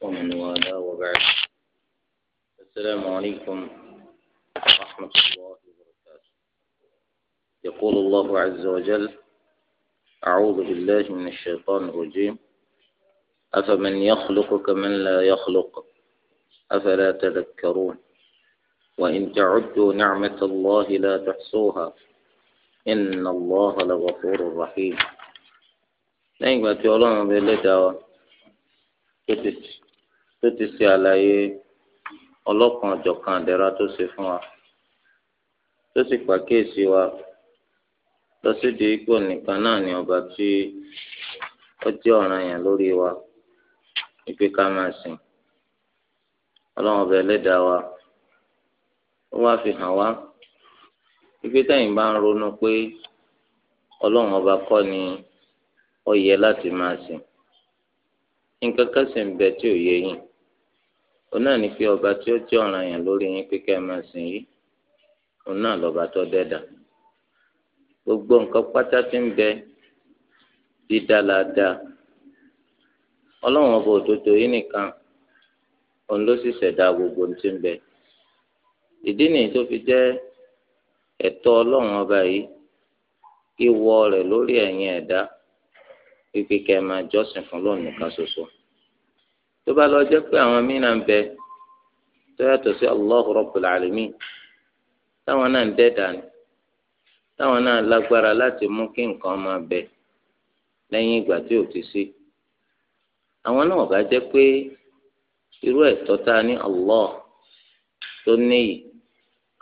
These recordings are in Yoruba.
ومن والاه وبعد السلام عليكم ورحمة الله وبركاته يقول الله عز وجل أعوذ بالله من الشيطان الرجيم أفمن يخلق كمن لا يخلق أفلا تذكرون وإن تعدوا نعمة الله لا تحصوها inna الله la ghafurur rahim lẹ́yìn ìgbà tí ọlọ́run bẹ lẹ́dàá wa tó ti ṣe àlàyé ọlọ́kan ọ̀jọ̀kan àdẹ́ra tó ṣe fún wa tó sì pàkíyèsí wa lọ́sídìí ipò nìkan náà ni ọba tí ó jẹ́ ọ̀ranyàn lórí wa ìpè ká máa sìn ọlọ́run bẹ lẹ́dàá wa ó wá fi hàn wá. ife ma bá ń ronú pé ọlọ́run ọba kọ́ ni ó yẹ láti máa sìn nǹkan kan sì ń bẹ tí ò yé yín òun náà ọba tí ó jẹ́ ọ̀ràn yẹn lórí yín pé kẹ́ máa sìn yìí òun náà lọ́ba gbogbo nǹkan pátá tí ń bẹ dídá ọlọ́run ọba òdodo yìí nìkan òun ló sì ṣẹ̀dá gbogbo ohun ń bẹ fi jẹ́ ẹ̀tọ́ ọlọ́run ọba yìí ìwọ rẹ lórí ẹyin ẹ̀dá wípé kẹ́ ẹ máa jọ́sìn fún lọ́ọ̀nù kan ṣoṣo tó bá lọ jẹ́ pé àwọn míì náà ń bẹ tó yàtọ̀ sí Allahu Rabbul Alamin táwọn náà ń dẹ́dà ni táwọn náà lágbára láti mú kí nǹkan máa bẹ lẹ́yìn ìgbà tí ò ti sí àwọn náà bá jẹ́ pé irú ẹ̀tọ́ ta a ní Allah tó níyì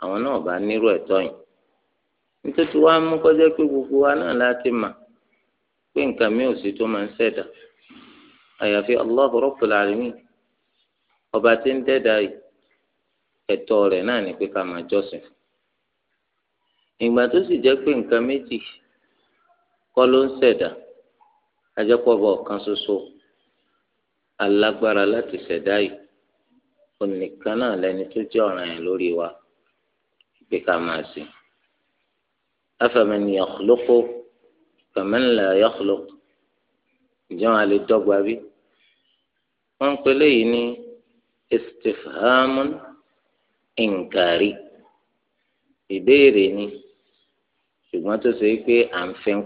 àwọn náà bá nírú ẹ̀tọ́ yìí nítorí wàá mú kọjá pé gbogbo wa náà láti mà pé nǹkan mi ò sí tó máa ń ṣẹ̀dá àyàfi ọba tí ń dẹ́dà ẹ̀tọ́ rẹ̀ náà ni pé ká máa jọ́sìn ìgbà tó sì jẹ́ pé nǹkan méjì kọ́ ló ń ṣẹ̀dá ajẹ́pọ̀bọ̀ kan ṣoṣo alágbára láti ṣẹ̀dá yìí onìkan náà lẹni tó jẹ́ ọ̀ràn wa pé ká máa sìn. afaman yakhluqu kaman la yakhluq ǹjẹ́ wọn lè dọ́gba bí wọ́n ń pè léyìí ní istifhamun inkari ìbéèrè ni ṣùgbọ́n tó ṣe pé à ń fi ń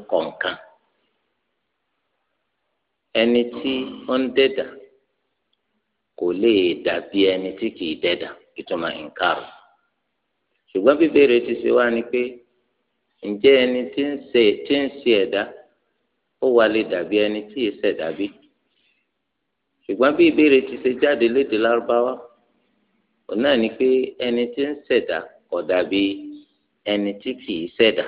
ẹni tí ó dẹ́dà kò lè dàbí ẹni tí kìí dẹ́dà ìtumọ̀ inkari ṣùgbọ́n bíbéèrè ti ṣe wá ni pé. ǹjẹ́ ẹni tí ń ṣe tí ń ṣe ẹ̀dá ó wà lè dàbí ẹni tí ì ṣe dàbí ṣùgbọ́n bí ìbéèrè ti ṣe jáde léde lárúbáwá òun náà ni pé ẹni tí ń ṣẹ̀dá kò dàbí ẹni tí kì í ṣẹ̀dá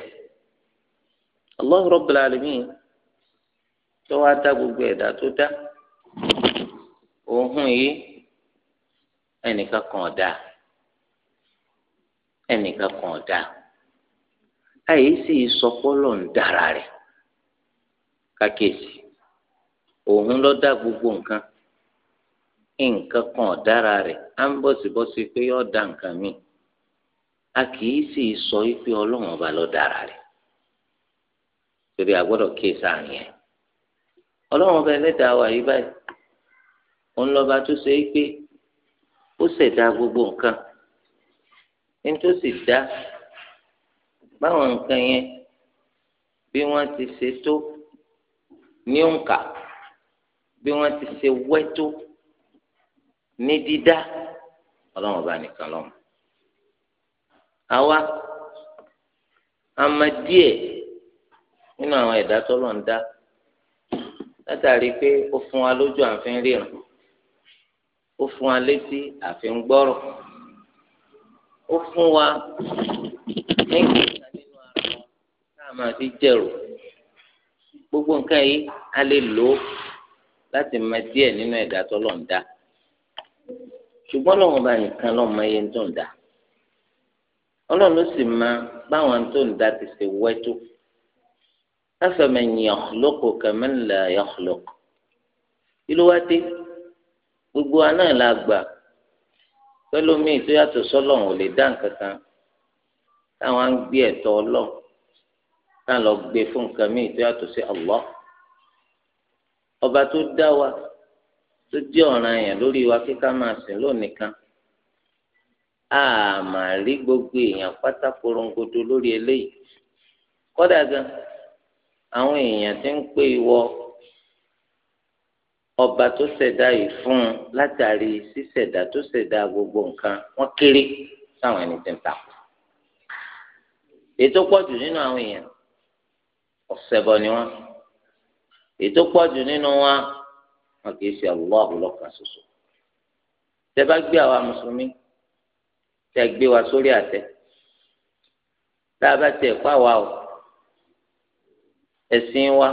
tó dá gbogbo ẹ̀dá tó dá òun yìí ẹnìkan kan ẹnìkan àyè si sọpọlọ ń dára kàkèsì òun ló dá gbogbo nǹkan nǹkan kan dára rẹ̀ á ń pé yọ da nǹkan mi a kìí si sɔ sọ pé ọlọ́run lɔ ló dára torí a gbọ́dọ̀ wa tó gbogbo nǹkan báwọn nǹkan yẹn bí wọ́n ti ṣe tó ní òǹkà bí wọ́n ti ṣe wẹ́ tó ní dídá ọlọ́run ọba nìkan lọ́mọ. àwa àmà díẹ̀ nínú àwọn ẹ̀dá tọ́lọ̀ ń dá látàrí pé ó fún wa lójú àfi ríran ó fún wa létí àfi ń ó fún wa ní a máa fi jẹ̀rò gbogbo nǹkan yìí a lè lò ó láti mọ díẹ̀ nínú ẹ̀dá tó lọ́n dá ṣùgbọ́n lọ́wọ́n bá nìkan lọ́n mọ iye tó ń dá ọlọ́run ló sì mọ báwọn tó ń dá ti ṣe wẹ́ tó afaman yakhluqu kaman la yakhluq ìlú wa dé gbogbo aná la gbà pẹ́lú mi tó yàtọ̀ sọ́lọ́run ò lè dá nǹkan kan táwọn á ń gbé ẹ̀tọ́ ọlọ́run náà lọ gbé fún nǹkan míì tó yàtọ̀ sí Allah ọba tó dá wa tó jẹ́ ọ̀ràn yẹn lórí wa kíkà máa sìn lónìí kan a máa rí gbogbo èèyàn pátá korongodo lórí eléyìí kódà gan àwọn èèyàn ti ń pè wọ ọba tó ṣẹ̀dá yìí fún un látàrí ṣíṣẹ̀dá tó ṣẹ̀dá gbogbo nǹkan wọ́n kéré sáwọn ẹni tẹ̀ ń takò ètò pọ̀jù nínú àwọn èèyàn ọ̀sẹ̀bọ ni wọ́n ètò pọ̀jù nínú wa wọn kì í ṣe àwòrán àbúrò kan ṣoṣo tẹ bá gbé àwa mùsùlùmí tẹ gbé wa sórí àtẹ tá a bá tẹ pa wa o ẹ̀sìn wa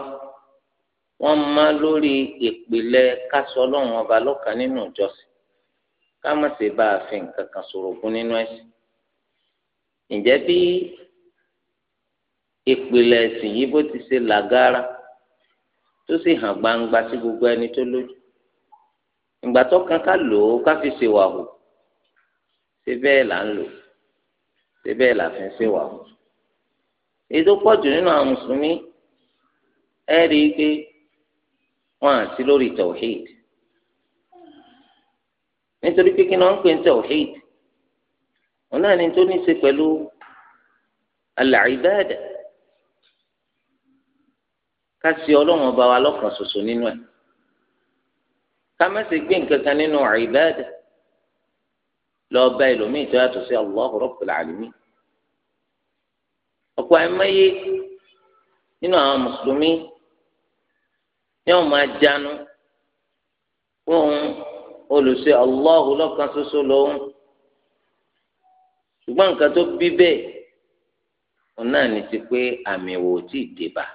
wọ́n má lórí ìpìlẹ̀ kásọ ọlọ́run ọba lọ́kàn nínú ìjọsìn ká má ṣe bá a fi nǹkan kan ṣòro nínú ẹ̀sìn ǹjẹ́ bí ìpìlẹ̀ ẹ̀sìn yìí bó ti ṣe làgára tó sì hàn gbangba sí gbogbo ẹni tó lójú ìgbà tó kan ká lò ó ká fi ṣe wàhù ṣe bẹ́ẹ̀ là ń lò ṣe bẹ́ẹ̀ là fi ń ṣe èyí tó pọ̀ jù nínú àwọn mùsùlùmí ẹ rí i pé wọ́n àti lórí tawhid nítorí pé kí ni wọ́n ń pè ní tawhid wọn náà ni tó ní í ṣe pẹ̀lú al ká sí ọlọ́run ọba wa lọ́kàn ṣoṣo nínú ẹ̀ ká má ṣe gbé nǹkan kan nínú ìbáàdà lọ bá ẹlòmíì tó yàtọ̀ sí Allahu Rabbul Alamin ọ̀pọ̀ ẹ̀mẹ́yẹ nínú àwọn mùsùlùmí ní wọn máa jánu fún olùsè Allahu lọ́kàn ṣoṣo lòun ṣùgbọ́n nǹkan tó bí bẹ́ẹ̀ òun náà ní ti pé àmì wò ó tí ì dé bá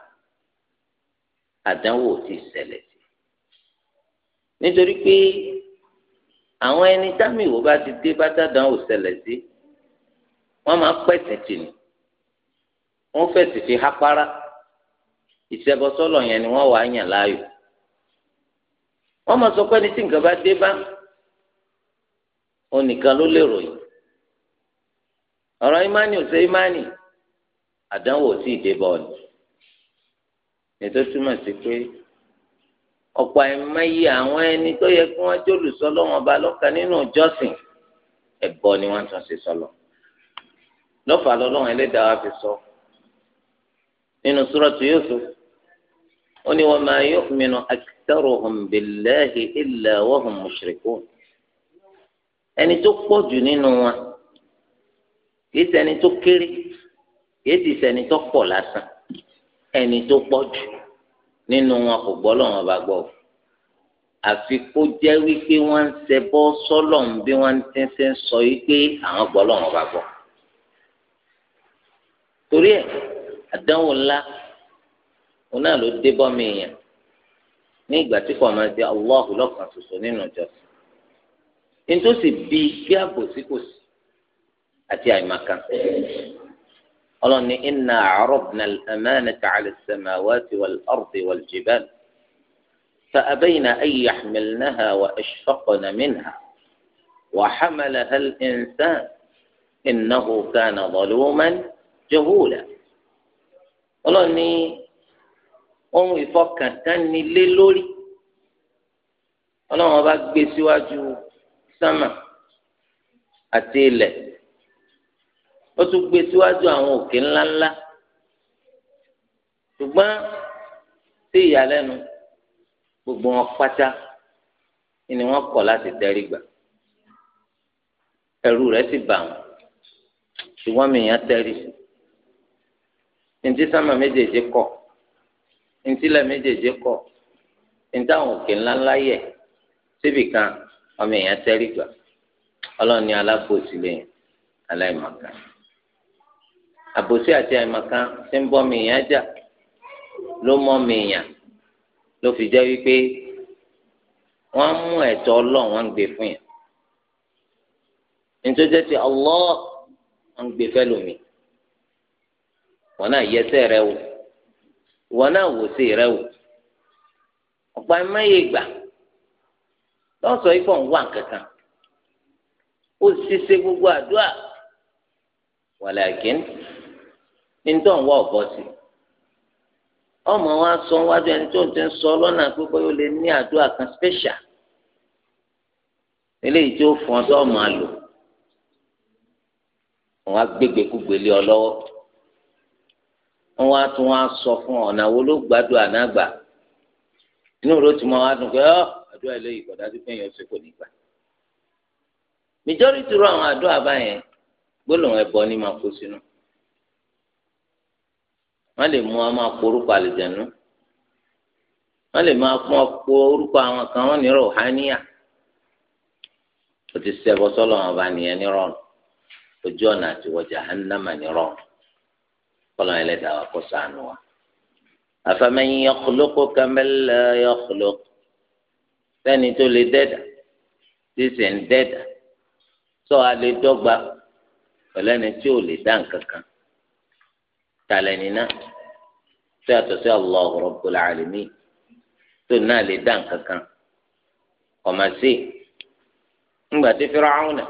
àdánwò ti ṣẹlẹ̀ sí nítorí pé àwọn ẹni dámì ìwò bá ti dé bá dádánwò ṣẹlẹ̀ sí wọ́n máa wọ́n fi yẹn ni wọ́n wàá yàn láàyò wọ́n máa sọ pé ẹni tí nǹkan bá dé bá onìkan ló lè ètò túmọ̀ sí pé ọ̀pọ̀ àìmọye àwọn ẹni tó yẹ kí wọ́n jólù sọ́lọ́ wọn ba lọ́kàn nínú ìjọsìn ẹ̀bọ ni wọ́n tún ṣe sọ́lọ̀ lọ́fà lọ́lọ́run ẹlẹ́dàá wa fi sọ nínú súrọ́tù Yúsúf ó ní wa ma yu'minu aktharuhum billahi illa wa hum mushrikun ẹni tó pọ̀ jù nínú wọn kì í ṣẹni tó kéré kì í sì tó pọ̀ lásán ẹni tó pọ̀ jù nínú wọn kò gbọ́ lọ́wọ́n bá gbọ́ àfi kó jẹ́ wípé wọ́n ń ṣẹbọ sọ́lọ̀ ń bí wọ́n ti ṣe ń sọ yìí pé àwọn gbọ́ lọ́wọ́n bá gbọ́ torí ẹ̀ àdánwò ńlá òun náà ló dé bọ́ mi yẹn ní ìgbà tí kò máa di Allahu lọ́kàn ṣoṣo nínú ìjọsìn nítòsí bíi kí àbòsí kò sí àti àìmọ̀kan ọlọ́ni iná àrọ́bìnà ẹ̀mẹ́ni tàcálẹ̀ sẹ̀mà wáti wàl ọ̀rọ̀dì wàl jìbẹ́l فأبين أن يحملنها وأشفقن منها وحملها الإنسان إنه كان ظلوما جهولا ọlọ́ni ohun ìfọkàntánni lé lórí ọlọ́run ọba gbé síwájú sámà àti ilẹ̀ ó tún gbé síwájú àwọn òkè ńláńlá ṣùgbọ́n sí ìyàlẹ́nu gbogbo wọn pátá ni wọ́n kọ̀ láti tẹrí gbà ẹ̀rù rẹ̀ sì bà wọ́n ṣùgbọ́n mìíràn tẹrí ntí sámà méjèèjì kọ̀ ntí lẹ̀ méjèèjì kọ̀ ntí àwọn òkè ńláńlá yẹ síbì kan ọmọ èèyàn tẹrí gbà ọlọ́ọ̀ni alábòsí aláìmọ̀kan. àbòsí àti àìmọ̀kan tí ń bọ́ mìíyàn jà ló mọ́ mìíyàn ló fi jẹ́ wípé wọ́n mú ẹ̀tọ́ ọlọ́run wọ́n ń gbé fún yàn nítorí tí ọlọ́ wọ́n gbé fẹ́ lómi wọn náà yẹsẹ̀ rẹ wò wọn náà wòsè rẹ wò ọ̀pọ̀ ẹ̀mẹ́yẹ gbà lọ́sọ̀ọ́ ifọ̀ ń wà kankan ó ṣiṣẹ́ gbogbo àdúrà nítorí òun wá ọ̀bọ sí ọmọ wa sọ wájú ẹni tó ń ti ń sọ lọ́nà pípẹ́ ó lè ní àdúrà kan special eléyìí tí fún tó ọmọ àlò wọn á gbégbé kúgbé ọ lọ́wọ́ sọ fún ọ̀nà wo ló inú ìró tí dùn pé àdúrà eléyìí dájú pé èèyàn ṣe kò ní gbà ni wọ́n lè mú wọn máa kó orúkọ lè máa kó orúkọ àwọn kan wọ́n ní rọ̀háníyà ó ti ṣẹbọ sọ́lọ́ wọn bá nìyẹn ní ojú ọ̀nà àti wọjà hánàmà ní rọrùn ẹlẹ́dàá wa kó ṣàánú wa. afaman yakhluqu kaman sẹ́ni tó lè dẹ́dà tí sọ adé dọ́gba tí ò lè dá nǹkan kan. tàlẹ̀ nínà tó yàtọ̀ sí Allahu Rabbul Alamin tó náà lè dá nǹkan kan ọ̀mà sí ńgbà tí Fir'auna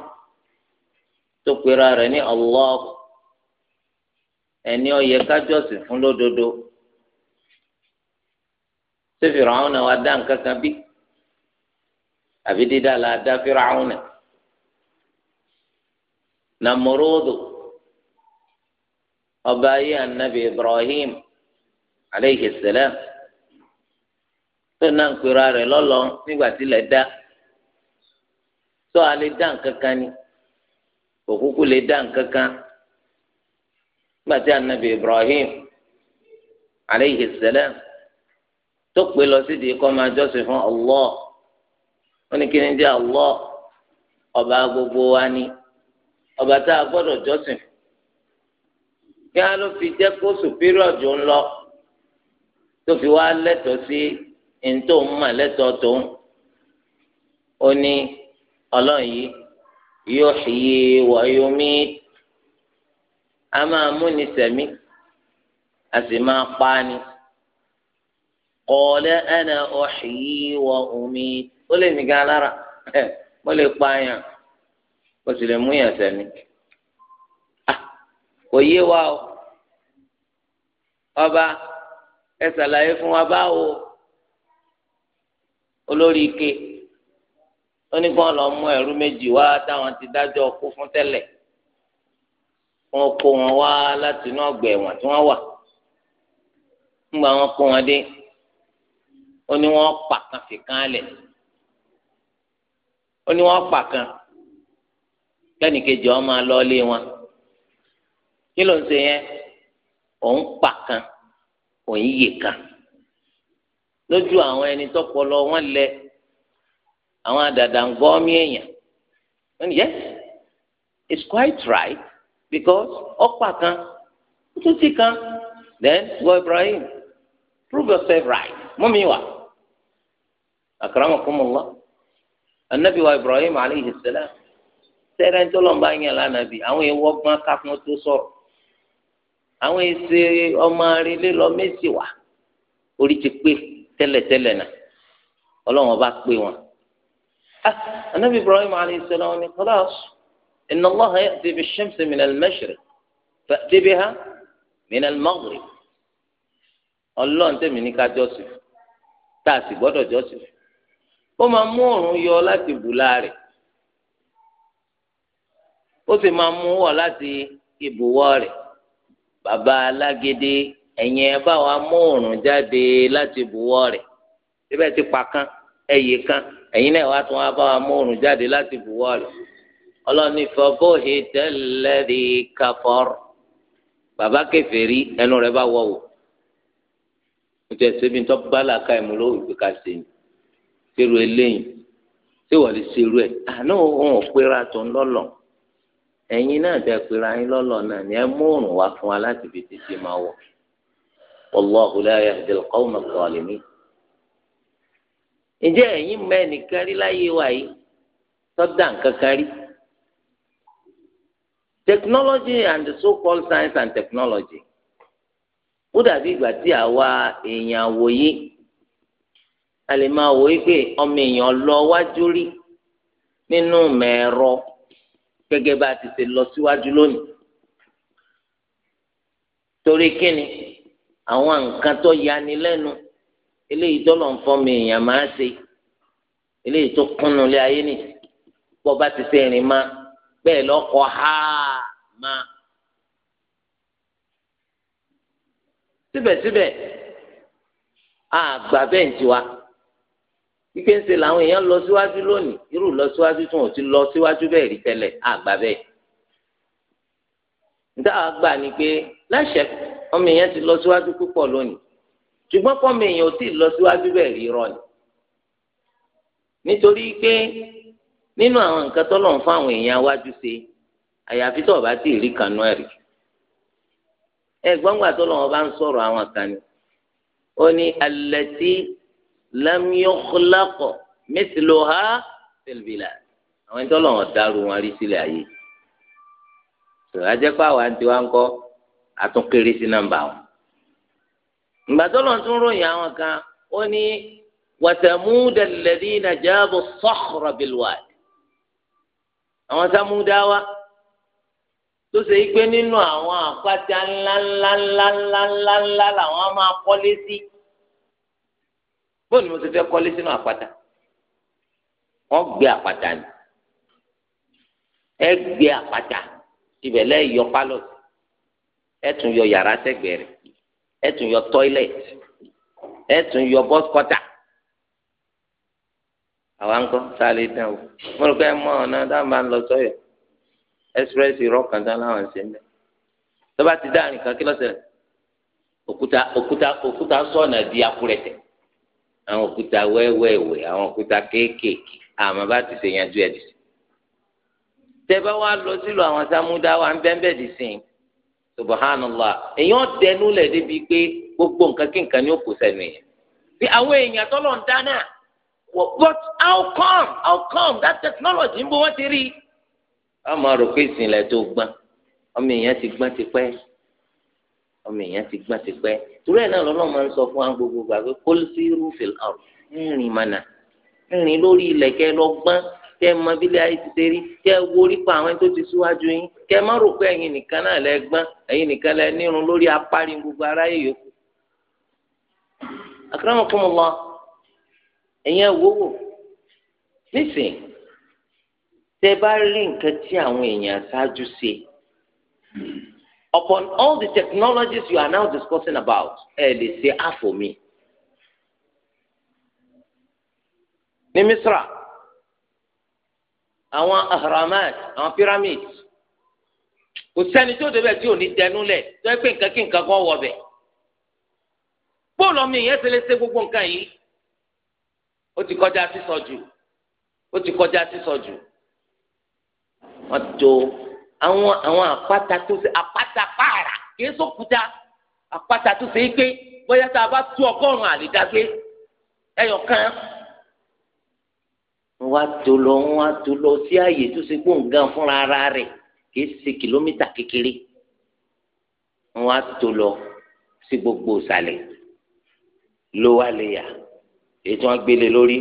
tó pera rẹ̀ ní Allah ẹni ó yẹ ká fún lódodo tó Fir'auna wa dá nǹkan kan bí àbí dídá la dá Fir'auna Namorodo. ọba ayé anabi ibrahim aleyhi salam tó náà ń pera rẹ̀ lọ́lọ́ nígbà tí ilẹ̀ dá tó a lè dá ni òkúkú lè dá nǹkan Igbati nígbà tí anabi ibrahim aleyhi salam tó pè lọ sídìí kọ́ máa jọ́sìn fún allah ó ní kí allah ọba gbogbo wa ni ọba tá a gbọ́dọ̀ jọ́sìn fún kí á ló fi jẹ́ kó superior jù ń lọ tó fi wá lẹ́tọ̀ọ́ sí ntó ń mà lẹ́tọ̀ọ́ tó ń ó ní ọlọ́run yìí yóò ṣiyè wọ̀nyómi a máa múni sẹ̀mí a sì máa pa ni qala ana uhyi wa umit ó lè nìkan lára mo lè pa yàn mo sì lè mú yàn sẹ̀mí kò yé wa o ọba ẹ ṣàlàyé fún wa báwo olórí ike ó ní kí wọn lọ mú ẹrú méjì wá táwọn ti dájọ́ kú fún tẹ́lẹ̀ wọn kó wọn wá láti inú ọgbà ẹ̀wọ̀n tí wọn wà ńgbà wọn kó wọn dé ó ní wọn pa kan fìkan lẹ ó ní wọn pa kan lẹ́nìkejì wọn máa lọ wọn kí ló ń ṣe yẹn òun pa kan òun yè kan lójú àwọn ẹni tọpọlọ wọn lẹ àwọn àdàdà ń gbọ́ mí èèyàn wọn yes it's quite right because ọ̀pá kan ó kan then go Ibrahim prove yourself right mú mi wá akramakumullah anabi wa Ibrahim aleyhi salam sẹ́rẹ̀ ń tọ́lọ́ ń bá yẹn lánàá bí àwọn èèwọ̀ gbọ́n káfíń tó sọ̀rọ̀ àwọn èsè ọmọ arílé lọ méjì wá orí ti pé tẹ́lẹ̀tẹ́lẹ̀ náà ọlọ́run ọba pé wọn. anabi ah, ibrahim alayhi salam ni khalas inna allah ya'ti bi shamsi min al-mashriq fa'ti biha min al-maghrib ọlọ́run tẹ̀mí ní ká jọ́sìn tá a sì gbọ́dọ̀ jọ́sìn ó máa mú òòrùn yọ láti bùlá rẹ̀ ó sì máa mú wọ̀ láti ibùwọ̀ rẹ̀ Baba alágídí ẹ̀yin ẹ bá wa mú òrùn jáde láti buwọ́ rẹ̀ síbẹ̀ ti pa kán ẹ̀yẹ kan ẹ̀yin náà wàá tún wá bá wa mú òrùn jáde láti buwọ́ rẹ̀ ọlọ́ni fọ́bóhe tẹ́lẹ̀ rí káfọ́rọ̀ bàbá kèfèrí ẹnu rẹ̀ bá wọ̀ wò nítorí ẹsẹ̀ bí n tọ́ bá làákà ẹ̀ mú ló ìgbé ká ṣe ni ṣerú eléyìí ṣé wọ́n lè ṣerú ẹ̀ àná òun ò pera tó ń lọ́lọ́ọ̀ ẹ̀yin náà tẹ pera yín lọ́lọ́ náà ni ẹ mú òrùn wá fún wa láti fi títí máa wọ̀ wallahu la yahdi al-qawma al-zalimin. ǹjẹ́ ẹ̀yin mọ ẹnìkan rí láyé wa yìí tọ́dà nǹkan kan rí technology and the so-called science and technology ó dàbí ìgbà tí àwa èèyàn wòye a lè máa wòye pé ọmọ èèyàn lọ wájú rí nínú mẹ́ẹ̀rọ gẹ́gẹ́ bá a ti ṣe lọ síwájú lónìí torí kíni àwọn nǹkan tó yani lẹ́nu eléyìí tó lọ ń fọ mi èèyàn máa ṣe eléyìí tó kúnnu lé ayé nì bó bá ti ṣe rìn ma bẹ́ẹ̀ lọ́kọ̀ ha ma síbẹ̀síbẹ̀ àgbà bẹ́ẹ̀ ń tiwa ike ń ṣe làwọn èèyàn lọ síwájú lónìí irú lọ síwájú tí wọn ò ti lọ síwájú bẹ́ẹ̀ rí tẹ́lẹ̀ àgbà bẹ́ẹ̀ níta àgbà ni pé láṣẹ ọmọ èèyàn ti lọ síwájú púpọ̀ lónìí ṣùgbọ́n kọ́mọ èèyàn ò tí ì lọ síwájú bẹ́ẹ̀ rí rọ ni nítorí pé nínú àwọn nǹkan tó lọ́n fún àwọn èèyàn wájú ṣe àyàfi tó ọba tí ì rí kanú ẹ̀rí ẹ̀gbọ́n gbà tó lọ́n ọba ń sọ̀rọ̀ àwọn kan ni ó ní alẹ́ tí lam yukhlaq mithluha fil bilad àwọn ẹni tó lọ́wọ́ dàrú wọn rí sílẹ̀ ayé tó ajẹ́pọ̀ àwọn àti wa ń kọ́ àtúnkéré sí nọ́mbà wọn. ìgbà tó lọ́n tún ròyìn àwọn kan ó ní wa Samuda alladhina jabu as àwọn Samudawa tó ṣe pé nínú àwọn àpáta ńláńláńláńláńlá làwọn máa kọ́lé sí. Si bóun ni mo ti fẹ́ kọ́lé sínú àpáta wọ́n gbé àpáta ni ẹ gbé àpáta ibẹ̀ yọ pálọ̀t ẹ tún yọ yàrá sẹ́gbẹ̀ẹ́ rẹ̀ ẹ tún yọ ẹ tún yọ bọ́sikọ́tà àwa ń kọ́ sáré dán o mo rò pé ẹ mọ ọ̀nà máa ń lọ sọ́yọ̀ láwọn ṣe ń àwọn òkúta wẹ́wẹ́wẹ́ àwọn òkúta kéékèèké àmọ́ bá ti ṣe yanjú ẹ̀ dì sí. tẹ́bá wá lọ sílùú àwọn sámúdá wa ń bẹ́ńbẹ́ dì sí subhanallah èèyàn dẹnu débi pé gbogbo nǹkan kí nǹkan ni ó kò sẹ́nu yẹn. bí àwọn èèyàn tọ́lọ̀ ń dáná but how come how come that technology ń bọ́ ti rí. ọmọ rò pé ìsìnlẹ̀ tó gbọ́n ọmọ èèyàn ti ọmọ èèyàn ti gbọ́n ti pẹ́ torí ẹ̀ náà lọ́lọ́run máa ń sọ fún wa gbogbo gbà pé kó sí rúfin ọ̀rọ̀ ńrìn mànà ńrìn lórí ilẹ̀ kẹ́ lọ gbọ́n kẹ́ mọ bílẹ̀ ayé ti ṣe rí kẹ́ wo orípa àwọn tó ti síwájú yín kẹ́ má rò pé ẹ̀yin nìkan náà lẹ gbọ́n ẹ̀yin nìkan lẹ nírun lórí apárí gbogbo aráyé yòókù. akramakumullah ẹ̀yin ẹ̀ wò wò nísìnyí tẹ́ bá rí nǹkan tí àwọn èèyàn ṣáájú ṣe upon all the technologies you are now discussing about ẹ lè ṣe àfò mi. ní misra àwọn ahramat àwọn pyramid kò sẹ́ni tó débẹ̀ tí ò ní dẹnu lẹ̀ tó ẹ pé nǹkan kí nǹkan kan wọ̀ bẹ̀. bóòlù ọmọ ìyẹn ti lè ṣe gbogbo nǹkan yìí ó ti kọjá sísọ jù ó ti kọjá sísọ jù wọ́n tó àwọn àwọn àpáta tó ṣe àpáta pààrà kìí sókúta àpáta tó ṣe é pé bóyá tá a bá tú ọgọ́rùn-ún àlédágbé ẹyọ kan wọ́n á tó lọ wọ́n á tó lọ sí ààyè tó ṣe gbóǹgàn fúnra ara rẹ̀ kìí ṣe kìlómítà kékeré wọ́n á tó lọ sí gbogbo ìsàlẹ̀ ló wá lè yà èyí tí wọ́n gbélé lórí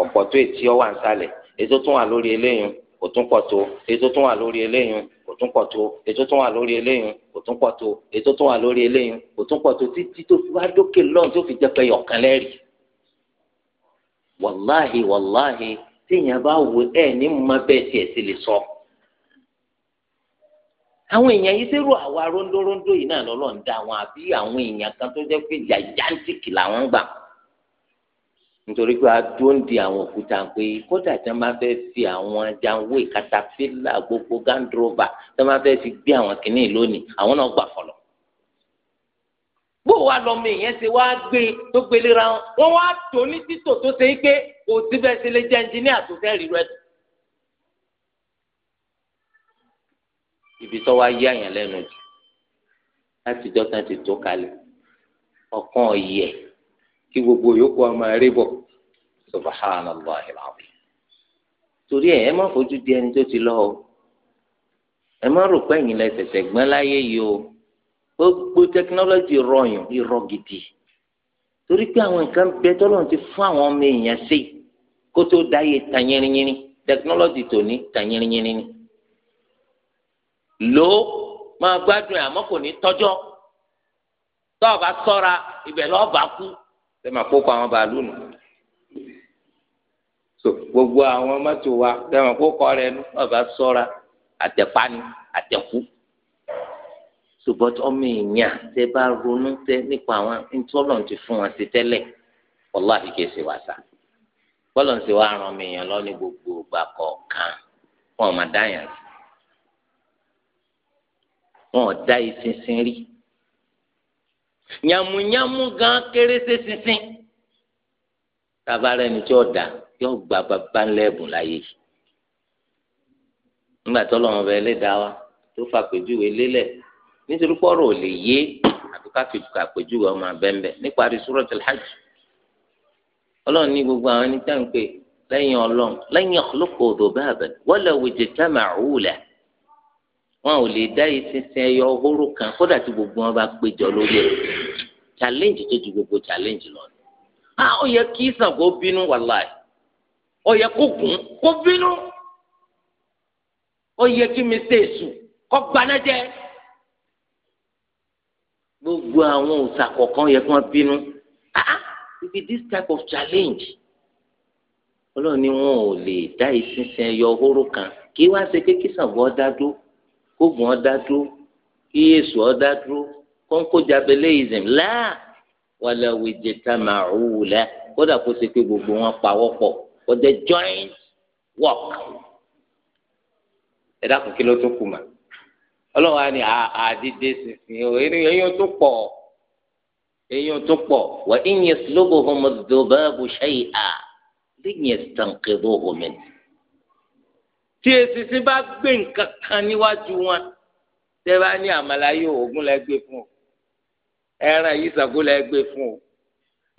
ọ̀pọ̀ tó ètí ọ wà ń sàlẹ̀ èyí tó tún wà lórí eléyìí kò tún pọ̀ tó ètò tún wà lórí eléyìí kò tún pọ̀ tó ètò tún wà lórí eléyìí kò tún pọ̀ tó ètò tún wà lórí eléyìí kò tún pọ̀ tó títí tó fi wá dókè lọ́n tó fi jẹ́ pé ọ̀kan lẹ́rìí. wàláhì wàláhì téèyàn bá wo ẹ̀ ní mo máa bẹ́ẹ̀ tiẹ̀ sí lè sọ. àwọn èèyàn yìí sẹ́rù àwa rondórondó yìí náà lọ́lọ́ ń da àwọn àbí àwọn èèyàn kan tó jẹ́ pé jàjáǹtìkì làwọn gbà nítorí pé adóńdè àwọn òkúta pé kódà tí wọn bá fẹ́ fi àwọn ajáwé katapila gbogbo gandrova tí wọn bá fẹ́ fi gbé àwọn kìnnìún lónìí àwọn náà gbà fọlọ bó wa lọmọ èèyàn ṣe wá gbé tó gbélera wọn wọn wá tó ní títò tó ṣe é pé kò síbẹ̀ ṣe lè jẹ́ ẹnjìníà tó fẹ́ rí rẹ. ibi tó wá yí àyàn lẹ́nu jù láti dọ́tà ti tó kalẹ̀ ọ̀kan ọ̀yẹ̀ kí gbogbo yòókù ọmọ rẹ bọ̀ subhanallah alazim torí ẹ ẹ má fojú di ẹni tó ti lọ o ẹ má rò pé ẹ̀yin lẹ tẹ̀tẹ̀ gbọ́n láyé yìí o gbogbo tẹkinọ́lọ́jì rọyùn irọ́ gidi torí pé àwọn nǹkan bẹ tọ́lọ́run ti fún àwọn ọmọ èèyàn sí kó tó dáyé ta yínrínyínrí tẹkinọ́lọ́jì tòní ta yínrínyínrí ni máa gbádùn ẹ àmọ́ kò ní tọ́jọ́ tọ́ọ̀ bá sọ́ra ibẹ̀ lọ́ọ́ bá kú ẹ máa kópa àwọn bàálù nù so gbogbo àwọn mọ́tò wa dẹ́wọ̀n kó kọ́ rẹ nu ọba sọ́ra àtẹ̀pánu àtẹ̀kú ṣùgbọ́n ọmọ èèyàn tẹ bá ronú tẹ nípa àwọn ntọ́lọ̀ ti fún wọn sí tẹ́lẹ̀ wàláhì kìí ṣe wàṣà bọ́lọ̀ ń ṣe wá ran ọmọ èèyàn lọ ní gbogbo ìgbà kọ̀ọ̀kan wọn ò máa dá yàn sí wọn ò dá ìsinsin rí yàmùyàmù gan kéré sí sinsin tabarẹ́ni tí ó dáa yọ gba bàbá ńlá ẹ̀bùn láyé nígbà tó lọ́mọ bẹ ẹlẹ́dàá wa tó fa àpèjúwe lélẹ̀ nítorí pọ́rọ̀ ò lè yé àti káfíńkà àpèjúwe ọmọ abẹ́ńbẹ́ níparí Suratul Hajj ọlọ́run ní gbogbo àwọn ẹni tá à ń pè lẹ́yìn ọlọ́run lẹ́yìn ọ̀lọ́pọ̀ òdò bá àbẹ̀ wọ́n lọ wèjì támà òwúlẹ̀ wọn ò lè dá ìsinsin ẹyọ ọhóró kan kódà tí gbogbo wọn bá péjọ lórí ẹ̀ challenge tó ju gbogbo challenge lọ ni. a ah, ó yẹ kí Ṣàngó bínú wàláì ó yẹ kó gùn kó bínú ó yẹ kí mi ṣe èṣù kó gbanájẹ gbogbo àwọn òòṣà kọ̀ọ̀kan yẹ kí wọ́n bínú ah, ah ibi this type of challenge ọlọ́run ni wọn ò lè dá ìsinsin ẹyọ hóró kan kí wá ṣe pé kí Ṣàngó ọ̀dá dúró kógun ọ̀dá dúró kí Èṣù ọ̀dá dúró kọ́ńkójàbẹ́lẹ́yìzìm láà wàlẹ̀ wìjẹ̀tà màrúwù lẹ́ kódà kó ṣe pé gbogbo wọn pawọ́ pọ̀ for the joint work ẹ dákun kí ló tó kù mà ọlọ́run á ní àdídé sísìn o èyàn tó pọ̀ èyàn tó pọ̀ wà ìyẹn sílógò homo dòbá bùṣẹ́ yìí à lẹ́yìn ìtànkébó omi tí èsìsì bá gbé nǹkan kan níwájú wọn tẹ́ bá ní àmàlà yóò ogun lẹ́gbẹ́ fún o ẹran yìí sago lẹ́gbẹ́ fún o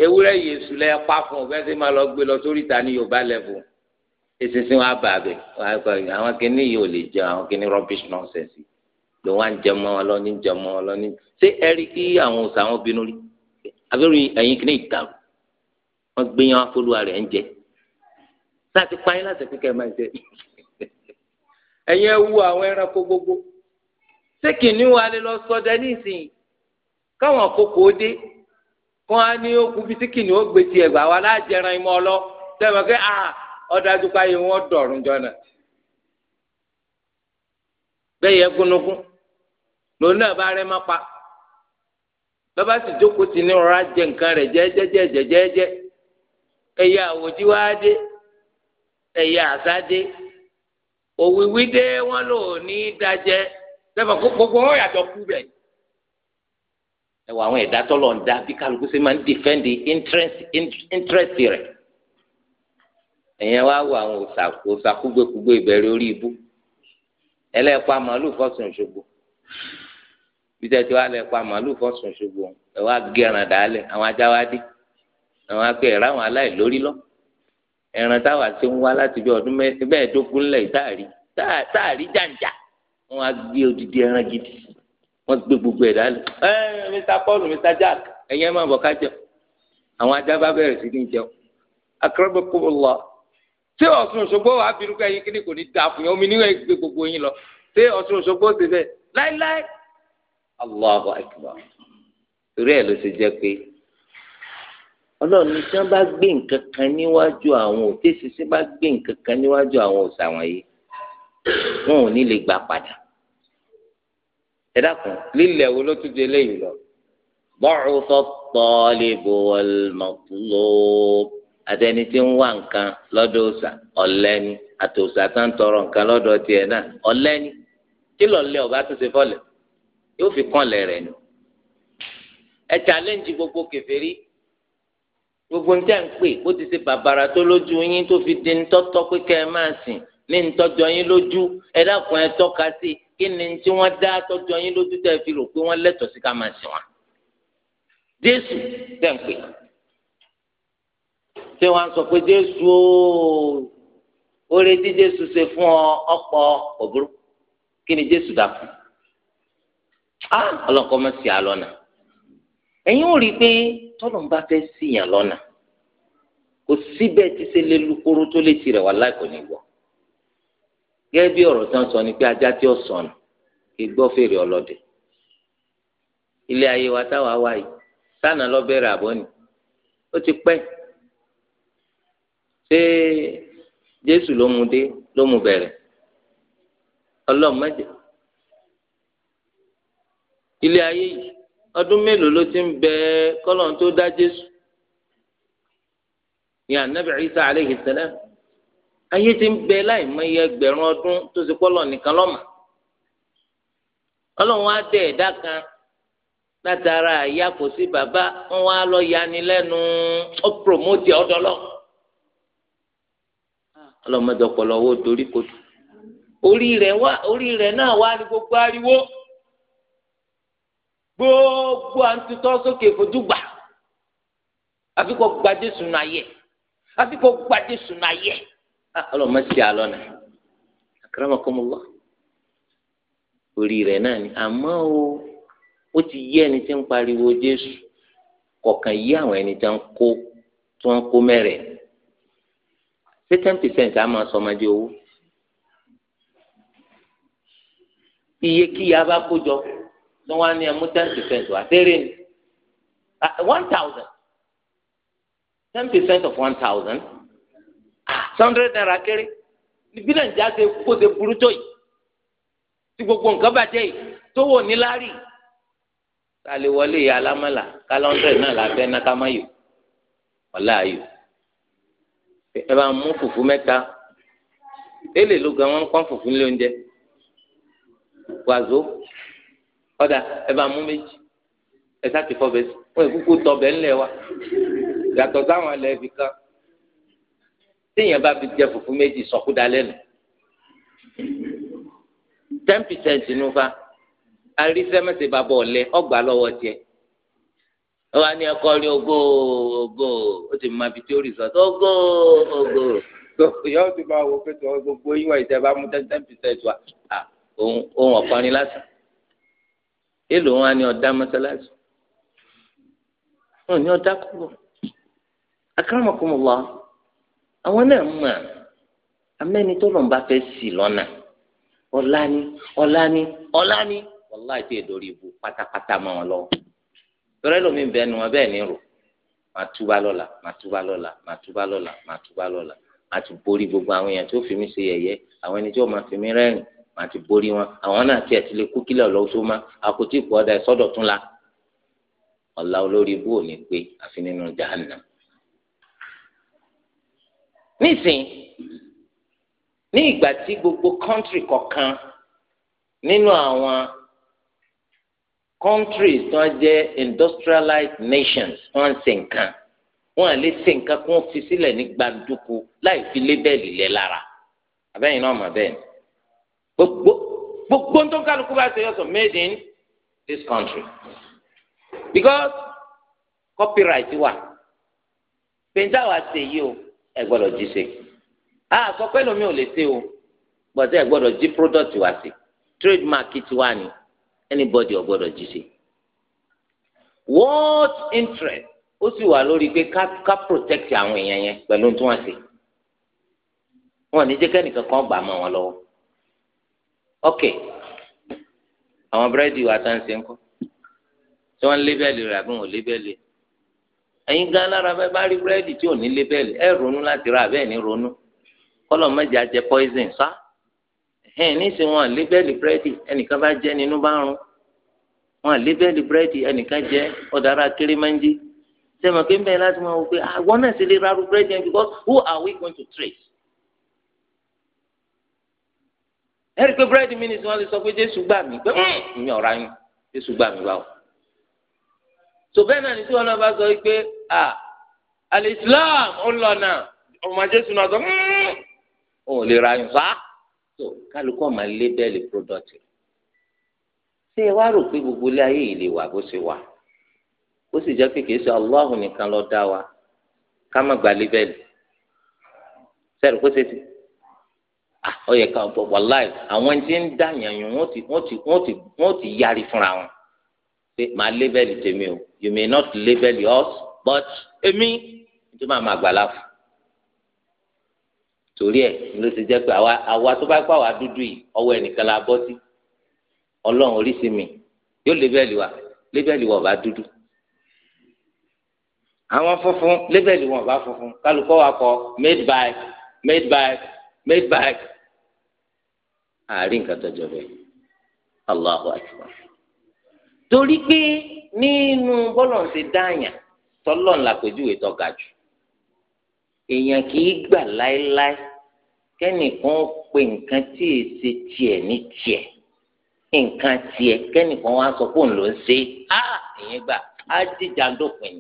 ewúrẹ́ yéésù lẹ pa fún un bẹ́ẹ̀ sì máa lọ gbé lọ sórí ìta ní yorùbá lẹ́fù ìsinsin wa bà bẹ àwọn kìnnì yìí ò lè jẹ àwọn kìnnì rubbish nonsense ló wá ń jẹ mọ́ ọ lọ ní jẹ mọ́ ọ lọ ní ṣé ẹ rí kí àwọn òòsàn àwọn obìnrin rí àbẹ̀rù ẹ̀yìn kìnnì ìdàrú wọ́n gbé yan afọlùwà rẹ̀ ń jẹ láti pa yín láti fi kẹ́ ẹ máa jẹ ẹ̀yin ẹ wú àwọn ẹranko gbogbo ṣé kìnnì wa lè lọ sọdẹ ní ìsìn káwọn àkókò ó dé kó wá ní okùn bisikì ni ó gbé tiẹ̀ gbà wá lájẹran ìmọ̀ ọlọ tẹ̀wọ̀n pé a ọ̀dájú pa yìí wọ́n dọ̀rùn jọ̀nà. bẹ́ẹ̀ yẹ gúnugún lòun náà bá rẹ́ má pa bàbá sì jókòó sí ní ọ̀rá jẹ nǹkan rẹ̀ jẹ́jẹ́jẹ́jẹ́jẹ́ ẹ̀yà àwòjí wá dé ẹ̀yà àṣà dé òwìwí dé wọ́n lò ní dájẹ́ tẹ̀wọ̀n ẹ wọ àwọn ẹ̀dá tọ́lọ̀ ń dá bí kálukú ṣe máa ń dìfẹ́ǹdì íńtírẹ́sì rẹ̀ ẹ̀yẹn wá wọ àwọn òṣàkúgbèkúgbè ìbẹ̀rẹ̀ orí ibú ẹlẹ́ẹ̀pa màálù fọ́sùn ṣogbo bíjẹ́ tí wàá lẹ́ẹ̀pa màálù fọ́sùn ṣogbo ẹ̀ wá gẹ̀ràn dálẹ̀ àwọn ajá wá dé àwọn akẹ́ ẹ̀rọ àwọn aláìlórí lọ ẹ̀ràn táwa ti ń wá láti bí ọdún mẹ́ẹ̀ẹ́dógún lẹ̀ táàrí táàrí jàǹjà wọn á gbé odidi ẹran gidi wọ́n gbé gbogbo ẹ̀ dání ẹ Mr Paul Mr Jack ẹ̀yẹ́ máa bọ̀ ká jẹun àwọn ajá bá bẹ̀rẹ̀ sí ní jẹun akérèbó kó o lọ ṣé Ọ̀ṣun Òṣogbo wàá fi irúgbà yín kíni kò ní da fún yín omi níwẹ̀ gbé gbogbo yín lọ ṣé Ọ̀ṣun Òṣogbo ṣe bẹ́ẹ̀ láíláí Allahu akbar torí ẹ̀ ló ṣe jẹ́ pé ọlọ́run ní sọ́n bá gbé nǹkan kan níwájú àwọn òtẹ́sísí bá gbé nǹkan kan níwájú àwọn òòṣà wọ̀nyí wọn ò ní lè gbà padà ẹ dákun lílẹ̀ wo ló tún di eléyìí lọ bọ́ọ̀rùfọ́ tọ́lìbù ọ̀lmọ̀tòlóòb àtẹni tí ń wá nǹkan lọ́dọ̀ òòsà ọ̀lẹ́ni àtòòsà tá ń tọrọ nǹkan lọ́dọ̀ tiẹ̀ náà ọ̀lẹ́ni kí lọ́lẹ́ ọba tún ṣe fọ́lẹ̀ yóò fi kànlẹ̀ rẹ̀ nù. ẹ challenge gbogbo kèfèrí gbogbo ń tẹ́ ń pè bó ti ṣe bàbàrà tó lójú yín tó fi di ń tọ́tọ́ pé kẹ́ ẹ máa sìn ní ń tọ́jọ yín lójú ẹ dákun ẹ tọ́ka sí i kí ni tí wọ́n dá tọ́jú ọyìn lójú tẹ́ fi rò pé wọ́n lẹ́tọ̀ọ́ sí ká máa sìn wọn. jésù tẹ̀ ń pè ṣé wọ́n á sọ pé jésù ooo oore tí jésù ṣe fún ọ ọ̀pọ̀ òbúrú kí jésù dá fún a ọlọ́kọ́ mọ̀ sí àlọ́nà ẹ̀yin ò rí i pé tọ́lọ̀ ń bá fẹ́ síyàn lọ́nà kò síbẹ̀ tí ṣe lè lu koro tó lè tirẹ̀ wà láì kò gẹ́gẹ́ bí ọ̀rọ̀ tán sọ ni pé ajá tí ó sọnù kì í gbọ́ fèrè ọlọ́dẹ ilé ayé wa táwa wá yìí ó ti pẹ́ ṣé jésù ló mu dé ló mu bẹ̀rẹ̀ ọlọ́run mẹ́jẹ ilé ti ń bẹ kọ́lọ́n tó jésù ayé ti ń bẹ láì mọ iye ẹgbẹ̀rún ọdún tó ti pọ́ lọ nìkan lọ́mà ọlọ́run á dẹ̀ ẹ̀dá kan látara àyà kò sí bàbá wọn wá lọ yani lẹ́nu ó promote ọdọọlọ ọlọmọdé orí rẹ̀ náà wá ní gbogbo ariwo gbogbo àtúntò sókè gbadé sùn náà ọlọ́run má ti àlọ́ nà akramakumullah orí rẹ̀ náà ni àmọ́ o ó ti yé ẹni tí ń pariwo jésù kọ̀ọ̀kan yé àwọn ẹni tí wọ́n kó tí wọ́n kó mẹ́rẹ̀ ṣé ten percent á máa sọ ọmọdé owó iye kíya bá kó jọ tí wọ́n á ní ẹmú ten percent wà tẹ́rẹ̀ ni ah, one thousand ten percent of one thousand hundred naira kéré bí nàìjíríà ṣe kó ṣe burú tó yìí tí gbogbo nǹkan bàjẹ́ yìí tó wò ní láàrí kálí wọlé ìyá alámọ́là kálí hundred náà láfẹ́ náà ká má yò ọ̀la ayò ẹ bá mú fùfú mẹ́ta èlé ló gan wọn kọ́ fùfú nílé oúnjẹ wàzó ọ̀dà ẹ bá mú méjì ẹ sá ti fọ́ bẹ́ẹ̀ sí wọn èkúkú tọ́ bẹ́ẹ̀ ńlẹ̀ wa yàtọ̀ sáwọn ẹlẹ́bì kan téèyàn bá fi jẹ fùfú méjì sọkúdà lẹ́nu ten percent nu fa arísẹ́mẹsẹ̀ bàbá ọ̀lẹ́ ọgbà lọ́wọ́ tiẹ̀ wọ́n á ní ẹ̀kọ́ rí ogó ogó ó ti máa fi tí ó rìsọ̀t ogó ogó yóò ti máa wo pé tí gbogbo yíwọ ìjẹba mú ten ten percent wa ohun ọ̀kọrin lásán èlò wọn á ní ọ̀dá wọn ò ní kúrò akérèmọkùnmọ́ wa àwọn náà mọ̀ amẹ́ni tó lọ́n bá fẹ́ sí lọ́nà ọ̀la ni ọ̀la ni ọ̀la ni ọ̀la ti èdòrí ibu pátápátá mọ́ wọn lọ. tọ́lẹ́ lómi bẹ́ẹ̀ ni wọn bẹ́ẹ̀ ní rò màá túbá lọ́la màá túbá lọ́la màá túbá lọ́la màá túbá lọ́la màá ti borí gbogbo àwọn èèyàn tí ó fi mí ṣe yẹ̀yẹ́ àwọn ẹni tí ó máa fi mí rẹ́rìn màá ti borí wọn àwọn náà tiẹ̀ ti lè kú kílẹ̀ ọ̀lọ́ tó má àkótí ìpò ọ̀dà ìsọdọ̀tún la ọ̀la olórí ibú ò ní pé àfi nínú jahannam nísìn ní ìgbà tí gbogbo kọ́ńtírì kọ̀ọ̀kan nínú àwọn countries tó ń jẹ́ industrialized nations tó ń ṣe nǹkan wọn à lè ṣe nǹkan kó fi sílẹ̀ ní gbàǹdùkú láì fi lébẹ́ẹ̀lì lẹ̀ lára abẹ́yìn náà mà bẹ́ẹ̀ gbogbo gbogbo tó kálukú bá ṣe yọ̀sọ̀ made in this country because copyright wà pèntà wà ṣèyí o ẹ gbọ́dọ̀ jí ṣe a sọ pé lómi ò lè ṣe o gbọ́dọ̀ ẹ gbọ́dọ̀ jí product wa ṣe trademark tiwa ni anybody ò gbọ́dọ̀ jí what interest ó sì wà lórí pé ká ká protect àwọn èèyàn yẹn pẹ̀lú tí wọ́n ṣe wọn ní jẹ́ kẹ́nìkan kan gbà mọ́ wọn lọ́wọ́ ok àwọn búrẹ́dì wa tá ń ṣe ń tí wọ́n ń lébẹ́lì rẹ̀ àbí wọn ò lébẹ́lì rẹ̀ ẹ̀yin gan lára bẹ́ẹ̀ bá rí búrẹ́dì tí ò ní lé bẹ́ẹ̀lì ẹ̀ ronú láti ra àbẹ́ẹ̀ ní ronú kọ́lọ̀ mẹ́jà jẹ poison sá ẹ̀hìn nísìnyí wọn lé bẹ́ẹ̀lì búrẹ́dì ẹnìkan bá jẹ́ nínú bá rún wọn lé bẹ́ẹ̀lì búrẹ́dì ẹnìkan jẹ́ ọ̀dàrà kérémẹ́ńjì sẹ́mi pé bẹ́ẹ̀ láti máa wọ pé àwọn náà sì lè ra búrẹ́dì yẹn because who are we going to trace? ẹ rí i pé búrẹ́dì mi nìsín wọn lè sọ pé Jésù gbà mí pé mi hmm, ò ra yín Jésù gbà mí báwo. sọ bẹ́ẹ̀ náà ní tí wọn náà bá sọ pé A ah, alislam! ó lọ náà ọmọ jésù náà sọ ó lè ra yín fa So, kálukú ọmọ lébẹ́lì product ṣé ẹ wá rò pé gbogbo ilé ayé yìí lè wà bó ṣe wà ó sì jẹ́ pé kìí ṣe Allahu nìkan ló dá wa ká má gba lébẹ́lì sẹ́rù kó ṣe ti ó yẹ ká ọ̀pọ̀ wàláì àwọn tí ń dá yànyàn wọ́n ti wọ́n ti wọ́n ti wọ́n ti yari fúnra wọn pé màá lébẹ́lì tèmi o you may not label yours but èmi tó máa ma gbàlá fún torí ẹ ló ti jẹ́ pé àwa àwa tó bá pàwá dúdú yìí ọwọ́ ẹnìkan la bọ́ sí ọlọ́run oríṣi mi yóò lébẹ́lì wa lébẹ́lì wa ọba dúdú àwọn funfun lébẹ́lì wọn ọba funfun kálukọ́ wa kọ made by made by made by àárín nǹkan tó jọ bẹ́ẹ̀ Allahu akbar torí pé nínú bọ́lọ̀ ń ṣe dáàyàn. tọ́lọ́n làpèjúwe tó ga jù èèyàn kì í gbà láéláé kẹ́nìkan pe nǹkan tí èsì tiẹ̀ ní tiẹ̀ nǹkan tiẹ̀ kẹ́nìkan wá sọ fóun ló ń ṣe á èèyàn gbà á jíjà dópin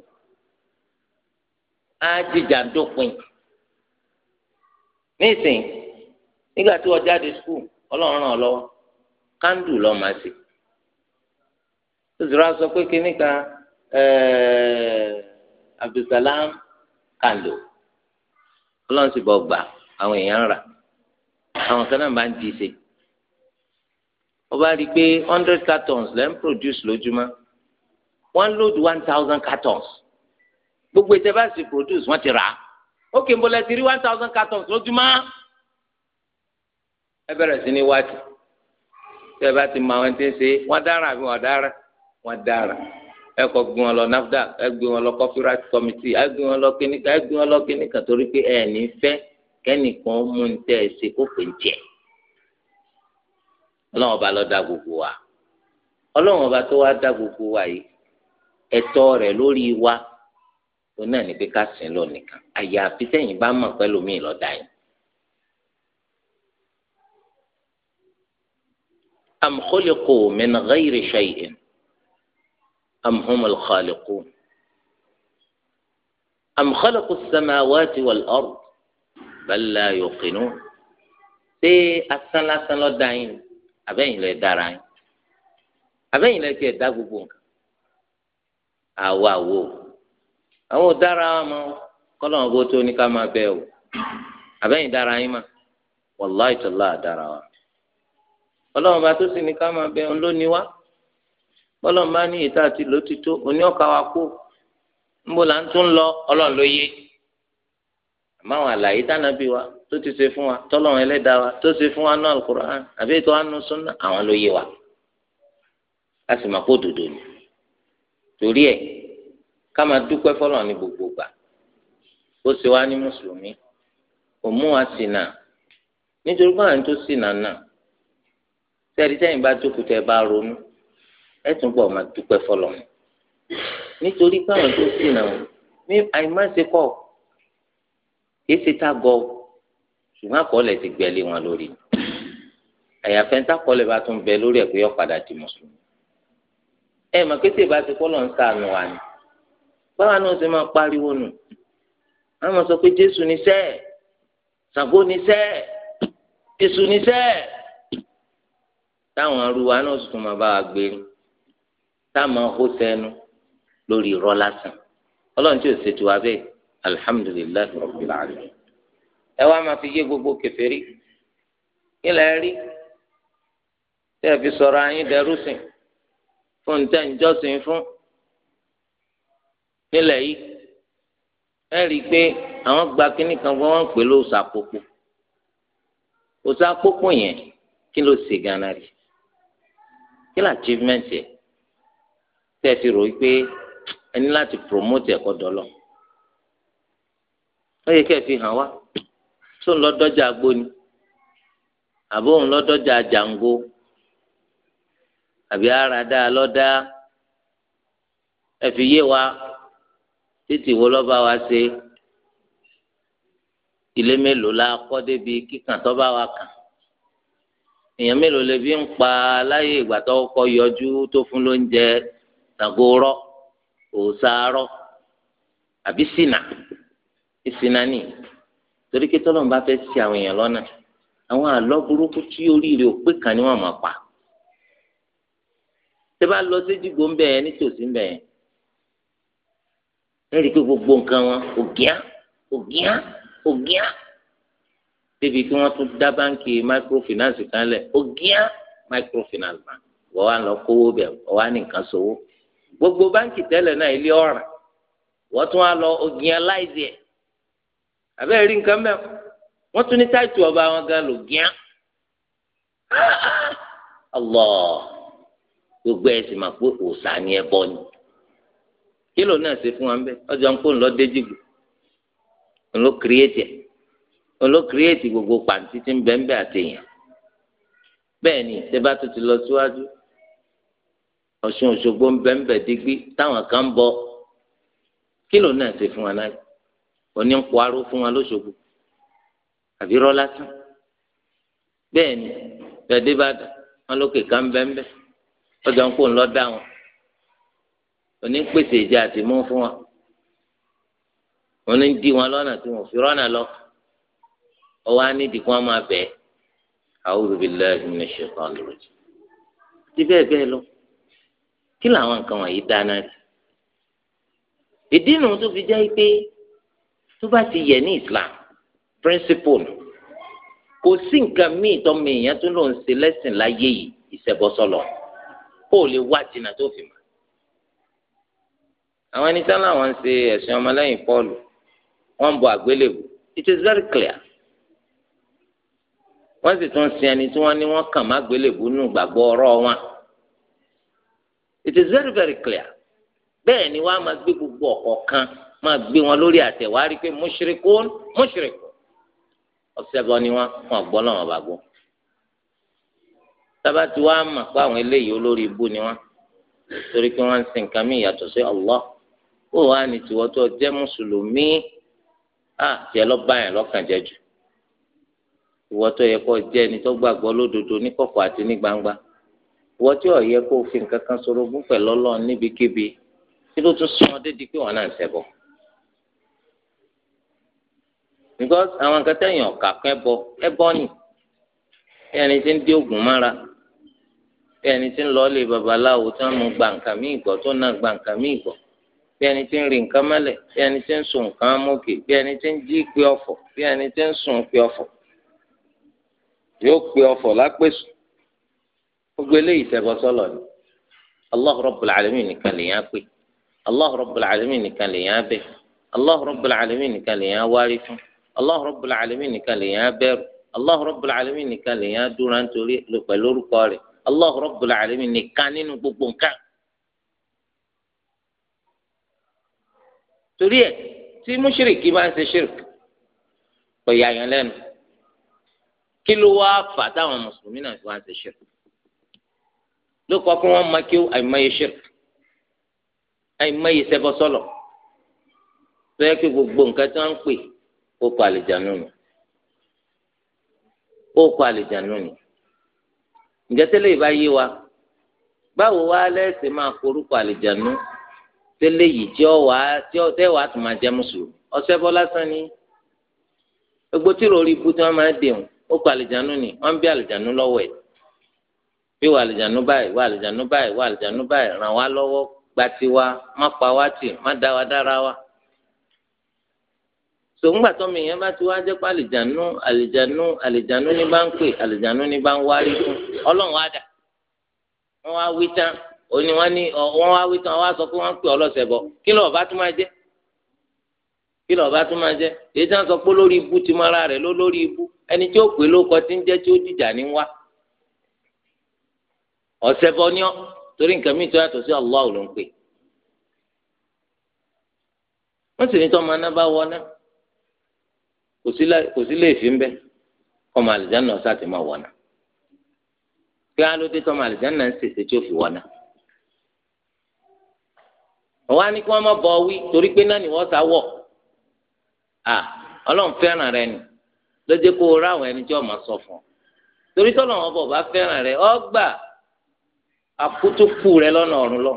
á jíjà dópin nísìnyí nígbà tí wọ́n jáde skul ọlọ́run ràn lọ́wọ́ kándù abdulsalam kàlò ọlọ́run sì bọ̀ gbà àwọn èèyàn rà àwọn kan náà máa ń di ṣe wọ́n bá rí i pé hundred cartons lẹ́ produce lójúmọ́ one load one thousand cartons gbogbo ètò bá sì produce wọ́n ti rà á ó kì í bọ́lẹ̀ rí one thousand cartons lójúmọ́ ẹ bẹ̀rẹ̀ sí ní wájú tẹ́ ẹ bá ti mọ àwọn tí ń ṣe wọ́n dára àbí wọ́n dára wọ́n dára ẹ kọ gbé wọn lọ NAFDAC ẹ gbé wọn lọ copyright committee ẹ gbé wọn lọ kíníkà ẹ gbé wọn lọ kíníkà torí pé ẹ ní fẹ́ kẹ́nìkan mú un tẹ́ ẹ ṣe kó pè ń jẹ ọlọ́run ọba ló dá gbogbo wa ọlọ́run ọba tó wá dá gbogbo wa yìí ẹ̀tọ́ rẹ̀ lórí wa ó náà ní pé ká sìn lọ nìkan àyàfi sẹ́yìn bá mọ̀ pẹ́lú mi lọ́dà yìí. am khuliqu min ghayri shay'in. أم هم الخالقون أم خلقوا السماوات والأرض بل لا يوقنون ṣé asán lásán ló dá yín àbẹ́yìn lè dára yín àbẹ́yìn lè tiẹ̀ dá gbogbo nǹkan àwa wo àwọn dára mọ kọ́lọ́ wọn bó tó ní ká máa bẹ̀ o àbẹ́yìn dára yín mà wàláìtọ́lá dára wa ọlọ́run bá tó sì ní ká máa bẹ̀ ń lónìí wá. bọ́lọ́n bá ní ìta àti ìlú tító òní ọ̀ka wa kú níbo là ń tún lọ ọlọ́run ló yé àmọ́ àwọn àlàyé tánàbí wa tó ti ṣe fún wa tọ́lọ́run ẹlẹ́dàá wa tó ṣe fún wa náà Al-Qur'an àbí ètò àánú súnà àwọn ló yé wa a sì máa kó ni torí ẹ ká máa dúpẹ́ fọlọ́run ní gbogbo gbà ó ṣe wa nítorí tó náà bá jókòó tẹ́ bá ronú ẹ tún gbọ́ máa dúpẹ́ fọlọ́ nítorí báwọn tó sì náà ní àìmáṣe kọ́ kìí ṣe tá gọ ṣùgbọ́n àkọọ́lẹ̀ ti gbẹ̀lé wọn lórí àyàfẹ́ ńtàkọọ́lẹ̀ bá tún bẹ lórí ẹ̀ pé yọ padà di mùsùlùmí ẹ mọ̀ pé tí ìbá ti kọ́ lọ́n ń sànù wà ní báwa náà ṣe máa pariwo nù wọ́n máa sọ pé Jésù ní sẹ́ẹ̀ Ṣàngó ní sẹ́ẹ̀ Èṣù ní sẹ́ẹ̀ táwọn arúgbó wa náà sì tún máa bá wa gbé ni táàmù ọkọ sẹnu lórí irọ́ lásán ọlọ́run tí ò ṣètò abẹ́ alihamudulilayi rabbil alamin ẹ wá máa fi yé gbogbo kèfèrí kí lẹ rí tẹ́ ẹ fi sọ̀rọ̀ ayín dẹrú sìn fún tẹ́ ń jọ́sìn fún nílẹ̀ yìí ẹ rí i pé àwọn gba kínní kan fún wọn pè ló sàkókò òsàkókò yẹn kí ló ṣe gánà rí kí ló achievement yẹn tẹ́ ẹ ti rò wípé ẹ láti promote ẹ̀kọ́ dọ́lọ́ ó yẹ kẹ́ ẹ fi hàn wá tó ń lọ dọ́jà agbó ni àbó ń lọ dọ́jà jàǹgó àbí ara dá a lọ́dá ẹ fi yé wa títí wo lọ́ba wa ṣe ilé mélòó la kọ́ débi kíkàn tó bá wa kàn èèyàn mélòó lè fi ń pa láyé ìgbà tó kọ́ yọjú tó fún lóúnjẹ tagorọ òsàárọ àbí sinà ìsinà ni torí pé tọ́lọ́mù bá fẹ́ ṣì àwọn èèyàn lọ́nà àwọn àlọ́ burúkú tí oríire òpè kan ni wọ́n máa pa tẹ́ bá lọ sí dìgbò ń bẹ̀ yẹn nítòsí ń bẹ̀ yẹn pé gbogbo nǹkan wọn ògíá ògíá ògíá débi kí wọ́n tún dá báńkì microfinance kan lẹ̀ ògíá microfinance bank wọ́n wá lọ kówó bẹ̀ wọ́n wá ní nǹkan sówó. So gbogbo báńkì tẹ́lẹ̀ náà ilé ọ̀ràn wọ́n tún á lọ ògìn aláìsí ẹ̀ àbẹ́rẹ́ rí nǹkan mẹ́ wọ́n tún ní táìtù ọba wọn gan lò gíán Allah gbogbo ẹ̀ sì máa pé òòsà ni ẹ bọ́ ni kí ló náà ṣe fún wa ń bẹ ọjọ́ ń kó ńlọ déjìgbò ńlọ kírẹ́ẹ̀tì ẹ̀ ńlọ kírẹ́ẹ̀tì gbogbo pàǹtí tí ń bẹ́ẹ̀ ń bẹ́ẹ̀ àtẹ̀yàn bẹ́ẹ̀ ni ṣe bá tó ti lọ síwájú. Ọ̀ṣun Òṣogbo ń bẹ́ ń bẹ̀ dígbí táwọn kan ń bọ kí ló náà ṣe fún wa náà òní ń pọ̀ aró fún wa lóṣogbo àbí rọ́ lásán bẹ́ẹ̀ ni bẹ́ẹ̀dé bá dà wọn lókè ká ń bẹ́ ń bẹ́ ọjọ́ ń kó ń lọ dá wọn òní ń pèsè ìjà àti mú fún wa òní ń dí wọn lọ́nà tí wọn fi rọ́nà lọ ọwọ́ á ní ìdìkún á máa bẹ̀ẹ́ a'udhu billahi minash shaitanir rajim ti bẹ́ẹ̀ bẹ́ẹ̀ lọ kí làwọn nǹkan wọ̀nyí dáná sí ìdí nu tó fi jẹ́ pé tó bá ti yẹ ní Islam principle nù kò sí nǹkan míì tọ́mọ èèyàn tó ló ń ṣe lẹ́sìn láyé yìí ìṣẹ̀bọsọlọ kó lè wá jìnnà tó fi mọ̀ àwọn ẹni tán láwọn ṣe ẹ̀sìn ọmọlẹ́yìn Pọ́ọ̀lù wọ́n bọ àgbélébù it is very clear wọ́n sì tún sin ẹni tí wọ́n ní wọ́n kàn má àgbélébù nù gbàgbọ́ ọ̀rọ̀ wọn it is very very clear bẹ́ẹ̀ ni wàá máa gbé gbogbo ọ̀kọ̀ọ̀kan máa gbé wọn lórí àtẹ̀wárí pé mushrikun mushrikun ọ̀sẹ̀ bọ́ ni wọ́n wọn gbọ́ lọ́wọ́ bá gbọ́ sábà tí wàá mọ̀ pé àwọn eléyìí olórí ibú ni wọ́n torí pé wọ́n ń sin nǹkan míì yàtọ̀ sí Allah ó wàá ní tiwọ́ tó jẹ́ mùsùlùmí à tiẹ̀ lọ bá yẹn lọ́kàn jẹ́ jù ìwọ́ tó yẹ kó jẹ́ ẹni tó gbàgbọ́ lódodo ní kọ̀kọ̀ àti ní gbangba wọ́n tí ò yẹ kó fi nǹkan kan sorogún pẹ̀lú ọlọ́run níbikíbi tí ló tún sún ọdẹ di pé wọn náà ń ṣẹbọ. àwọn nǹkan tẹ̀yìn ẹbọ ẹbọ ni ẹni tí ń dé ogun mára ẹni tí ń lọ lè babaláwo tí gba nǹkan gba nǹkan bí ẹni tí ń nǹkan bí ẹni tí ń nǹkan bí ẹni tí ń jí pé bí ẹni gbogbo eléyìí ṣẹbọ sọ́lọ̀ ni allah rabbul alamin nìkan lèyàn pè allah rabbul alamin nìkan lèyàn bẹ̀ allah rabbul alamin nìkan lèyàn wárí fún allah rabbul alamin nìkan lèyàn bẹ̀rù allah rabbul alamin nìkan lèyàn dúró nítorí pẹ̀lú orúkọ rẹ̀ allah rabbul alamin nìkan nínú gbogbo nǹkan. torí ẹ tí mùṣírìkì máa ń ṣe ṣírìkì kò yà yàn lẹ́nu kí ló wáá fà táwọn mùsùlùmí náà fi wá ń ṣe ṣírìkì ló kọ́ pé wọ́n máa kí àìmọye ṣírk àìmọye ṣẹbọ sọlọ lọ́yẹ́ pé gbogbo nǹkan tí wọ́n ń pè ó kọ àlìjánu nù ó kọ àlìjánu nù ǹjẹ́ tẹ́lẹ̀ ìbá yé wa báwo wá lẹ́sìn máa korúkọ àlìjánu tẹ́lẹ̀ yìí tí ọ wá tí ọ tẹ́ wàá máa jẹ́ mùsùlùmí ọ̀sẹ̀ bọ́ lásán ni gbogbo tí rò rí ibú tí wọ́n máa dè wọ́n kọ àlìjánu nì wọ́n ń bí àlìjánu lọ́wọ́ ẹ̀ bí wà àlìjánu báyìí wà àlìjánu báyìí wà àlìjánu báyìí ràn wá lọ́wọ́ gba tiwa má pa wá tì má da wa dára wa. sòǹgbà tọ́mi yẹn bá ti wá jẹ́ pé ní bá ń pè àlìjànú ní bá ń wárí fún ọlọ́run wá dà wọ́n wá wí tán sọ pé wọ́n ń pè ọlọ́sẹ̀ bọ̀ kí lọ́ọ̀ bá tún máa jẹ́ kí lọ́ọ̀ bá tún máa jẹ́ èyí tí wọ́n sọ pé ti mọ ara rẹ̀ ló lórí ti ń jẹ́ tí ọ̀sẹ̀ bọ́ torí nǹkan mi tó yàtọ̀ sí Allah ló ń pè wọ́n sì ní tọ́ ọmọ náà bá wọ kò sí lè fi ń bẹ́ ọmọ ti máa wọ ná kí á ló dé tọ́ ọmọ àlìjáná ń tí ó fi wọ torí pé náà ni wọ́n sá wọ̀ ọlọ́run fẹ́ràn rẹ ni ló jẹ́ kó o ẹni tí ọmọ sọ fún ọ torí bá rẹ ọ àkútúkù rẹ lọ́nà ọ̀run lọ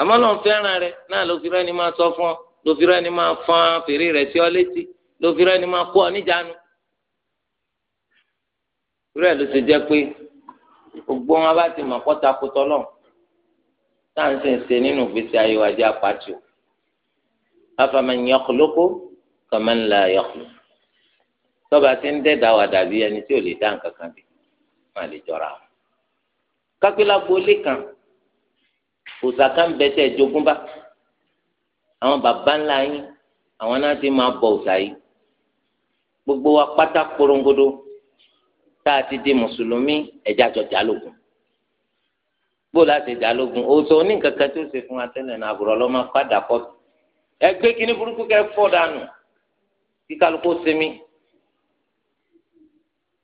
àmọ́ lọ́n fẹ́ràn rẹ náà ló fi rẹ́ni máa sọ fún ọ ló fi rẹ́ni máa fọn fèrè rẹ sí ọ létí ló fi rẹ́ni máa kó ọ níjànú. rẹ ló ti jẹ́ pé gbogbo wọn bá ti mọ̀ kọ́takùtọ̀ lọ táà ń sìn ṣe nínú ìgbésí ayé wa jẹ́ apàtì o afaman yakhluqu kaman la yakhluqu tọ́ba ti ń dẹ́dàá wà dàbí ẹni tí ò lè dá nǹkan kan bí wọ́n lè jọra wọn kápẹ́lágbó lé kan òsàkà ń bẹ tẹ jogúnbá àwọn bàbá ńlá yín àwọn náà ti máa bọ òsà yìí gbogbo wa pátá korongodo tá a ti di mùsùlùmí ẹ̀já jọ jálògùn bó láti jálògùn òsò oníkankan tó ṣe fún wa tẹ́lẹ̀ náà àbúrò ọlọ́mọ padà kọ́ ẹgbẹ́ kínní burúkú kẹ́ fọ́ dànù kí kálukú sinmi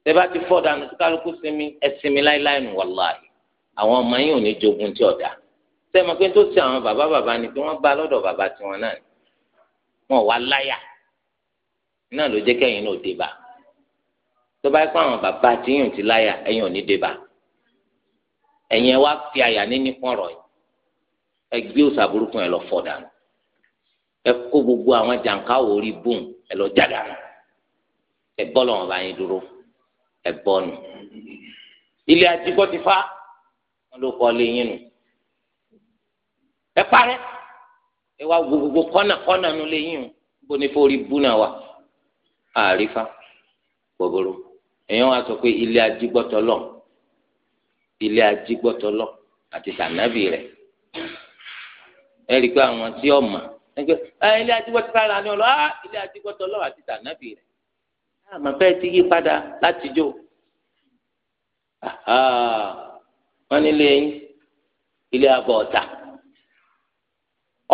tẹ́ bá ti fọ́ dànù kí kálukú sinmi ẹ sinmi láéláé nù wàláyé àwọn ọmọ yìí ò ní jogun tí ọ̀dà sẹ́mi pé tó ti àwọn bàbá bàbá ni pé wọ́n bá lọ́dọ̀ bàbá tiwọn náà ni wọ́n wá láyà náà ló jẹ́ kẹ́yìn náà débà tó bá yẹ kó àwọn bàbá tí yìí ò ti láyà ẹ̀yìn ò ní débà ẹ̀yìn ẹ wá fi àyà níní fún ẹ gbé òòsà burúkú yẹn lọ fọ̀ ẹ kó gbogbo àwọn jàǹkáwò orí bùn ẹ lọ jàdà ẹ bọ́ lọ́wọ́ bá yín dúró ẹ bọ́ nù ilé ajígbọ́ ti fa ló kọ́ lé yín nù ẹ parẹ́ ẹ wá gbogbo kọ́nà kọ́nà nu lé yín bó ní fórí bú náà wà àrífà gbogbooro èèyàn wá sọ pé ilé ajígbọ́tọ̀ lọ ilé ajígbọ́tọ̀ lọ àti sànàbì rẹ̀ ẹ rí i pé àwọn tí ọ̀ mà ẹgbẹ́ ilé ajígbọ́tọ̀ sára ni ọlọ́ ah, ilé ajígbọ́tọ̀ lọ àti sànàbì rẹ̀ ah, àmọ́ bẹ́ẹ̀ ti yí padà látijọ́ wọn nílé yín ilé abọ ọ̀tá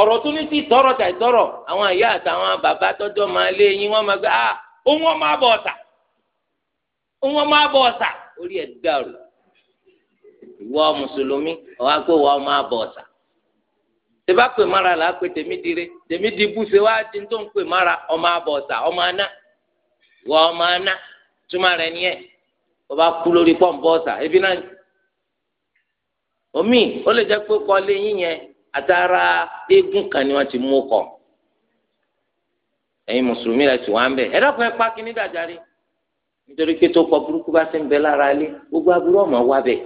ọ̀rọ̀ tó ní ti tọrọ tà tọrọ àwọn ìyá àtàwọn bàbá tọjọ máa lé yín wọn máa gbé ah òun wọn máa bọ ọ̀tá òun wọn máa bọ ọ̀tá orí ẹ dàrú ìwọ mùsùlùmí ọwọ àgbẹ wọn máa bọ ọ̀tá tẹ́bá pè mára là á pè tèmi dire tèmi di búṣe wá di tó ń pè mára ọmọ abọ̀ọ̀sà ọmọ aná wọ ọmọ aná túmọ̀ rẹ̀ ni ẹ̀ ọba kú lórí pọ́ǹpọ́ọ̀sà ebi náà omi ó lè jẹ́ pé kọ́lé yín yẹn àtàrà eégún kan ni wọ́n ti mú kọ́ ẹ̀yin mùsùlùmí rẹ̀ ti wá ń bẹ̀ ẹ dọ́kun ẹ pa kí ní dàjáde nítorí pé tó kọ burúkú bá ti ń bẹ lára ilé gbogbo aburú ọmọ wa bẹ̀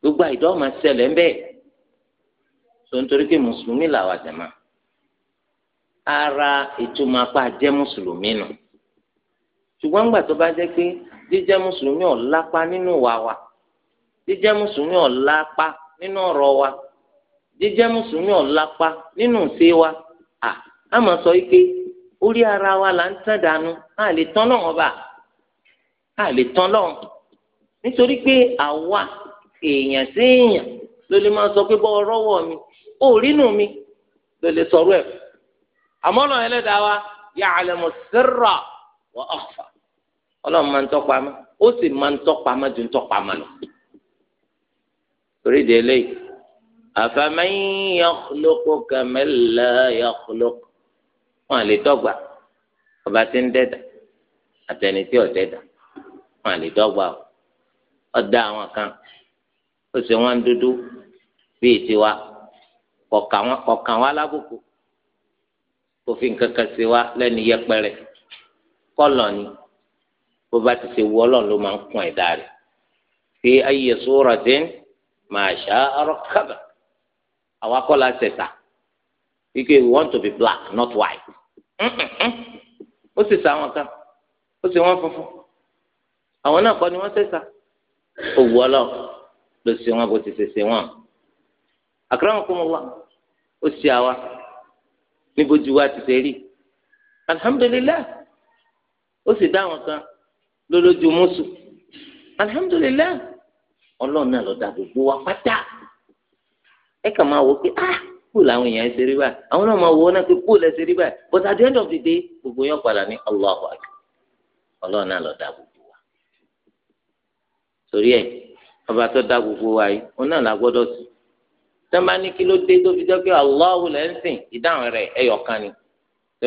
gbogbo àìdọ́ ọmọ ṣẹlẹ̀ ń bẹ̀ tó nítorí pé mùsùlùmí làwà jẹ̀mọ́ ara ìtumọ̀ apá jẹ́ mùsùlùmí nù ṣùgbọ́n ńgbà tó bá jẹ́ pé jíjẹ́ mùsùlùmí ọ̀ lápá nínú wa wa jíjẹ́ mùsùlùmí ọ̀lápá nínú ọ̀rọ̀ wa jíjẹ́ mùsùlùmí ọ̀lápá nínú ìṣe wa à á máa sọ pé orí ara wa là ń tán dànù á lè tán lọ́wọ́ bá á lè tán lọ́wọ́ nítorí pé àwa èèyàn sí èèyàn ló lè máa sọ pé bọ́ ọrọ́wọ́ mi ó rínú mi ló lè sọ̀rọ̀ ẹ̀ àmọ́ ọ̀nà ẹlẹ́dàá wa ya'lamu sirra wa akhfa ọlọ́run máa ń tọ́pamọ́ ó sì máa ń tọ́pamọ́ ju ń tọ́pamọ́ lọ torí de eléyìí afaman yakhluqu kaman la yakhluq wọn lè dọ́gba ọba tí ń dẹdà àtẹni tí ò dẹdà wọn lè dọ́gba o ọdá àwọn kan ó sì wọn dúdú bíi tiwa ọkàn wa lábùkù kò fi sí wa lẹ́nu yẹpẹrẹ kọlọ ni bó bá ti ṣe wọ ló máa ń kún ẹ̀dá rẹ̀ fi ayyi suratin màá ṣá ọ̀rọ̀ kábà àwa kọ́ la ṣẹ̀ṣà wípé we want to be black not white mm-hmm. ó sì sa àwọn kan ó sì wọ́n funfun àwọn náà kọ́ ni wọ́n ṣẹ̀ṣà òwú ọlọ́run ló ṣe wọn bó ti ṣe ṣe wọn akramakumullah ó ṣe àwa níbojú wa ti ṣe rí alhamdulilayi ó sì dá àwọn kan lólójú mùsùlùmí ọlọ́run náà lọ dá gbogbo wa pátá ẹ kàn máa wò pé ah kú làwọn èèyàn ṣe rí báyìí àwọn náà máa wò ó náà pé kú lẹ rí báyìí but at the gbogbo yẹn padà ní Allahu ọlọ́run náà wa torí ẹ ọba tó wa yìí òun náà la gbọ́dọ̀ sí ni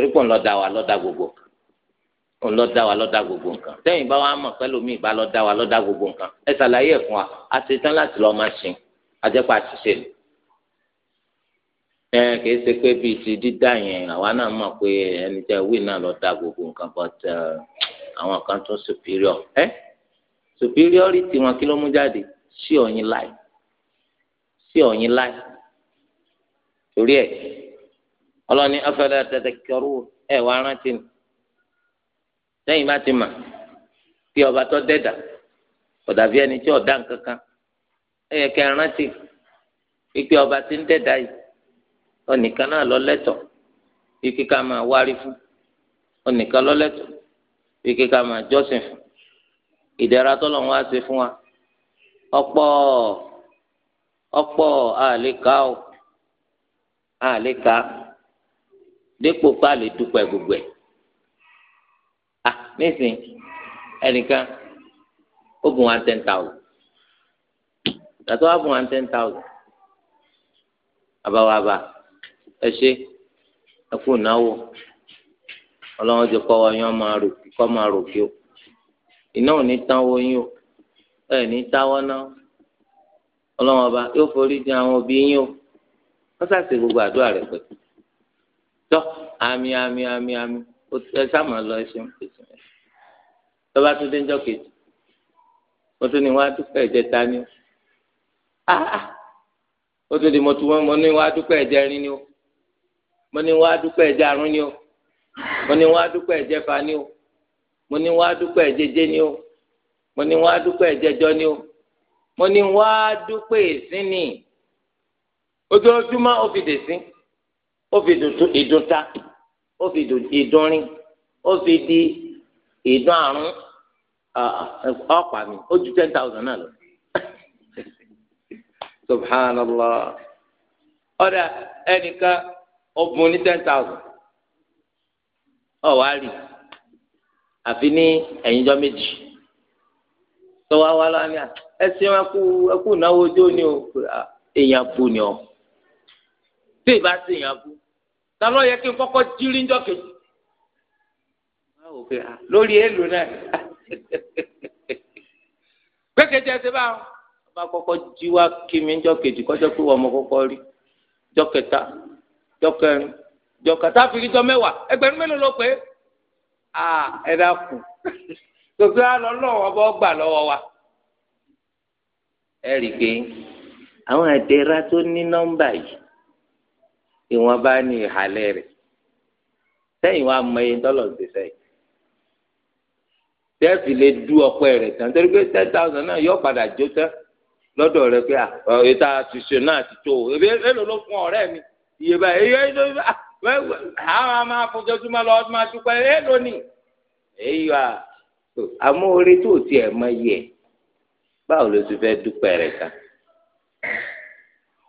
torí pọ̀ òun lọ́dá wa lọ́dá gbogbo nǹkan bá wa mọ̀ pẹ́lú mi ìbá lọ́dá wa lọ́dá gbogbo nǹkan ẹ ṣàlàyé fún wa a ti tán láti lọ́ọ́ máa ṣe àjẹpà àtìṣe. ẹ í ṣe pé bíi ti dídá yẹn àwa náà mọ̀ pé ẹni tẹ́ wí náà lọ́dá gbogbo nǹkan but àwọn kan tún superior ẹ superiority wọn kí ló mú jáde sí lẹ́yìn bá ti mà bí ọba tó dẹ́dà ọ̀dà bí ẹni tí ọ̀dà nǹkankan ẹ yẹ kẹ́ ẹ rántí ọba ti ń dẹ́dà yìí ọ̀nìkan náà lọ lẹ́tọ̀ bí kíkà máa wárí fún ọ̀nìkan lọ lẹ́tọ̀ bí kíkà máa jọ́sìn fún wá fún wa ọ̀pọ̀ nísìnyí ẹnìkan ó bùn wá ten thousand tàtọ́ wá bùn wá ten thousand àbáwábà ẹ ṣe ẹ kú ìnáwó ọlọ́run ti kọ́ wa yín kọ́ máa rò kí o iná ò ní tánwó yín o ẹ ní táwọ́ náà ọlọ́run ọba yóò forí di àwọn òbí yín o wọ́n sàṣe gbogbo àdúrà rẹ̀ pẹ̀lú tọ́ àmì àmì àmì àmì ẹ sáà máa lọ ẹ ṣeun pèsè. tọ́ba tó dé ń mo tún ní wọ́n á ni ah, ah. ó tún di mo tún mo ní wọ́n ni o mo ní wọ́n ni o mo ní wọ́n á dúpẹ́ ìjẹfà ni o mo ní wọ́n á dúpẹ́ ni o mo ní wọ́n á dúpẹ́ ni o mo ní wọ́n dúpẹ́ ìsínì ojoojúmọ́ ó fi dè sí ó fi ta ó fi rin ó fi ìdán àrùn ọ̀pá mi ó ju ten thousand náà lọ subhanallah ọ̀dà ẹnìkan ọ̀bùn ní ten thousand ọ̀ wá rí àfi ní ẹ̀yìnjọ́ méjì tó wá wá lọ́wọ́ ní à ẹ ṣeun ìnáwó ojú ni o èèyàn ni ọ tí ì bá sí èèyàn bu ta ló yẹ kí n kọ́kọ́ jírí ńjọ́ báwo pé a ah, lórí èlò náà gbẹ́kẹ̀jẹ́ ṣe bá wọn. bá kọ́kọ́ jíwá kí mi jọ kejì kọ́jọ́ pé wọ́n mọ kọ́kọ́ rí jọ kẹta jọ kẹrin jọ kẹta fi rí jọ mẹ́wàá ẹgbẹ̀rún mélòó ló pé a ẹ dákú gbogbo àlọ́ lọ́wọ́ bọ́ gbà lọ́wọ́ wa. ẹ rí i pé àwọn àdéhà tó ní nọ́mbà yìí ìwọ̀n bá ní ìhàlẹ̀ rẹ̀ sẹ́yìn wa mọ eyín tọ́lọ̀ ń ṣe tẹ́ẹ̀fì lè du ọpẹ́ rẹ̀ tán torí pé ten thousand náà yọ padà jó tán lọ́dọ̀ rẹ pé ètò àtúnṣe náà ti tó ebi èlò ló fún ọ̀rẹ́ mi iye báyìí iye ló àwọn a máa fún jọjúmọ́ lọ ọdún máa dúpẹ́ èlò ni èyí wa àmọ́ orí tó tiẹ̀ mọ yẹ báwo ló ti fẹ́ dúpẹ́ rẹ̀ tán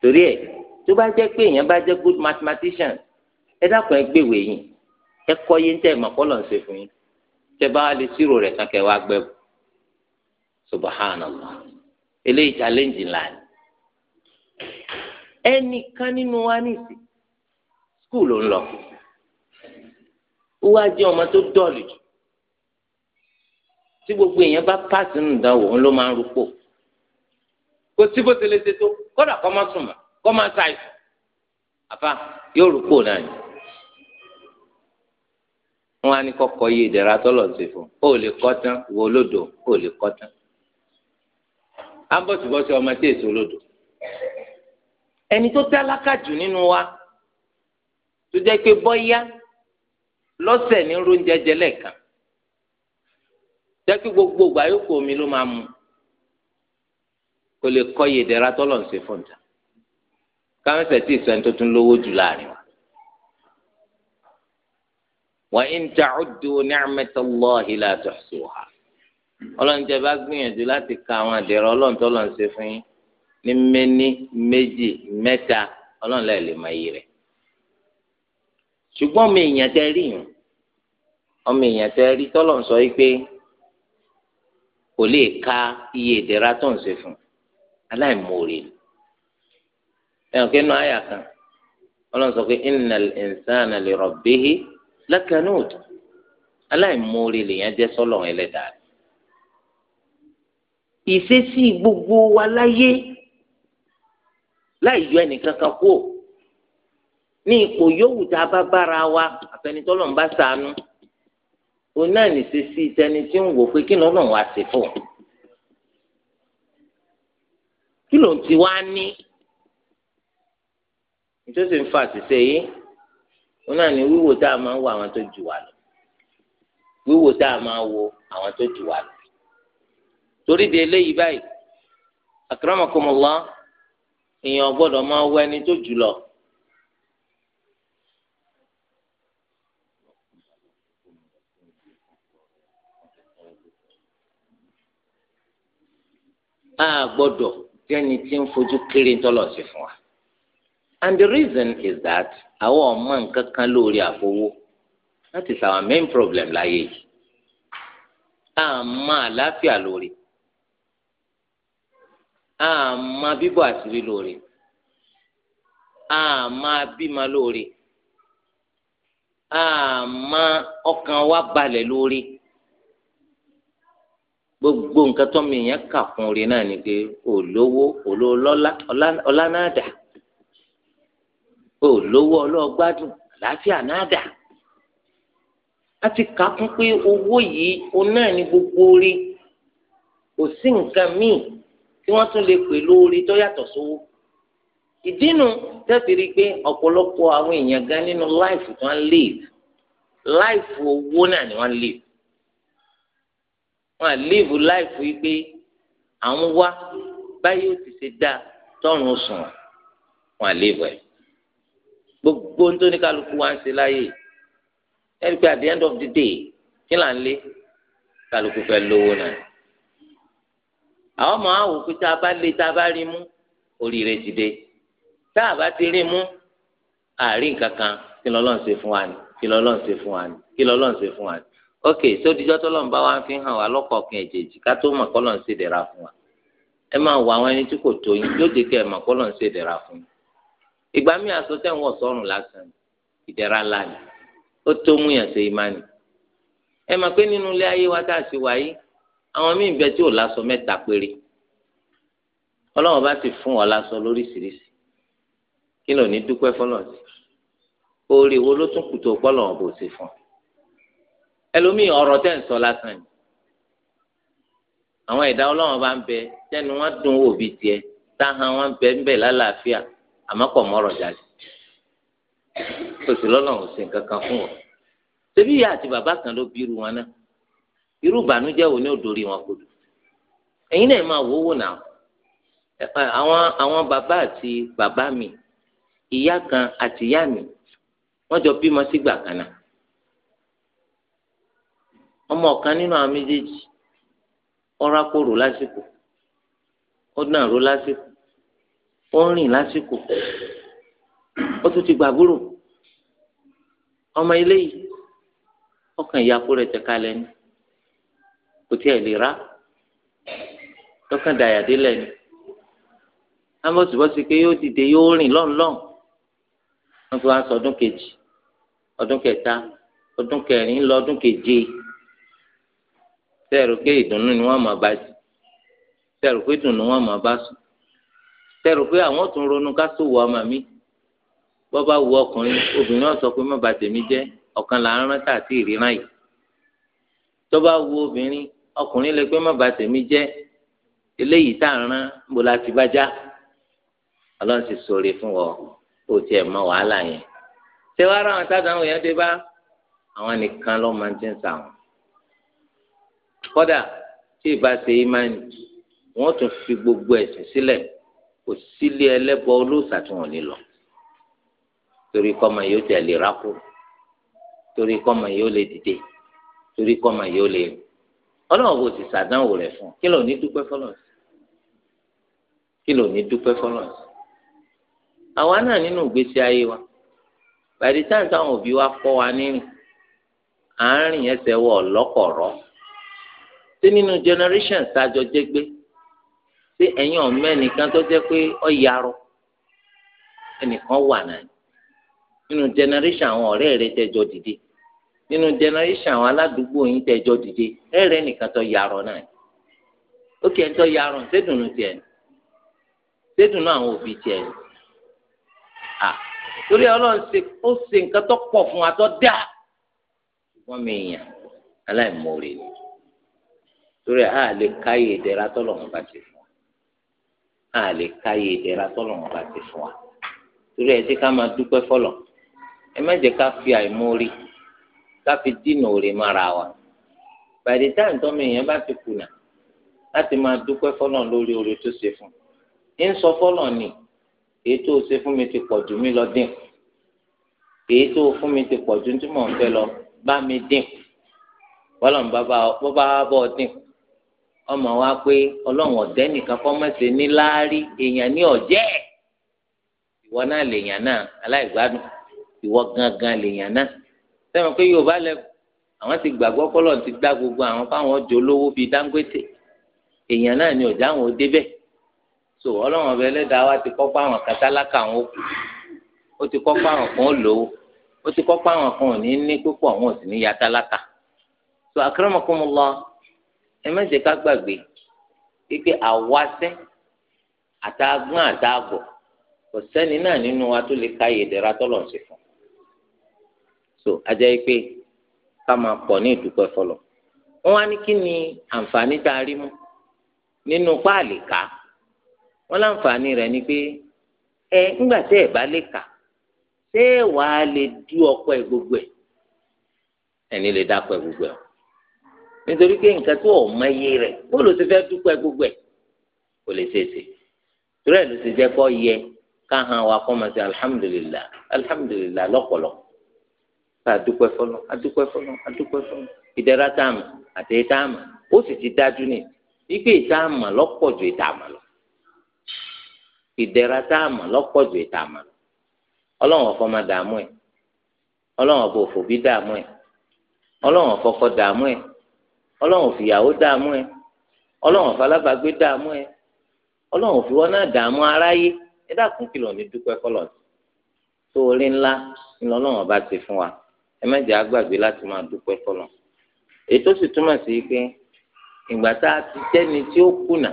torí ẹ̀ tó bá jẹ́ pé èèyàn bá jẹ́ good mathematician ẹ dákun ẹ gbèwé yìí ẹ kọ́ yé tẹ̀ mọ́ kọ́ lọ́n ṣe fún yín tẹ bá lè sírò rẹ̀ tán kẹ́ wá gbẹ́ bù subhanallah eléyìí challenge ńlá ni ẹnìkan nínú wa nìsí skul ló ń lọ ó wá jẹ́ ọmọ tó dọ̀lù jù tí gbogbo èèyàn bá pàṣẹ nù dánwò ń ló máa ń rúpò kò sí bó ti ṣe tó kódà kó má sùn mọ́ kó má ṣàìsàn àfa yóò rúpò náà ni wọn á ní kọ́kọ́ yé ìdẹ̀ra tọ́lọ̀ ṣe fún ó lè kọ́ tán wo olódò ó lè kọ́ tán á ń bọ̀sibọ́sí ọmọ tí èso olódò ẹni tó tálákà jù nínú wa tó jẹ́ pé bọ́yá lọ́sẹ̀ ní oúnjẹ jẹ lẹ́ẹ̀kan jẹ́ kí gbogbo ìgbà yòókù omi ló máa mu kò lè kọ́ yé ìdẹ̀ra tọ́lọ̀ ṣe fún ta káwọn ẹsẹ̀ tí ìsọ̀ ẹni tó tún lówó jù láàrin wa in ta'uddu ni'matallahi la tuhsuha ọlọ́run tẹ bá gbìyànjú láti ka àwọn àdẹ̀rọ̀ ọlọ́run tó lọ́n ṣe fún yín ní méní méjì mẹ́ta ọlọ́run lẹ́ẹ̀ lè máa yí rẹ̀ ṣùgbọ́n ọmọ èèyàn tẹ rí yìí ọmọ èèyàn tẹ rí tọ́lọ̀ ń sọ yìí pé kò lè ka iye ìdẹ̀ra tó ń ṣe fún aláìmoore ẹ̀hún kí nù àyà kan ọlọ́run sọ pé innal insana lákànúùd aláìmoore lèèyàn jẹ́ sọ́lọ̀ ẹlẹ́dàá rẹ̀ ìṣesí gbogbo wa láyé láì yọ ẹnìkan kan kú ní ipò yòówù tá a bá bára wa àfẹnitọ́lọ̀ ń bá sànú òun náà nìṣesí tẹni tí ń wò pé kí lọ́nà wa ṣe fún kí ló ń ti ní nítorí ń fa àṣìṣe yìí wọn náà ní wíwò tá a máa ń wo àwọn tó jù wá lọ wíwò tá a máa wo àwọn tó jù wá lọ torí de eléyìí báyìí akramakumullah èèyàn gbọ́dọ̀ máa wọ ẹni tó jù lọ. a gbọ́dọ̀ jẹni tí ń fojú kéré ńtọlọ sí fún wa and the reason is that àwọn ọmọ nǹkan kan lórí àfowó that is our main problem láyé yìí àmọ́ àlàáfíà lórí àmọ́ bíbọ̀ àṣírí lórí àmọ́ bímọ lórí àmọ́ ọkàn wa balẹ̀ lórí gbogbo nǹkan tó mi yẹn kà fún orí náà ni pé olówó olólọ́lá ọlánàdà olówó ọlọ́gbádùn àlàáfíà náà dà a ti kà á kún pé owó yìí O náà ní gbogbo orí kò sí nǹkan míì tí wọ́n tún lè pè lóore tó yàtọ̀ sówó ìdínú tẹ́tìrí pé ọ̀pọ̀lọpọ̀ àwọn èèyàn gan nínú láìfù tí wọ́n léèfù láìfù owó náà ni wọ́n léèfù wọ́n léèfù láìfù yìí pé àwọn wá báyìí ó ti ṣe dáa tọrùn sùn wọ́n léèfù ẹ̀ gbogbo ń tó ní kálukú wá ń ṣe láyè ẹni pé at the end of the day kí là ń lé kálukú fẹ́ lówó náà àwọn ọmọ àwò pé tá a bá lé tá a bá rí mú oríire ti dé tá a bá ti rí mú àárín kankan kí lọ́lọ́ ń ṣe fún wa ni kí lọ́lọ́ ń ṣe fún wa ni kí lọ́lọ́ ń ṣe fún wa ni ok tó dijọ́ tó lọ́nba wa fi hàn wá lọ́kọ̀ọ̀kan èjèèjì ká tó mọ̀ kọ́ lọ́n ṣe dẹ̀ra fún wa ẹ máa wọ àwọn ẹni tí kò tó yín yóò dé kẹ́ ẹ mọ̀ kọ́ lọ́n ṣe dẹ̀ra fún yín ìgbà mi àsọ tẹ̀ wọ́n sọ̀rùn lásán ìdẹ̀ra lánì ó tó mú yàn ṣe ìmánì ẹ mà pé nínú ilé ayé wa tá a ṣe wáyé àwọn míì bẹ tí ò láṣọ mẹ́ta péré ọlọ́run bá ti fún ọ láṣọ lóríṣiríṣi kí ló ní dúpẹ́ fọlọ́ọ̀sì oore wo ló tún kùtò pọ́lọ́run bò ṣe fún ọ ẹlòmíì ọ̀rọ̀ tẹ̀ ń sọ lásán ni àwọn ẹ̀dá ọlọ́run bá ń bẹ tẹnu wọn dùn wò tiẹ̀ táhàn wọn bẹ ń bẹ lálàáfíà àmọ́ pọ̀ mọ́rọ̀ jáde kò òsè kankan fún wọn ṣebí ìyá àti bàbá kan ló bí irú wọn náà irú ìbànújẹ́ wo ni ó dorí wọn kodò ẹ̀yin náà máa wò wò náà àwọn àwọn bàbá àti bàbá mi ìyá kan àti ìyá mi wọ́n jọ bímọ sígbà kan náà ọmọ ọ̀kan nínú àwọn méjèèjì ọ̀rá kò rò lásìkò ó dàn lásìkò ó rìn lásìkò ó tún ti gbàbúrò ọmọ ilé yìí ọkàn ìyàpò rẹ̀ tẹ̀kalẹ̀ ni kò tiẹ̀ lè ra lọ́kàn dàyàdé lẹni amọ̀sibọ́sí pé yóò dìde yóò rìn lọ́nlọ́n wọ́n fi wá sọ ọdún kejì ọdún kẹta ọdún kẹrin ọdún keje sẹ́ẹ̀rù pé ìdùnnú ni wọ́n bá sẹ́ẹ̀rù pé ìdùnnú wọ́n tẹrù pé àwọn tún ronú ká sòwò ọmọ mi bọ́ bá wu ọkùnrin obìnrin náà pé má bà tèmi jẹ́ ọ̀kan là ń rántà àti ìríran yìí tó bá wu obìnrin ọkùnrin lè pé má jẹ́ eléyìí tá à ń rán la ti bá já ọlọ́run ti sọ̀rọ̀ fún ọ kó o tiẹ̀ mọ wàhálà yẹn ṣé wàá àwọn èèyàn ti ń sà wọn fi gbogbo ẹ̀sìn sílẹ̀. kò sílé ẹlẹ́bọ olóòṣà tí wọ́n ní lọ torí kọ́mọ yóò tẹ̀ lè rákò torí kọ́mọ yóò lè dìde torí kọ́mọ yóò lè rìn ọlọ́run kò sì ṣàdánwò rẹ̀ fún kí ló ní dúpẹ́ fọlọ́n kí ló ní dúpẹ́ fọlọ́n àwa náà nínú ìgbésí ayé wa bàdí táwọn táwọn òbí wa kọ́ wa nírìn àárín ẹsẹ̀ wọ̀ lọ́kọ̀ọ̀rọ̀ sí nínú generation tá jẹ́gbẹ́ ṣé ẹ̀yin ọmọ ẹnìkan tó jẹ́ pé ọ yarọ ẹnìkan wà náà nínú generation àwọn ọ̀rẹ́ rẹ tẹjọ dìde nínú generation àwọn aládùúgbò yín tẹjọ dìde ẹrẹ nìkan tó yàrọ̀ náà ó kẹ́ ń yàrọ̀ yarọ ṣédùnú tiẹ̀ ṣédùnú àwọn òbí tiẹ̀ ni à torí ọlọ́run ṣe ó ṣe nǹkan tó pọ̀ fún wa tó dáa ṣùgbọ́n mi yàn aláìmoore torí a lè káyè ìdẹ̀ra tọ́lọ̀ wọn bá ti fún a lè káyé ìdẹ̀ra tọ́lọ́run bá ti fún wa torí ẹ jẹ́ ká máa dúpẹ́ fọlọ́ ẹ má jẹ́ ká fi àìmórí ká fi dínà òrè mára wa bàdé táà ń tọ́mọ èèyàn bá ti kùnà láti máa dúpẹ́ fọlọ́ lórí oore tó ṣe fún ń sọ fọlọ́ ni èyí tó ṣe fún mi ti pọ̀ jù mí lọ dín èyí tó fún mi ti pọ̀ jù tí mò ń fẹ́ lọ bá mi dín wọ́n lọ́n bá bá bọ́ dín ọmọ wa pé ọlọ́run ọ̀dẹ́ nìkan kọ́ mẹ́sẹ̀ ní láárí èèyàn ní ọ̀jẹ́ ìwọ náà lèèyàn náà aláìgbádùn ìwọ gangan lèèyàn náà sẹ́wọ̀n pé yorùbá lẹ́bù àwọn ti gbàgbọ́ kọ́lọ̀ ti gbá gbogbo àwọn fáwọn ọjọ́ olówó bíi dáńgbètè èèyàn náà ni ọ̀já àwọn òdebẹ̀ so ọlọ́run ọbẹ̀ ẹlẹ́dàá wa ti kọ́ fáwọn kàtàlákà àwọn òkú ó ti kọ́ fáwọn kan ó lówó ó ti kọ́ fáwọn kan ò ní ní púpọ̀ àwọn ò sì ní ya tálákà so akramakumullah ẹ má jẹ́ ká gbàgbé wípé àwáṣẹ́ àtàgbọ́n àtàgbọ̀ kò sẹ́ni náà nínú wa tó lè ka ìyèdèrà tọ́lọ̀ ń ṣe fún so ajá yìí pé ká máa pọ̀ ní ìdúpẹ́ fọlọ̀ wọ́n wá ní kí ni àǹfààní tá a rí mú nínú páàlì ká wọ́n láǹfààní rẹ̀ ni pé ẹ ńgbà tẹ́ ẹ bá lè kà ṣé wàá lè dú ẹ gbogbo ẹ. ẹni lè gbogbo o nítorí pé nǹkan tó ò mọ iye rẹ̀ bóòlù ti fẹ́ dúpẹ́ gbogbo ẹ̀ kò lè ṣèṣe torí ẹ̀ ló ti jẹ́ kó yẹ káhàn wa kọ́ máa ṣe alihamudulilayi alihamudulilayi lọ́pọ̀lọ́ ká dúpẹ́ fọlọ́ adúpẹ́ fọlọ́ adúpẹ́ fọlọ́ ìdẹ́ra táàmù àti ìtààmù ó sì ti dájú ní ipe ìtààmù lọ́pọ̀ ju ìtààmù lọ ìdẹ́ra táàmù lọ́pọ̀ ju ìtààmù lọ ọlọ́run ọ̀fọ́ ọlọ́run fìyàwó dààmú ẹ ọlọ́run falábàgbé dààmú ẹ ọlọ́run fìwọ́ náà dààmú aráyé ẹ dákun kìlọ̀ ní dúpẹ́ kọlọ̀ tó orí ńlá ńlọ ọlọ́run bá ti fún wa ẹ mẹ́jẹ̀ àgbàgbé láti máa dúpẹ́ kọlọ̀ èyí tó sì túmọ̀ sí pé ìgbà tá a ti jẹ́ni tí ó kùnà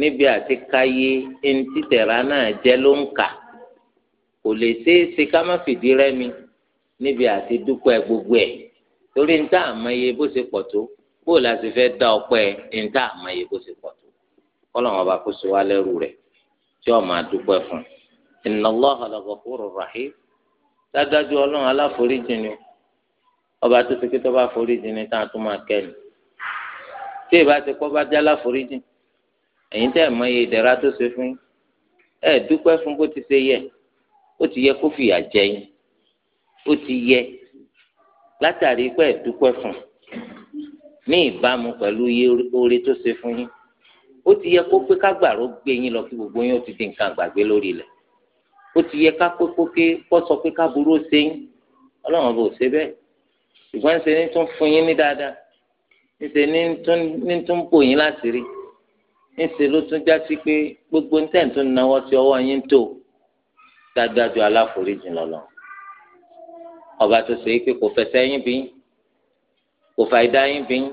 níbi àti káyé ẹni títẹ̀ra náà jẹ́ ló ń kà kò lè ṣeé ṣe ká má fìdí rẹ́mi níbi àti dúpẹ́ gbogbo ẹ̀ torí ní tá àmọ́ iye bó ṣe pọ̀ tó bó la sì fẹ́ da ọpẹ́ níta àmọye kó sì pọ̀ tó kọ́lọ́mọ bá kó sì wá lẹ́rù rẹ̀ tí ó máa dúpẹ́ fún inna Allaha laghafurur rahim dájú ọlọ́run aláforíjì ni ọba tó ti kí tó bá foríjì ni tá a tún máa kẹ́ ni tí ìbá ti kọ́ bá jálá foríjì ẹ̀yin tẹ́ ẹ̀ mọ iye ìdẹ̀ra tó ṣe fún ẹ̀ dúpẹ́ fún bó ti ṣe yẹ ó ti yẹ kó fìyà jẹ yín ó ti yẹ látàrí pé ẹ̀ dúpẹ́ fún un ní ìbámu pẹ̀lú iye oore tó ṣe fún yín ó ti yẹ kó pé kágbàró gbé yín lọ kí gbogbo yín ó ti di nǹkan àgbàgbé lórí ilẹ̀ ó ti yẹ ká pé kó pé kó sọ pé káburú ó ṣe yín ọlọ́run bò ṣe bẹ́ẹ̀ ṣùgbọ́n ṣe ní tún fún yín ní dáadáa níṣẹ́ ní tún bò yín láti rí níṣẹ́ ló tún já sí pé gbogbo ní tó náwó sí ọwọ́ yín tó dájú aláforíjì lọ́lọ́ ọba tó ṣe é pé kò fẹsẹ̀ yín bí kò fàìdá yín bí yín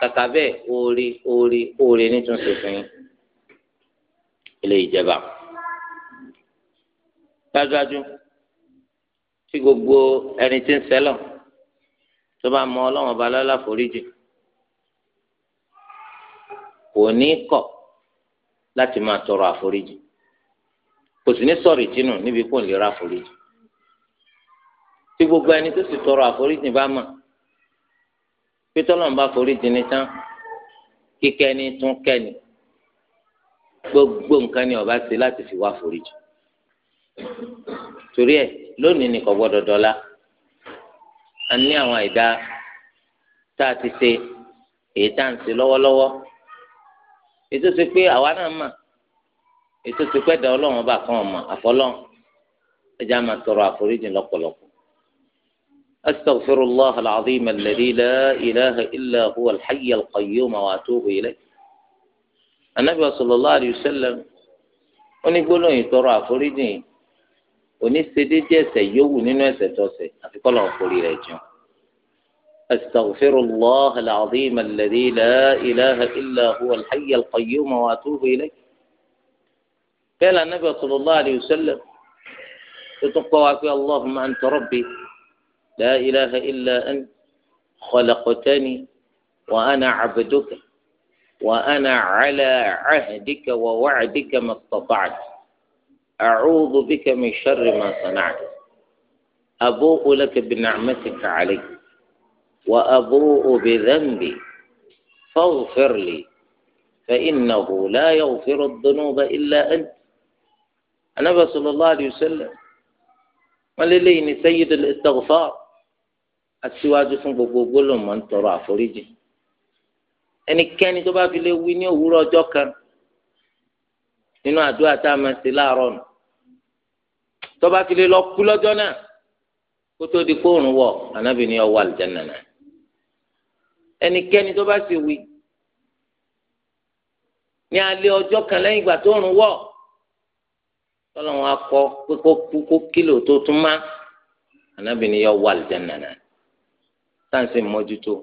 kàkà bẹ́ẹ̀ oore oore oore nítúnṣe fún yín ilé ìjẹba dájúdájú tí gbogbo ẹni tí ń sẹ́lọ̀ tó bá mọ ọlọ́wọ́n ba lọ́la foríjì kò ní kọ̀ láti máa tọrọ àforíjì kò sì ní sọ̀rọ̀ ìtinú níbi kò ń lè ra àforíjì tí gbogbo ẹni tó sì tọrọ àforíjì bá mọ̀ pé tọ́lọ́run bá forí jìnnì tán kíkẹ́ ni tún kẹ́ ni gbogbo nǹkan ni ọba ṣe láti fi wá forí jù torí ẹ lónìí ni kò gbọ́dọ̀ dọla a ní àwọn àìdá tá a ti ṣe èyí tá à ń ṣe lọ́wọ́lọ́wọ́ ètò ṣe pé àwa náà mà ètò ṣe pé ẹ̀dá Ọlọ́run ọba kan ọmọ àfọlọ́run ẹjẹ a máa tọrọ àforíjì lọ́pọ̀lọpọ̀ أستغفر الله العظيم الذي لا إله إلا هو الحي القيوم وأتوب إليه النبي صلى الله عليه وسلم onígbólóhùn ìtọrọ àforíjìn oníṣedéédé ẹ̀ṣẹ̀ yòówù nínú ẹ̀ṣẹ̀ tọ̀ṣẹ̀ àti kọlọ òkòrì rẹ jẹun أستغفر الله العظيم الذي لا إله إلا هو الحي القيوم وأتوب إليه قال النبي صلى الله عليه وسلم يتقوى في اللهم أنت ربي لا إله إلا أنت خلقتني وأنا عبدك وأنا على عهدك ووعدك ما استطعت أعوذ بك من شر ما صنعت أبوء لك بنعمتك علي وأبوء بذنبي فاغفر لي فإنه لا يغفر الذنوب إلا أنت النبي صلى الله عليه وسلم لي سيد الاستغفار aṣíwájú fún gbogbo gbólómọ̀ ń tọrọ àforíjì ẹnikẹ́ni tó bá fi lè wí ní òwúrọ̀ ọjọ́ kan nínú àdúrà tá a máa ṣe láàárọ̀ nù tó bá fi lè lọ kú lọ́jọ́ náà kó tó di kóòrùn wọ̀ ànábì ní ọwọ́ àlùjáná náà ẹnikẹ́ni tó bá sì wí ní alẹ́ ọjọ́ kan lẹ́yìn ìgbà tó rùn wọ̀ tọ́lọ́wọ́n akọ pé kó kú kó kílò tó tún má ànábì ọwọ́ àlùjáná náà táǹsì mójútó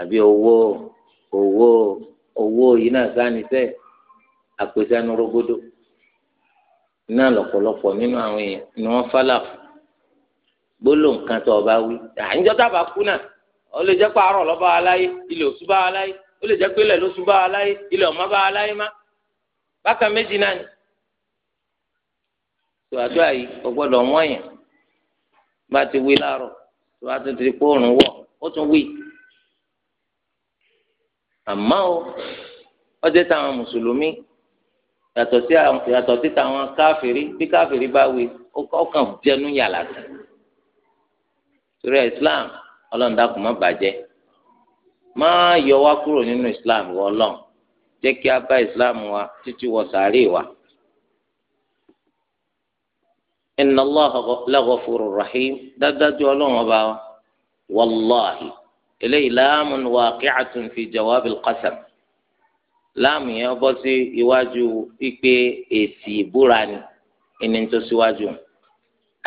àbí owó owó owó yìí náà sáni sẹ àpèsè náà lọ̀pọ̀lọpọ̀ nínú àwọn èèyàn ni wọ́n fálà fún gbólóhùn ọba wí àyíjọ tábà kú náà ó lè jẹ́ pé àárọ̀ lọ́ba aláyé ilẹ̀ òsú bá aláyé ó lè jẹ́ pé bá ilẹ̀ bá má bákan méjì náà ni ọgbọ́dọ̀ wọ́n bá ti wí láàárọ̀ tó bá tún ti kó òrùn wọ̀ ó tún wí. àmọ́ o ọjọ́ táwọn mùsùlùmí yàtọ̀ sí yàtọ̀ sí táwọn káfìrí bí káfìrí bá wí ọkàn jẹnu yàrá sí. torí ẹ̀ Islam ọlọ́run dákun má bàjẹ́ má yọ wá kúrò nínú Islam wọ́ ọlọ́run jẹ́ kí a bá Islam wa títí wọ sàárè wa inna allah laghafurur rahim dájú ọlọ́run ọba wa wàláhi eléyìí láàmùn waqi'atun fi jawabil qasam láàmù yẹn bọ́ sí iwájú pípé èsì ìbúra ni ẹni tó síwájú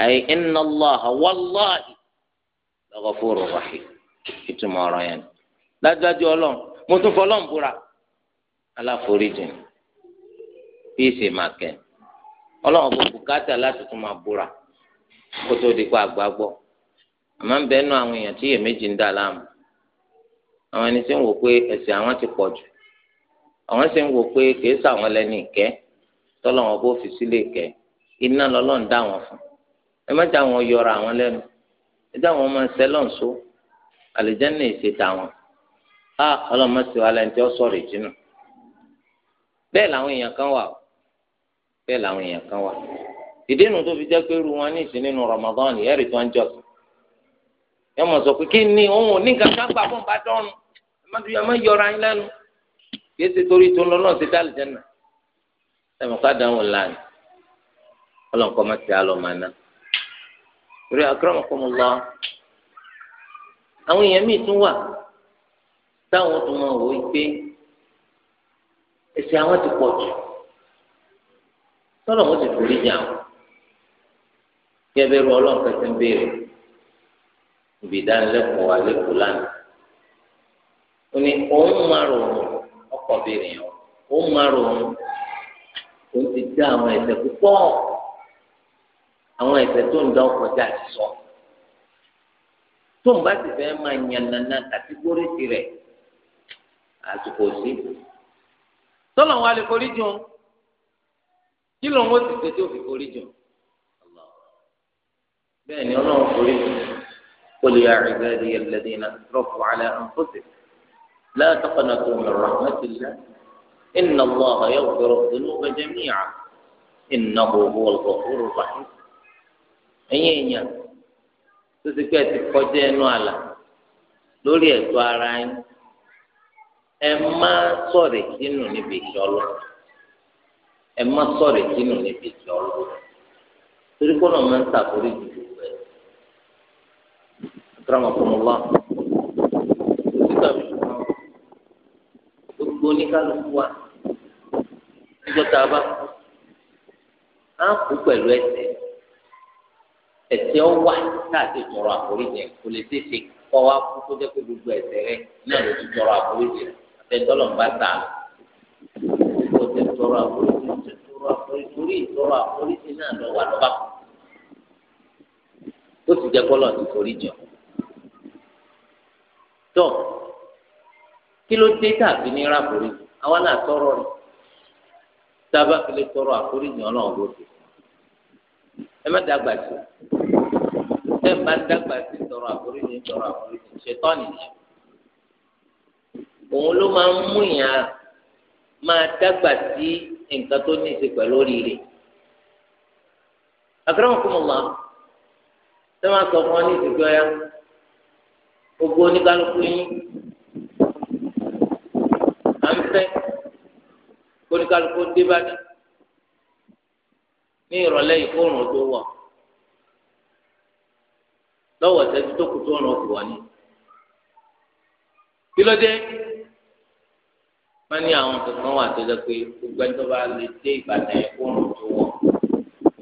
àyè inna allah wàláhi laghafurur rahim ìtumọ̀ ọ̀rọ̀ yẹn dájú ọlọ́run mo tún fọlọ́run búra aláforíjì bí ìsèmàkẹ́ ọlọ́run kò bùkátà láti tún máa búra kó tó di kó àgbà gbọ́ àmọ́ ń bẹ́ẹ̀ nù àwọn èèyàn tí iyèméjì ń dà láàmú àwọn ẹni tí ń wò pé àwọn ti pọ̀ jù àwọn sì ń wò pé kìí sàwọn ìkẹ́ tọ́lọ́wọ́n bó fi sílé ìkẹ́ iná lọ́lọ́run dá wọn fún ẹ má dá yọra àwọn lẹ́nu ẹ dá wọn sẹ́lọ̀n bẹ́ẹ̀ làwọn èèyàn kan wà ìdí nu tó fi jẹ́ pé irú wọn ní ìsìn nínú Ramadan ẹ̀rì tó ń jọ ẹ mọ̀ sọ pé kí ni òun ò ní kankan gbà fún bá dọ́nu ẹ má dùn yà má yọra yín lẹ́nu kí ẹsẹ̀ torí tó ń lọ náà ṣe dá àlùjànnà ẹ̀mọ̀ ká dáhùn láàyè ọlọ́nkọ́ má ti àlọ́ máa ná torí akramakumullah àwọn èèyàn míì tún wà táwọn tó máa wò tọ́lọ̀ wọ́n ti forí jà wọ́n kí ẹ bẹ́ẹ̀ rú ọlọ́run kẹsẹ̀ ń béèrè ibi ìdánilẹ́kọ̀ọ́ wa lẹ́kọ̀ọ́ lánàá ó ní òun máa rò wọn ọkọ̀ béèrè yẹn òun máa rò wọn òun ti dá àwọn ẹ̀ṣẹ̀ púpọ̀ àwọn ẹ̀ṣẹ̀ tó ń dá ọkọ̀ ti sọ tó ń bá ti fẹ́ máa yànnànà kàtígórì tirẹ̀ àsìkò sí tọ́lọ̀ wọn lè forí jù kí ló ń wọ́n ti ṣe tí ó fi forí jù bẹ́ẹ̀ ni ọlọ́run forí jù qul ya ibadiya alladhina asrafu ala anfusihim la taqnatu min rahmatillah inna Allaha yaghfiru dhunuba jami'an innahu huwal ghafurur rahim ẹ̀yin èèyàn tó ti pẹ́ ti kọjá ẹnu àlà lórí ẹ̀tọ́ ara yín ẹ má sọ̀rọ̀ ìdínú níbi ìṣọlọ́run ẹ má sọ̀rọ̀ ìkínú níbi ìtì ọlọ́wọ́ torí kó náà máa ń sàkórí ìdìbò rẹ̀ kírámà fọmọlá nígbà mìíràn gbogbo oníkálukú wa níjọ́ tá a bá á kú pẹ̀lú ẹsẹ̀ ẹsẹ̀ ọ wà láti tọrọ àforíjì kò lè tètè kọ́ wa kú tó jẹ́ pé gbogbo ẹsẹ̀ rẹ náà lè tọrọ àforíjì àtẹ̀tọ́lọ̀ ń bá tà á kó tẹ̀ tọrọ àforíjì ó ti tọrọ àforí torí ìtọrọ àforí ti náà lọ wà lọ́ba ó sì jẹ́ kọ́lọ̀ ti forí jọ. tó kí ló dé tàbí ní ráforí àwa náà tọrọ rẹ sábà fi lè tọrọ àforí ni náà bó ti ẹ má dàgbà sí ẹ má dàgbà sí tọrọ àforí jọ tọrọ àforí jọ ṣètọ́ nìyẹn òun ló máa ń mú ìyàn máa dàgbà sí nǹkan tó ní ìṣe pẹ̀lú oríire. àkàràmọ̀kùnmọ̀lá ṣé wọ́n sọ fún ọ ní ìsìnkú ọ̀yá gbogbo oníkálukú yín à ń fẹ́ oníkálukú débàdàn ní ìrọ̀lẹ́ ìkórùn tó wọ̀ lọ́wọ́ ìṣẹ́jú tó kù tó ràn ọ́ fún wọn ni. kí ló dé? wọn ní àwọn kankan wà tó jẹ pé gbogbo ẹni tó bá lè dé ìbàdàn yẹn kó rùn tó wọ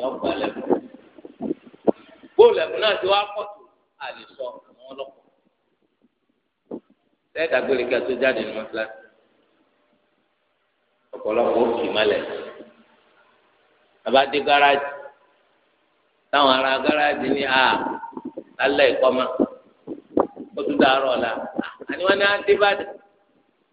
yọ gbà lẹkùn bóòlù ẹkùn náà ti wá pọ̀ tó a lè sọ àwọn ọlọ́pàá sẹẹdà gbére kí a tó jáde ní mọtíláṣí ọ̀pọ̀lọpọ̀ òkè malẹ abadé gáràjì táwọn ará gáràjì ní a lálẹ́ ìkọmọ ó tún dàárọ̀ ọ̀la àníwá ni a dé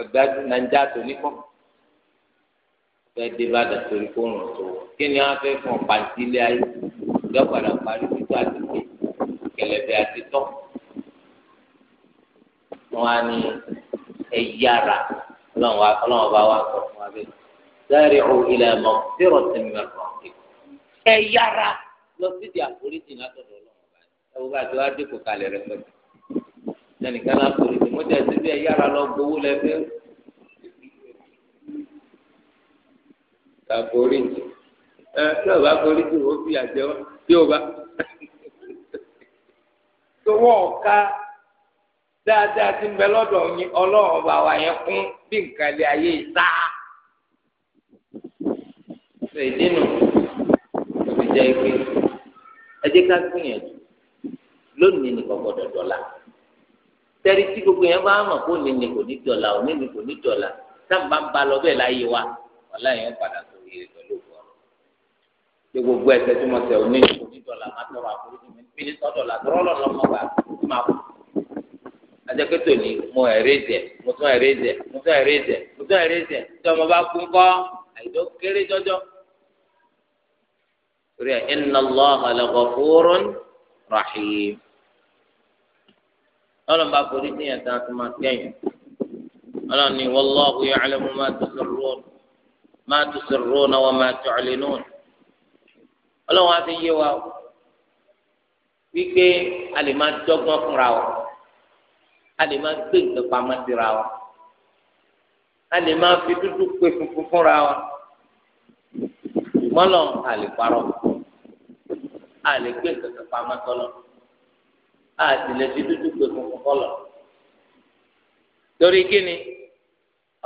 ọgbà nàìjà tó níkọ fẹẹ dé bàdàn torí kó rùn tó kí ni wọn fẹẹ fọn pàǹtí ilé ayé ìjọ padà parí títú àti pé kẹlẹbẹ àti tọ wọn á ní ẹyára Ọlọ́run bá wà sọ fún wa bẹ́ẹ̀ sẹẹrì ọhún ilẹ ẹmọ zero ten mẹfà ẹyára lọ sí di àforíjì látọ̀dọ̀ Ọlọ́run báyìí ẹwọ bá ti wá dé kó kalẹ̀ rẹpẹtẹ ẹnìkan náà mo tẹ̀ síbi ẹ̀ yára lọ gbowó lẹ́fẹ́. Tàbórí ẹ tí o bá borí tí o fi àjẹ wá tí o bá. Sọwọ́ ọ̀ka dáadáa ti ń bẹ lọ́dọ̀ yín ọlọ́run ọba wa yẹn kún bí nǹkan ilé ayé ìta. Ṣé ìdínú òbí jẹ́ ike? Ẹ jẹ́ ká gbìyànjú lónìí nìkan gbọ́dọ̀ dọ́là tẹ́rí tí gbogbo yẹn bá mọ̀ kó nìní kò ní dọ̀la ò nìní kò ní dọ̀la sábà ń ba lọ bẹ́ẹ̀ láyé wa ọ̀la yẹn padà sórí rẹ̀ pẹ̀lú òkú ọ̀rọ̀ pé gbogbo ẹsẹ̀ tí mo tẹ̀ ò nìní kò ní dọ̀la má tọrọ àforíjì mi bí ní sọ́dọ̀ la tọrọ lọ́nà ọmọ gbà tí máa kú. adékòtò ni mo ẹ̀rẹ́zẹ̀ mo tún ẹ̀rẹ́zẹ̀ mo tún ẹ̀rẹ́zẹ̀ mo tún ẹ̀rẹ́zẹ̀ tí ọmọ bá kú inna Allaha la ghafurun rahim ọlọ́run bá forí sí yẹn tán tó máa kẹ́yìn ọlọ́run ní wallahu ya'lamu ma tusirrun ma tusirrun wa ma tu'linun ọlọ́run á fi yé wa wípé a lè máa dọ́gbọ́n fúnra wa a lè máa gbé nǹkan pamọ́ síra wa a lè máa fi dúdú pé funfun fúnra wa mọ́lọ́n a lè parọ́ a lè gbé nǹkan pamọ́ sọ́lọ́n. Ha lè fi dúdú pé funfun kọlọ torí kíni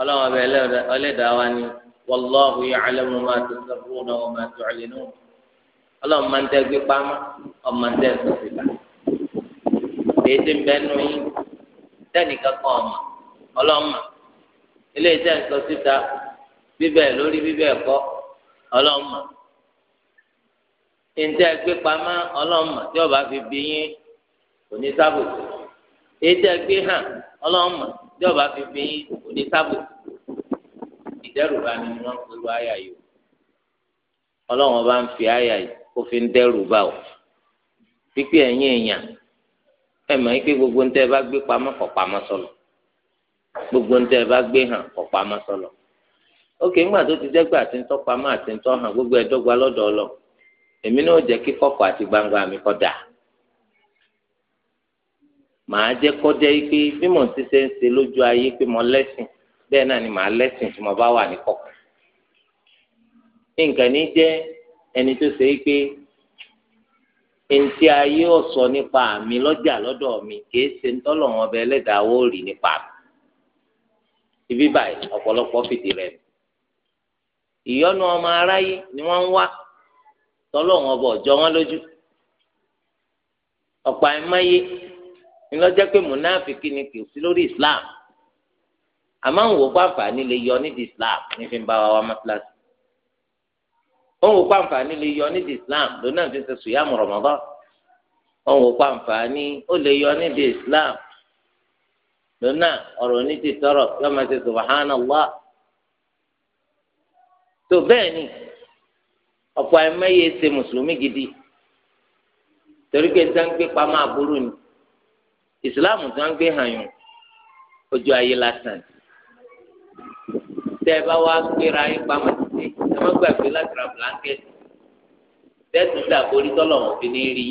ọlẹ́dàá wa ni wàlláhu ya'lamu máa tó sọ̀rọ̀ náà wọ́n máa tó ọ̀lẹ́ náà ọlọ́run máa ń tẹ́ gbé pamọ́ ọmọ máa ń tẹ́ sọ síta èyí ń bẹ́ nù yín ọ̀mà ọlọ́mà ń sọ síta bíbẹ̀ lórí bíbẹ̀ kọ́ onísàbòsí ètò ẹgbẹ́ hàn ọlọ́mọ ìjọba fi fi onísàbòsí ìdẹ́rùbà ni wọ́n ń pẹ̀lú àyà yìí ọlọ́wọ́n bá ń fi àyà yìí kó fi ń dẹ́rùbà o ẹ̀yìn èèyàn ẹ̀ mọ̀ ike gbogbo ń tẹ́ ẹ bá gbé pamọ́ kọ̀ pamọ́ gbogbo ntẹ bá gbé hàn ọ̀pamọ́ sọlọ ókè ńgbà tó ti dẹ́gbà àti àti gbogbo ẹ̀dọ́gba èmi náà jẹ́ kí kọ̀kọ̀ àti gbangba mi kọ́ màá jẹ́ kọjá yìí pé bí mò ń ṣiṣẹ́ ń ṣe lójú ayé pé mo lẹ́sìn bẹ́ẹ̀ náà ni màá lẹ́sìn tí mo bá wà ní kọ̀kọ̀. nǹkan ní jẹ́ ẹni tó ṣe é pé ntí ayé ọ̀sọ́ nípa mi lọ́jà lọ́dọ̀ mi kìí ṣe ń tọ́lọ̀ wọn bẹ ẹlẹ́dàá ó rì nípa mi. ibi báyìí ọ̀pọ̀lọpọ̀ fìdí rẹ̀ ìyọnu ọmọ aráyé ni wọ́n ń wá tọ́lọ̀ wọn bọ̀ jọ wọn lójú ọ̀pọ̀ àìmọye ńlọ́jẹ́ pé mùnáfíkì ni kì í sí lórí islam àmọ́ ń wò pàǹfààní lè yọ nídìí islam ní fi ń bá wa wá mọ́tíláṣí ń wò pàǹfààní lè yọ nídìí islam lónà fi ń ṣe sùyàmù Ramadan ó ń wò pàǹfààní ó lè yọ nídìí islam lónà ọ̀rọ̀ nídìí tọrọ yọ máa ṣe subhanallah tó bẹ́ẹ̀ ni ọ̀pọ̀ ẹ̀mẹ́yẹ ṣe mùsùlùmí gidi torí pé sáńgbé pamọ́ àbúrò ni ìsìláàmù tí wọ́n gbé hàn yùn ojú ayé lásán tẹ́ ẹ bá wá gbéra yín pamọ́ títí ẹ má gbàgbé láti ra blanketi tẹ́sí dàborí tọ́lọ̀ wọn fi ní rí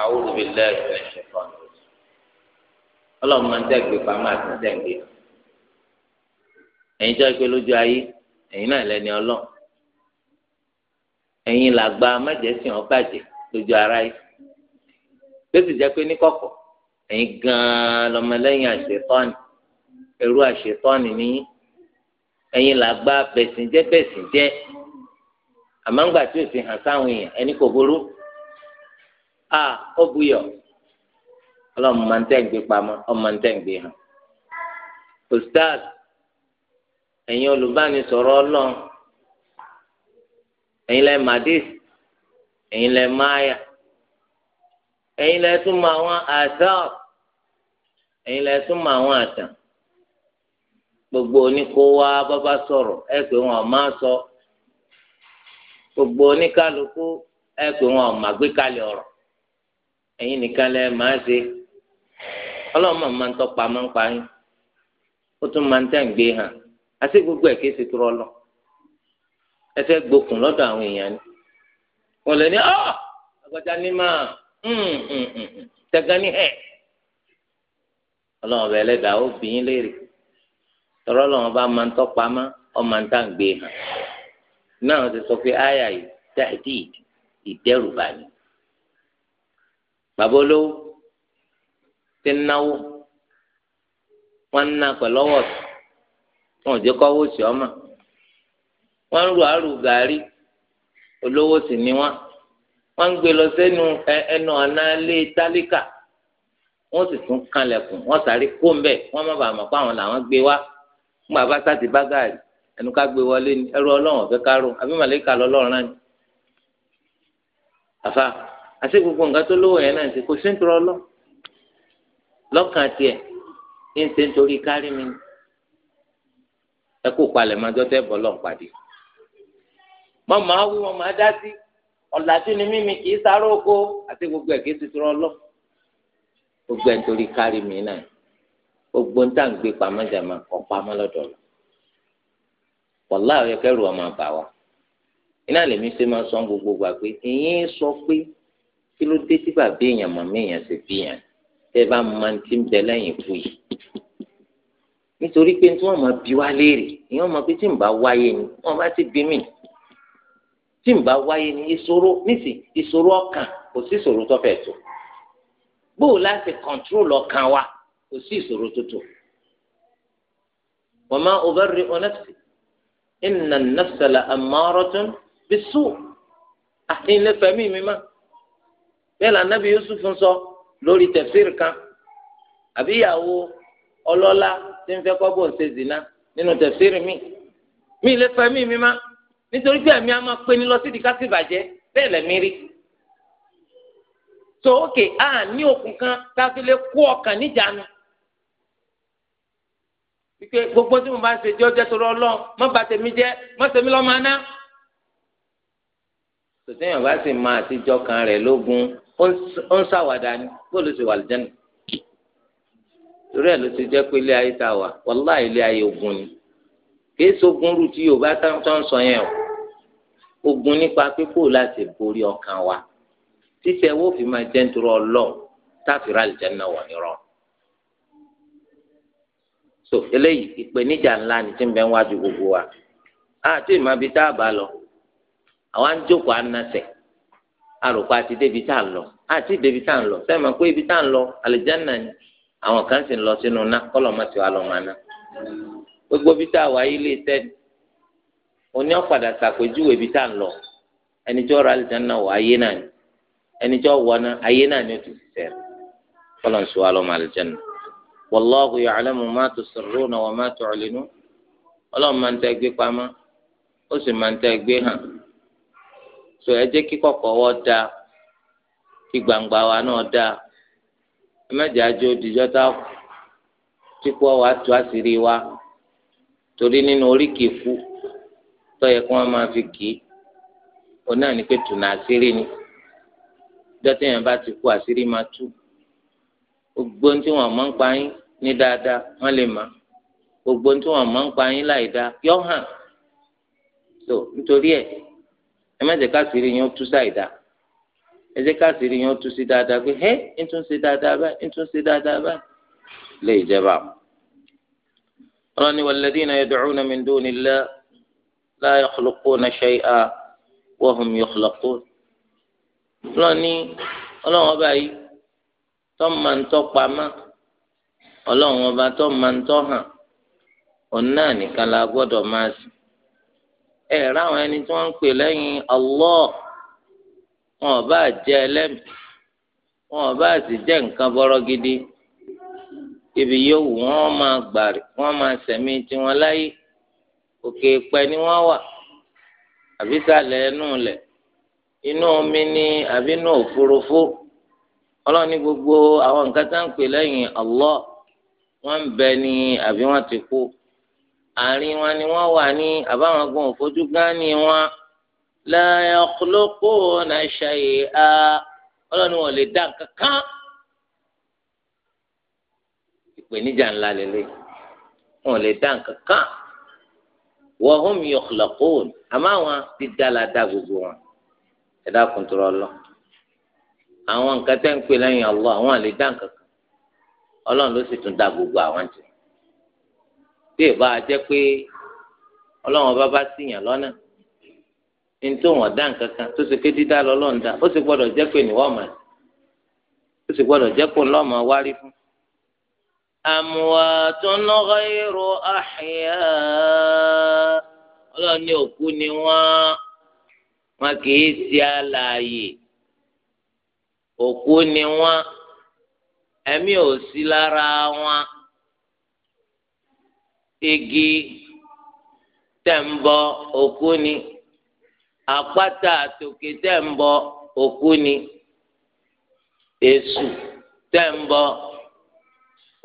a'udhu billahi minash shaitani ọlọ́run máa ń tẹ́gbẹ́ pamọ́ àti tẹ́gbẹ́ ẹ̀yin tó ẹgbẹ́ lójú ayé ẹ̀yin náà lẹ́ni ọlọ́run ẹ̀yin làgbà májẹ̀sìn ọ̀bàjẹ́ lójú ara yìí bí ó sì jẹ́ pé níkọ̀kọ̀ ẹ̀yin gan-an lọ́mọlẹ́yìn àṣetọ́ni ẹrú àṣetọ́ni ní ẹ̀yin làgbà bẹ̀sìn jẹ́ bẹ̀sìn jẹ́ àmọ́ ńgbà tí ò ti hàn sáwọn èèyàn ẹni kò burú a ó buyọ̀ ọlọ́run máa ń tẹ̀ ń gbé pamọ́ ọmọ máa ń tẹ̀ ń gbé hàn ustaz ẹ̀yin olùbánisọ̀rọ̀ ọlọ́run ẹ̀yin lẹ́ẹ̀ màdís ẹ̀yin lẹ́ẹ̀ máyà ẹ̀yin lẹ tún mọ àwọn àdáàb ẹ̀yin lẹ tún mọ àwọn gbogbo oníkówá bàbá sọrọ ẹ pé wọn máa sọ gbogbo oníkálukú ẹ pé wọn máa gbé kalẹ̀ ọ̀rọ̀ ẹ̀yin nìkan lẹ máa ṣe máa ń tọpa máa ń parí ó tún máa ń tẹ̀ hàn àti gbogbo ẹ̀ kéṣe lọ àwọn èèyàn ni wọn tẹ̀gánni mm, mm, mm, hẹ̀ ọlọ́run ọ̀bẹ ẹlẹ́dàá ó bì yín léèrè tọ́rọ́ lọ́wọ́n bá máa ń tọ́pa mọ́ ọmọ ń tà ń gbé e hàn náà ti sọ pé àyà bàbá olówó ti náwó wọ́n ń ná pẹ̀lú ọwọ́ wọn ò jẹ́ sí ọmọ ru gàárì olówó sì ni wọn wọ́n ń gbé lọ sẹ́nu ẹnu ọ̀nà ilé tálíkà wọ́n sì tún kanlẹ̀kùn wọ́n sáré kó ń bẹ̀ wọ́n má bàa mọ̀ pé àwọn làwọn gbé wá ń bàbá sáti bá gàrí ẹnu ká gbé wọlé ni ẹrú ọlọ́run ọ̀fẹ́ kárò àbí màlẹ́kà lọ́lọ́run náà ni. àfa àti gbogbo nǹkan tó lówó yẹn náà ti kò sí nítorí ọlọ́ lọ́kàn tiẹ̀ ní ṣe nítorí kárí mi ẹ kó palẹ̀ máa dọ́tẹ́ bọ́ lọ́n pàdé. mọ́ màá wí wọn máa dá sí ọ̀làjú ni mímí kì í sáré oko àti gbogbo ẹ̀ kì í tuntun ọlọ́ gbogbo ẹ̀ nítorí kárí mi náà gbogbo ń tà ń gbé pamọ́ jàmá kọ́ pamọ́ lọ́dọ̀ lọ wàlá ọ̀yẹ́ kẹ́rù ọmọ àbá wa iná lèmi ṣe máa sọ gbogbo gbà pé ìyẹn sọ pé kí ló dé tí bàbá èèyàn màmá èèyàn ṣe bí yàn tẹ́ bá máa ti ń bẹ lẹ́yìn ikú yìí nítorí pé tí wọ́n máa bí wá léèrè ìyẹn máa pé tí ń bá wáyé ni wọ́n bá ti bí mí tí n bá wáyé ní ìṣòro nísì ìṣòro ọkàn kò sí ìṣòro tó fẹ́ tó gbóò láti kọ̀ntrol ọkàn wa kò sí ìṣòro tó tó wa ma ubarri'u nafsi inna an-nafsa la'ammaratun bis-su' àti ilé fẹ̀mí mi má bẹ́ẹ̀ la nábì Yusuf ń sọ lórí tẹ̀fsíìrì kan àbí ìyàwó ọlọ́lá tí ń fẹ́ kọ́ bó ń ṣe zina nínú tẹ̀fsíìrì mi mi ilé mi má nítorí pé ẹ̀mí a máa pe ni lọ sí ìdíkà sí ìbàjẹ́ bẹ́ẹ̀ lẹ̀mí rí so ókè a ní òkun kan tá a fi lè kó ọkàn níjànú wípé gbogbo tí mo bá ń ṣe jẹ́ ọjọ́ torí ọlọ́run má bà tèmi jẹ́ má tèmi lọ́ọ́ máa ná. tòtẹ́yìn bá sì máa àtijọ́ kan rẹ̀ lógun ó ń ṣàwàdà ni bó ló ṣe wà lẹ́nu. torí ẹ̀ ló ti jẹ́ pé ilé ayé tá a wà wàláhì ilé ayé ogun ni kì í ṣogun rú tí yorùbá tó ń sọ yẹn o ogun nípa pípò láti borí ọkàn wa títẹ wo fi máa jẹ́ nítorí ọlọ́ọ̀ táfìrà àlìjáná wọ̀ ní rọ. so eléyìí ìpèníjà ńlá ni tí ń bẹ ń wájú gbogbo wa àti ìmọ̀bi tá a bá lọ àwa ń jókòó anásẹ̀ àròpọ̀ àti débi tá a lọ àti débi tá a lọ sẹ́yìn máa pé ibi tá a lọ àlìjáná ni àwọn kan sì ń lọ sínú ná kọ́lọ̀ mọ́tò àlọ́ máa ná gbogbo bí tá a wà yí lè tẹ́ni Onye ọ̀padà sàpèjúwe ibi tá à ń lọ ẹni tí ó ra àlùjánnà wọ ayé náà ni ẹni tí ó wọ náà ayé náà ni ó ti sẹ kọlọ̀ sọ wa ma tusirruna wa ma tu'linun ọlọ́run máa ń tẹ́ gbé pamọ́ ó sì máa ń tẹ́ gbé hàn so ẹ jẹ́ wọ́ da kí gbangba wa náà da ẹ mẹ́jẹ̀ àjọ òdìjọ́ tá a kú tí tọ́yẹ kí wọ́n máa fi kì í òun náà ni pé tùnà àṣírí ni dọ́tẹ́ yẹn bá ti kú àṣírí máa tú gbogbo tí wọ́n máa ń pa yín ní dáadáa wọ́n lè má gbogbo tí wọ́n máa ń pa yín láì dáa yọ hàn tó nítorí ẹ̀ ẹ má jẹ́ káṣírí yẹn ó tú sáì dáa ẹ jẹ́ káṣírí yẹn ó tú sí dáadáa pé ẹ ń tún ṣe dáadáa báyìí ń tún ṣe dáadáa báyìí lè jẹba. ọlọ́ni wàlẹ́dínà yẹ dùcúnà la yakhluquna shay'an wa hum yukhlaqun lọ́ni ọlọ́run ọba yìí tọ́ máa ń tọ́ pamọ́ ọlọ́run ọba tọ́ máa ń tọ́ hàn òun náà nìkan la gbọ́dọ̀ máa sìn ẹ ráwọn ẹni tí wọ́n ń pè lẹ́yìn Allah wọn ò bá jẹ́ ẹlẹ́mìí wọn ò bá sì jẹ́ nǹkan bọ́rọ́ gidi ibi yóò wù wọ́n máa gbàrí wọ́n máa sẹ̀mí tiwọn láyé òkè pẹ ni wọ́n wà àbí sàlẹ̀ ẹnu lẹ̀ inú omi ni àbí inú òfurufú ọlọ́ọ̀ni gbogbo àwọn nǹkan tá ń pè lẹ́yìn Allah wọ́n ń bẹ ni àbí wọ́n ti kú àárín wọn ni wọ́n wà ní àbáwọn gan òfojú gánni wọn la yakhluquna shay'a ọlọ́ọ̀ni wọn lè dá nǹkan ìpèníjà ńlá lélẹ̀ wọn lè dá nǹkan wa hum yukhlaqun àmọ́ àwọn ti dáladá gbogbo wọn ẹ dákun tó rọ lọ àwọn nǹkan tẹ́ ń pè lẹ́yìn Allah àwọn àlè dá nǹkan kan ọlọ́run ló sì tún dá gbogbo àwọn jù bí ìbá jẹ́ pé ọlọ́run bá bá síyàn lọ́nà ní tó wọ́n dá nǹkan kan tó ṣe pé dídá lọ́lọ́run dá ó sì gbọ́dọ̀ jẹ́ pé níwọ́ ọ̀mà ó sì gbọ́dọ̀ jẹ́ pé ńlọ́ọ̀mà wárí fún أموات غير أحياء ọlọ́run ní òkú ni wọ́n wọn kì í ṣe alààyè òkú ni wọn ẹmí ò sí lára wọn igi tẹ̀m̀bọ̀ òkú ni àpáta àtòkè tẹ̀m̀bọ̀ òkú ni èṣù tẹ̀m̀bọ̀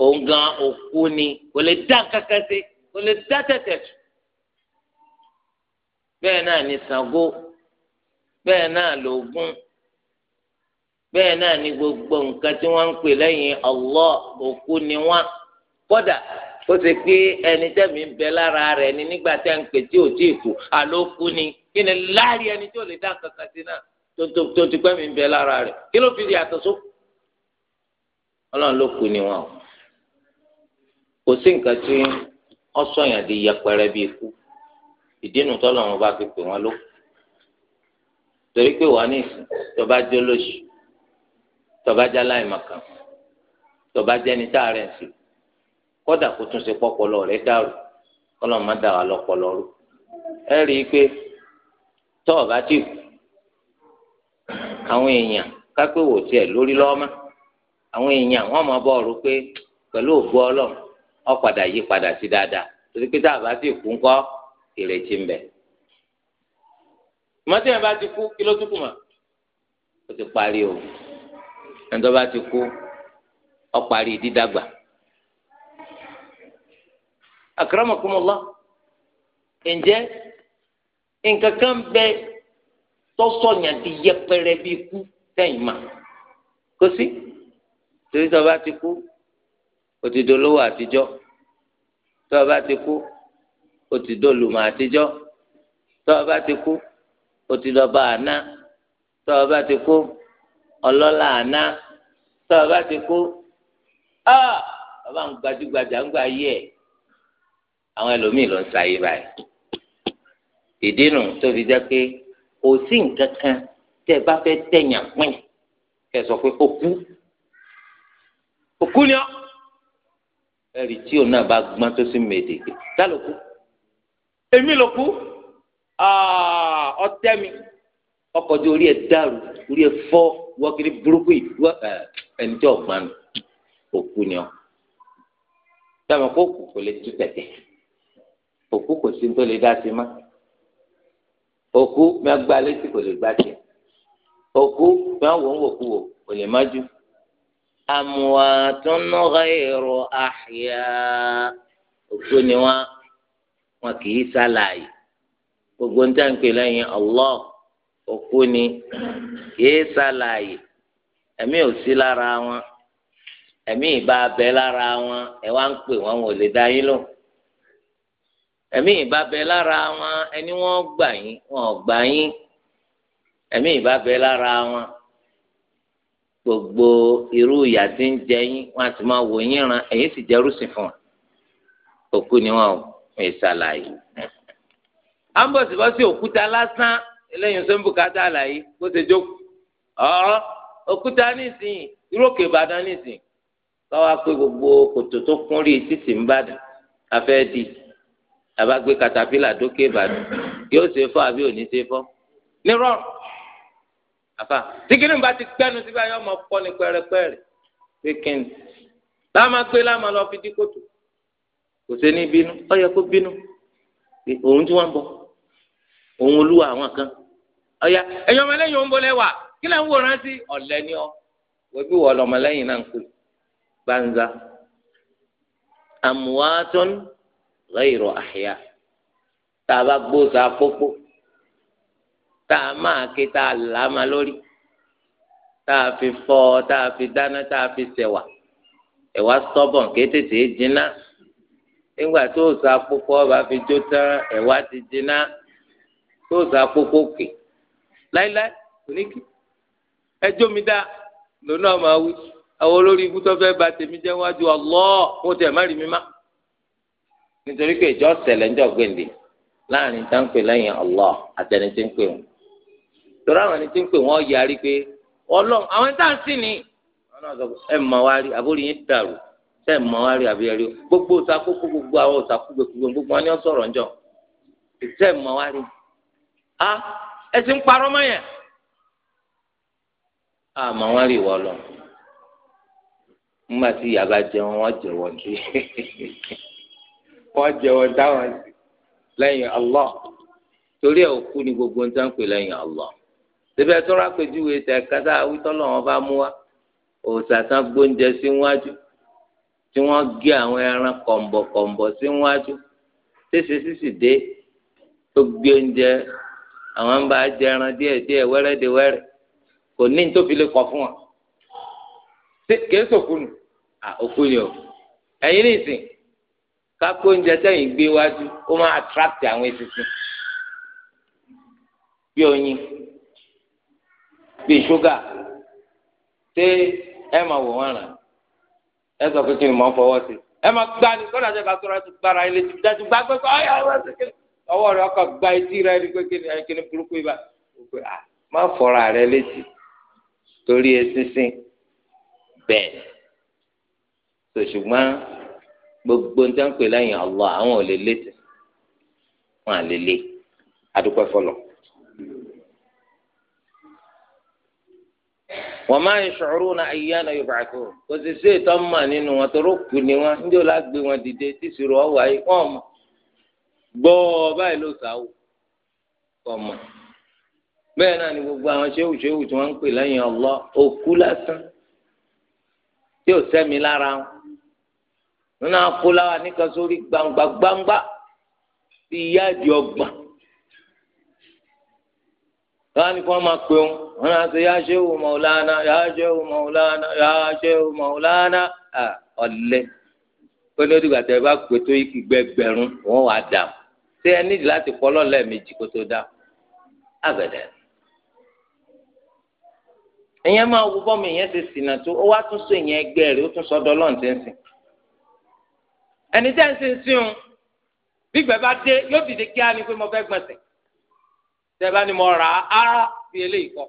òun gan òkú ni kò lè dá kankan sí kò lè dá tẹ̀tẹ̀ tù bẹ́ẹ̀ náà ni Ṣàngó bẹ́ẹ̀ náà lògún bẹ́ẹ̀ náà ni gbogbo nǹkan tí wọ́n ń pè lẹ́yìn Allah òkú ni wọ́n kódà ó ṣe pé ẹni tẹ́mi ń bẹ lára rẹ̀ ni nígbà tẹ́ ń pè tí ò tí ì kú àló ni kí ni láàrin ẹni tí ò lè dá kankan sí náà tó ti pẹ́ mi ń bẹ lára rẹ̀ kí ló fi di àtọ̀só ọlọ́run ló kú ni wọ́n o. kò sí nǹkan tí wọ́n sọ̀yàn di yẹpẹrẹ bíi ikú ìdínú tọ́lọ̀ wọn bá fi pè wọ́n ló torí pé wàá ní ìsìn jẹ́ olóṣù tọba jẹ́ aláìmọ̀kan tọba jẹ́ ní táàrẹ̀ kó tún ṣe pọ́pọlọ rẹ̀ dàrú má ti kú àwọn èèyàn kápẹ́ tiẹ̀ lórí lọ́ọ́mọ́ àwọn èèyàn wọ́n mọ̀ bọ́ọ̀rù ọ padà yí padà sí dáadáa torí pé tá a bá sì kú ńkọ́ ìrètí ń bẹ. mọ́tí ẹ̀ bá ti kú kí ló tún kù mọ́ ó ti parí o ẹ̀ńtọ́ bá ti kú ọ parí dídàgbà. akramakumullah ǹjẹ́ nǹkan kan bẹ tọ́sọ̀yàn ti yẹpẹrẹ bí ikú sẹ́yìn mà kò sí torí tó bá ti kú ó ti dolówó àtijọ́ tó o bá ti kú ó ti dolùmọ̀ àtijọ́ tó o bá ti kú ó ti lọ́ba àná tó o bá ti kú ọlọ́lá àná tó o bá ti kú ọ ọba ń gbajúgbajà ń gbà yẹ àwọn ẹlòmíì ló ń sáyé báyìí ìdí tó fi jẹ́ pé kò sí nǹkan kan tẹ́ bá fẹ́ tẹ̀yàn pín kẹ́ sọ pé ó kú ó ni ọ́ ẹ̀rí tí òun náà bá gbọ́n tó sì mèdè tá ló kú èmi ló kú ah, ọtẹ mi ọkọ̀ ojú orí ẹ̀ dàrú orí ẹ̀ fọ́ wọ́kiri burúkú yìí eh, ẹni tí ọ̀gbọ́n nù òkú ni ọ sábà kó òkú kò lè tú tẹ̀tẹ̀ òkú kò sí tó lè dá sí má òkú mi gba létí kò lè gbá tiẹ̀ òkú mi wò ń wò kò lè má jù Amụwa ghayru ahya òkú ni wọn wọn kìí í ṣàlàyé gbogbo níta ń Allah òkú ni kì í ṣàlàyé ẹ̀mí ò sí lára wọn ẹ̀mí ìbá bẹ lára wọn ẹ wá ń pè wọn wọn ò lè dá yín lò ẹ̀mí ìbá bẹ lára wọn ẹni wọn gbà yín wọn ò gbà yín ìbá bẹ lára wọn. gbogbo irú ìyà tí ń jẹ yín wọn àti máa wò yín ran ẹ̀yin sì jẹ́ rúsìn fún wọn òkú ni wọn ò ń ṣàlàyé. à ń bọ̀ síbọ̀ sí òkúta lásán eléyìí tó ń bùkátà àlàyé bó ṣe jókòó ọ̀rọ̀ òkúta nísìnyí ìrókè ìbàdàn nísìnyí káwá pé gbogbo kòtò tó kún rí títì ń bàdàn afẹ́ di àbá gbé katapila dókè ìbàdàn yóò ṣe fọ́ àbí òní ṣe fọ́ nírọ̀rùn àfa tíkínú bá ti gbẹnu síbi ayé ọmọ pọ ní pẹrẹpẹrẹ wíkẹnd láàmà gbé láàmà lọ fi díkòtò kò sí ní bínú ọyẹ kó bínú òun tí wọn bọ òun olúwa àwọn kan ọyà ẹyọ ọmọlẹ́yìn òun bọlẹ wà kí lẹ ń wòran sí ọlẹ ni ọ wẹbi wọ ọlọmọlẹ́yìn náà ń pè banza amuwaatọn ghayro ahya tá a bá gbóòsà pópó tá a máa ké tá a là á máa lórí tá a fi fọ̀ tá a fi dáná tá a fi ṣẹ̀wà ẹ̀wà stọbọn ké tètè jiná nígbà tó o sọ akpọkọ ọba fi jó tán ẹ̀wà ti jiná tó o sọ akpọkọ òkè láíláí oníkì ẹjọ́ mi dá lónà máa wí àwọn olórí ikú tó fẹ́ ba tèmi jẹ́ wájú ọlọ́ọ̀ kó tẹ̀ má rí mi má nítorí pé ìjọ ṣẹlẹ̀ ń jọ gbèǹde láàrin táǹpẹ̀ lẹ́yìn ọlọ́ọ̀ àtẹnitẹ́ ń pè wọ́n torí àwọn ẹni tí ń pè wọ́n yarí pé ọlọ́run àwọn ẹni tá à ń sìn ní. ẹ mọ̀ wá rí àbórí yín dàrú ṣe mọ̀ wá rí àbí ẹ̀rí gbogbo òsàkókò gbogbo àwọn òsàkókò gbogbo wọn ni wọ́n sọ̀rọ̀ ńjọ ṣe mọ̀ wá rí. a ẹ ti ń parọ́ mọ́ yẹn. a mọ̀ wá rí ìwọ lọ nígbà tí ìyá bá jẹun wọ́n jẹ̀wọ́ ní wọ́n jẹ̀wọ́ dáwọn lẹ́yìn Allah torí ẹ̀ òkú ni gbogbo ń tán pè lẹ́yìn Allah síbẹ̀ tó rápèjúwe tẹ̀ka tá a wí tọ́lọ̀ wọn bá mú wa òòsà tán gbóúnjẹ síwájú tí wọ́n gé àwọn ẹran kọ̀m̀bọ̀kọ̀m̀bọ̀ síwájú tẹ̀sí sísì dé tó gbé oúnjẹ àwọn ń bá jẹ ẹran díẹ̀ díẹ̀ wẹ́rẹ́ de wẹ́rẹ́ kò ní tó fi lè kọ́ fún wa kìí sòkú nù òkú ni o ẹ̀yin nìsín kápó oúnjẹ tẹ̀yìn gbé wájú ó máa attract àwọn eṣinṣin bí oyin bíi ṣúgà ṣé ẹ máa wò wọn ràn ẹ sọ pé kí ni mò ń fọwọ́ sí ẹ máa gbá ni kọ́dà tẹ bá sọ̀rọ̀ gbára ilé tí dájú gbá gbé ọwọ́ rẹ ọkọ̀ gba etí rẹ ni pé kí ni burúkú ibà má fọra rẹ létí torí esísìn bẹ́ẹ̀ tó ṣùgbọ́n gbogbo nǹkan pè lẹ́yìn Allah àwọn ò lè létí wọn à lè lé adúpẹ́ fọlọ́ wa ma na ayyana yub'athun kò sì sí ìtọ́ mọ̀ nínú wọn torí kù ni wọn ń jòlá gbé wọn dìde tí ìṣòro ayé kọ́ ọ̀mọ̀ gbọ́ báyìí ló sáwò kọ́ ọ̀mọ̀ náà ni gbogbo àwọn ṣéwù ṣéwù tí ń pè òkú lásán tí ò lára wọn nínú akóláwa níkan sórí gbangba káwọn nìkan máa pè wọn wọn náà sọ yá ṣe wò mọ̀ọ́lánà yá ṣe wò mọ̀ọ́lánà yá ṣe wò mọ̀ọ́lánà ọ̀lẹ́ pé ní odìgbà tẹ bá pè tó ìgbẹ́gbẹ̀rún wọn wà dà ṣé ẹ nídìí láti pọ́ lọ́lẹ́ méjì kó tó dá àgẹ̀dẹ̀. ìyẹn máa wo bọ́ọ̀mù ìyẹn ti sìnà tó ó wá tún sọ ìyẹn ẹgbẹ́ rẹ̀ ó tún sọdọ́ lọ́n ẹni tẹ́ ń sin sí bí gbẹ bá dé yóò dìde kíá ni pé mo fẹ́ gbọ̀nsẹ̀ tẹ́bá ni mo rà á fi eléyìí kọ́.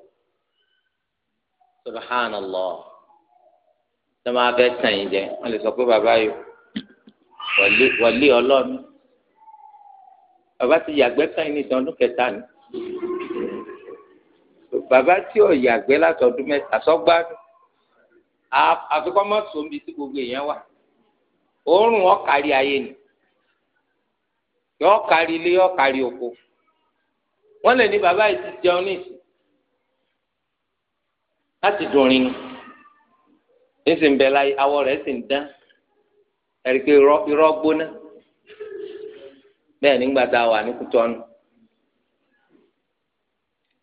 subhanallah ṣé máa fẹ́ tàn yín jẹ wọ́n lè sọ pé bàbá yìí wọlé ọlọ́ọ̀ni bàbá ti yàgbẹ́ kan ní ìtàn ọdún kẹta ni bàbá tí ò yàgbẹ́ látọdún mẹ́ta sọ́gbádùn àfikọ́ mọ́ sómi tí gbogbo èèyàn wà òórùn ọ̀kárí ayé ni yọ̀ọ́ ilé yọ̀ọ́ oko wọ́n lè ní bàbá yìí ti jẹun ní ìsìn láti dùn rin nísìn ń bẹ láyé awọ rẹ̀ sì ń dán ẹ̀rí pé irọ́ gbóná bẹ́ẹ̀ nígbà tá a wà ní kútọ́nù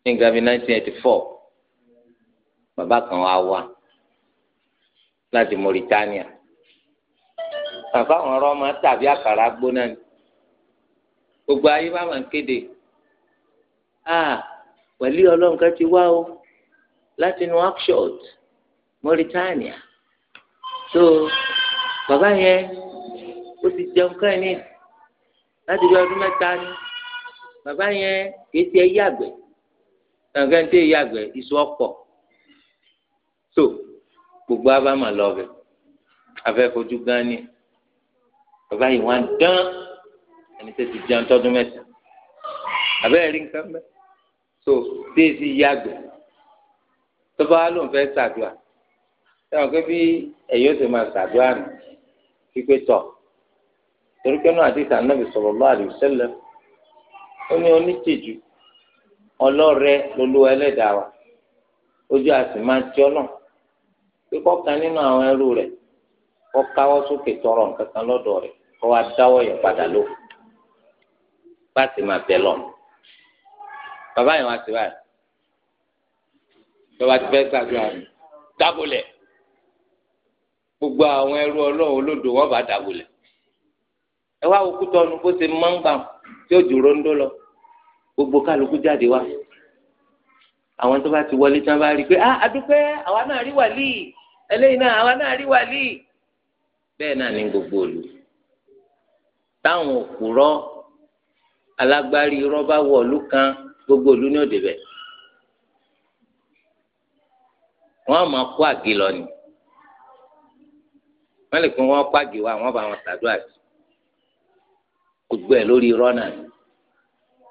ní nǹkan bíi bàbá kan wá wá láti Mauritania bàbá àwọn ọ̀rọ̀ máa tàbí àkàrà gbóná ni gbogbo ayé bá máa ń kéde pẹ̀lú ọlọ́run kan ti wá o láti inú Nouakchott Mauritania so bàbá yẹn ó ti jẹun kan ní láti bí ọdún mẹ́ta ni bàbá yẹn kìí ti ẹyí àgbẹ̀ nǹkan tí ẹyí àgbẹ̀ iṣu ọ̀pọ̀ so gbogbo abámà lọ́bẹ̀ afẹ́fojú gan ni bàbá yìí wọ́n á dán ẹni tẹ́ ti jẹun tọ́dún mẹ́ta abẹ́rẹ́ rí nǹkan mẹ́ta so déèsì yàgbẹ́ tọ́ba ló ń fẹ́ ṣàdúrà sẹ́wọ̀n pé bí ẹ̀yin ó ti máa ṣàdúrà nù pípé tọ̀ torí pé náà àdìsá nàbì sallallahu alaihi wasallam ó ní onítìjú ọlọ́rẹ́ lolúwa ẹlẹ́dàá wa ojú àti máa jọ́ náà kíkọ́ kan nínú àwọn ẹrú rẹ̀ kọ́ káwọ́ sókè tọrọ nǹkan kan lọ́dọ̀ rẹ̀ kọ́ wa dáwọ́ yẹn padà ló bá ti máa bẹ̀ lọ́nà bàbá yẹn wá sí báyìí bàbá ti fẹ́ ṣàdúrà rẹ̀ dábòlẹ̀ gbogbo àwọn ẹrú ọlọ́run olódò wọn bá dábòlẹ̀ ẹ wá òkú tọ́nu kó ṣe máa ń gbà tí ó dúró lọ gbogbo kálukú jáde wá àwọn tó bá ti wọlé tí wọn bá rí i pé ah adúpẹ́ àwa náà rí wàlíì eléyìí náà àwa náà rí wàlíì bẹ́ẹ̀ náà ní gbogbo òlu táwọn òkúrọ́ alágbárí irọ́ bá kan gbogbo ìlú ní òde bẹ wọn a máa kó àgé lọ ni wọn lè pín wọn kó àgé wa wọn bá wọn ṣàdúrà sí gbogbo ẹ lórí irọ́ náà ni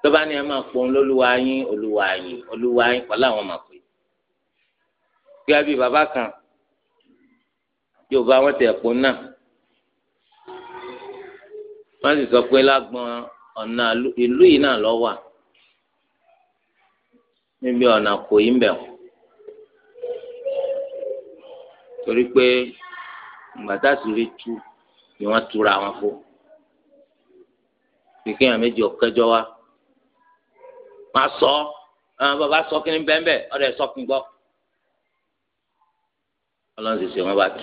tọ́ba ni ẹ máa pọ́n lólúwa yín olúwa yín olúwa yín pọ̀ láwọn máa pè kí abí bàbá kan yorùbá wọn tẹ̀ pọ́n náà wọ́n sì sọ pé lágbọ́n ọ̀nà ìlú yìí náà lọ́wọ́ à níbi ọ̀nà kò yí mbẹ̀ wọ́n torí pé gbàtà sírí tú ni wọ́n tura wọn fún bí kéèyàn méjì ọ̀kẹ́jọ́ wa máa sọ àwọn bàbá sọ kí ni bẹ́ẹ̀nbẹ́ẹ̀ ọ̀dọ̀ ẹ̀ sọ kí n gbọ́ ọlọ́run sì ṣe wọ́n bá tù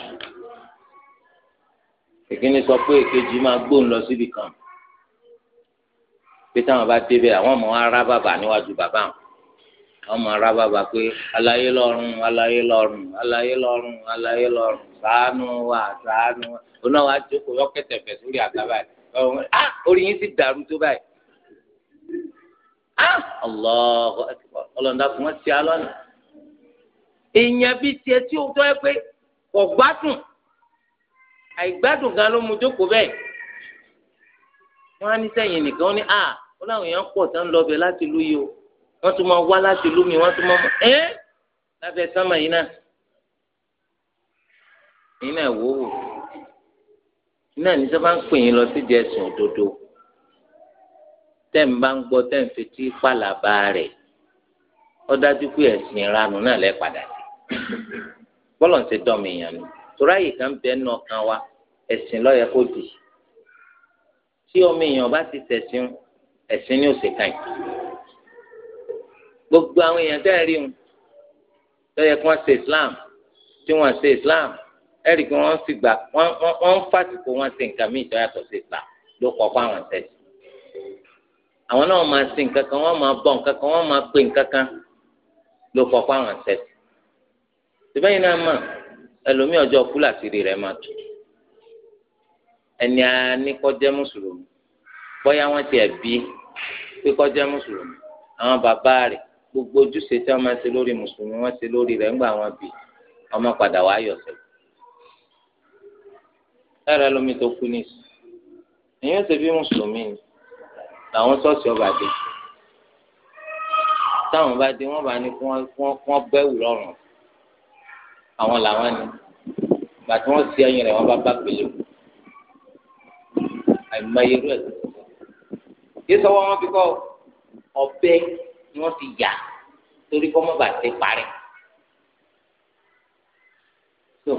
ìkíni sọ pé èkejì máa gbóhùn lọ síbi kan pé táwọn bá débẹ̀ àwọn ọmọ wa rá bàbá níwájú bàbá wọn ọmọ ara bàbá pé aláyé lọ́rùn aláyé lọ́rùn aláyé lọ́rùn aláyé lọ́rùn ṣàánú wa ṣàánú wa oná wa jókòó yọkẹtẹ fẹ sórí àtàbà yìí a orí yín ti dàrú tó báyìí a ọlọ́ọ̀ ọlọ́ọ̀dà fún wọn ti alọ́nà èèyàn bíi tiẹ̀ tí o tọ́ ẹ pé kò gbádùn àìgbádùn gan ló mu jókòó bẹ́ẹ̀ wọ́n á ní sẹ́yìn nìkan ó ní a ó láwọn èèyàn pọ̀ tán lọ láti lóye o wọ́n tún máa wá láti ìlú mi wọ́n tún máa ẹ́ lábẹ́ sánmà yìí náà yìí náà wò ó yìí náà ní sábà ń pè yín lọ sí jẹ̀sùn òdodo tẹ́ ń bá ń gbọ́ tẹ́ ń fetí pàlàbà rẹ̀ ó dájú pé ẹ̀sìn ìranù náà lẹ́ padà sí bọ́lọ̀ ń ṣe dọ́mi yẹn nu torí àyè kan bẹ́ẹ̀ nà kan wa ẹ̀sìn ló yẹ kó tí ọmọ èèyàn bá ti tẹ̀sìn ẹ̀sìn ni ó ṣe gbogbo àwọn èèyàn tẹ́ ẹ rí wọn tó yẹ kí wọ́n ṣe islam tí wọ́n ṣe islam ẹ rí i pé wọ́n fi gbà wọ́n ń fàtìkù wọn ṣe nǹkan míì tó yàtọ̀ sí islam ló kọ́ fún àwọn tẹ̀sí. àwọn náà máa ṣe nǹkan kan wọ́n máa bọ̀ nǹkan kan wọ́n máa pè nǹkan kan ló kọ́ fún àwọn tẹ̀sí. síbẹ̀yìn náà mà ẹlòmíì ọjọ́ kú làṣírí rẹ̀ máa tù ẹni àníkọ́jẹ́ mùsùlùmí bọ́yá wọ́n ti ẹ̀ bí pé kọ́jẹ́ mùsùlùmí àwọn bàbá rẹ̀ gbogbo ojúṣe tí wọ́n máa ṣe lórí mùsùlùmí wọ́n ṣe lórí rẹ̀ ńgbà wọn bì ọmọ padà wàá yọ̀ sẹ́yìn. lára lómi tó kú ní sùn èyàn ṣe bí mùsùlùmí ni làwọn ṣọ́ọ̀ṣì ọba dé táwọn bá dé wọ́n bá ní kí wọ́n bẹ́wù lọ́rùn àwọn làwọn ni ìgbà tí wọ́n ṣe ẹyin rẹ̀ wọ́n bá bá pèlè o àìmọye irú ẹ̀ tó ṣe kí sọ́wọ́ wọn fi kọ́ ọbẹ̀ tí wọ́n ti yà torí kọ́ mọ́gbà ti parí. tó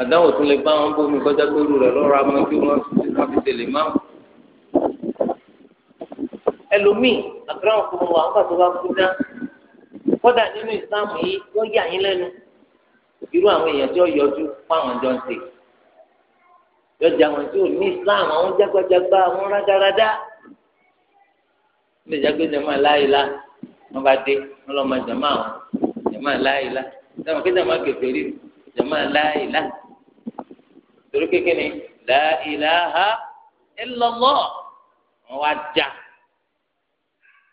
àdáwò tún lè bá wọn bómi kọjá tó rú rẹ lọ́rọ̀ amọ̀ tí wọ́n fi tẹ̀lé máa. ẹlòmíì àgbẹ̀rẹ̀ òkú wa nígbà tó bá kú dá kódà nínú ìsáàmù yìí wọ́n yà yín lẹ́nu irú àwọn èèyàn tí ó yọjú fáwọn jọ ń ṣe yọjà wọn tí ò ní islam àwọn jágbajàgba àwọn rádaràdá lè jágbéjẹ máa láyé la wọn bá dé wọn lọ mọ jama àwọn jama láìla jama kí jama kẹfẹ rí jama láìla torí kékeré láìla ha illallah wọn wá já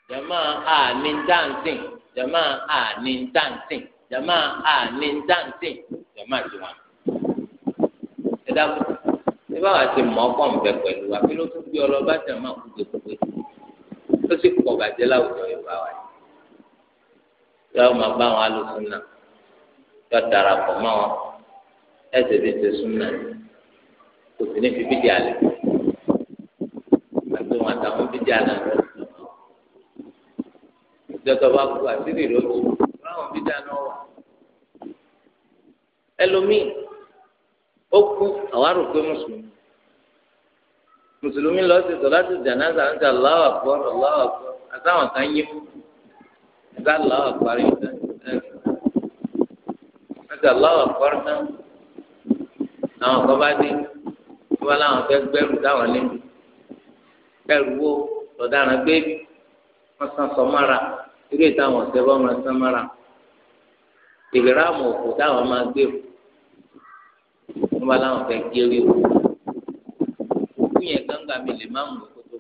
jama àní dáǹtì jama àní dáǹtì jama àní dáǹtì jama tiwọn ẹ dákun bá wa ti mọ ọkọ nbẹ pẹ̀lú wa kí ló tún gbé ọlọba tẹ máa kú gbẹgbẹ ó sì pọ̀ bàjẹ́ láwùjọ Yorùbá wa yóò máa bá àwọn alùsùnà yóò darapọ̀ mọ́ wọn ẹsẹ̀ bí ṣe súnà kò sí ní fi bídì àlẹ́ àti wọn àtàwọn bídì àná ìjọba bá kú àṣírí lójú láwọn bídì àná wà ẹlòmíì ó kú àwọn arúgbó mùsùlùmí mùsùlùmí lọ sí sọlá tó jàǹdà ń sà Allahu akbar Allahu akbar àtàwọn kan yé fún ká lọ́wọ́ àkọ́rí ìtàn ká lọ́wọ́ àkọ́rí náà àwọn kan bá dé tí wọ́n láwọn fẹ́ gbẹ́rù táwọn lé gbẹ́rù wo lọ́daràn gbé wọ́n san sọ mára irú ìtàwọn ọ̀sẹ̀ bọ́ máa san mára ìgbéráàmù òkú táwọn máa gbèrú wọ́n láwọn fẹ́ kéré o òkú gángan mi lè má mú òkú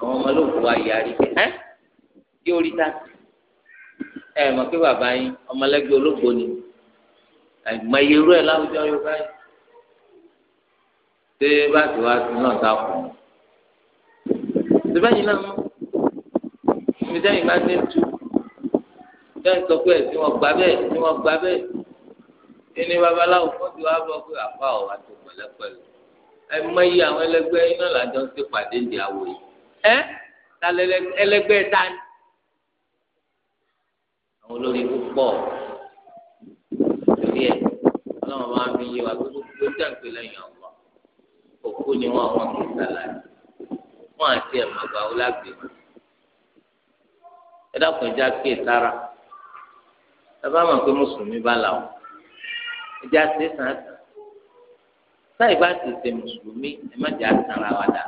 àwọn ọmọ olóògùn wa yóò rí ta ẹ mọ̀ pé bàbá yín ọmọlẹ́gbẹ́ olóògbò ni àìmọ̀ iye irú ẹ̀ láwùjọ yorùbá yìí ṣé bá ti wá sí náà ta kù síbẹ̀ yìí náà mọ̀ ibi sẹ́yìn bá ti ń tu sẹ́yìn sọ pé ẹ̀sìn wọn gbà bẹ́ẹ̀ ẹ̀sìn wọn gbà bẹ́ẹ̀ ẹni babaláwo fún ti wá bọ́ pé àpá ọ̀ àti pẹ̀lẹ́pẹ̀lẹ́ àìmọ̀ iye àwọn ẹlẹgbẹ́ iná làjọ ń ṣèpàdé ìdí àwòrán ẹ ẹlẹgbẹ́ ta ni olórí púpọ̀ torí ẹ̀ ọlọ́run máa fi yé wa gbogbo dàgbé lẹ́yìn ọ̀pọ̀ òkú ni wọ́n àwọn kì í sàlàyé wọ́n àti ẹ̀ màgbà ó lágbè wọn. ẹ dákun ẹja kéè sára ẹ bá mọ̀ pé mùsùlùmí bá là wọn ẹja ṣe sàn táì bá ti ṣe mùsùlùmí ẹ má jẹ́ àtàrà wa dà.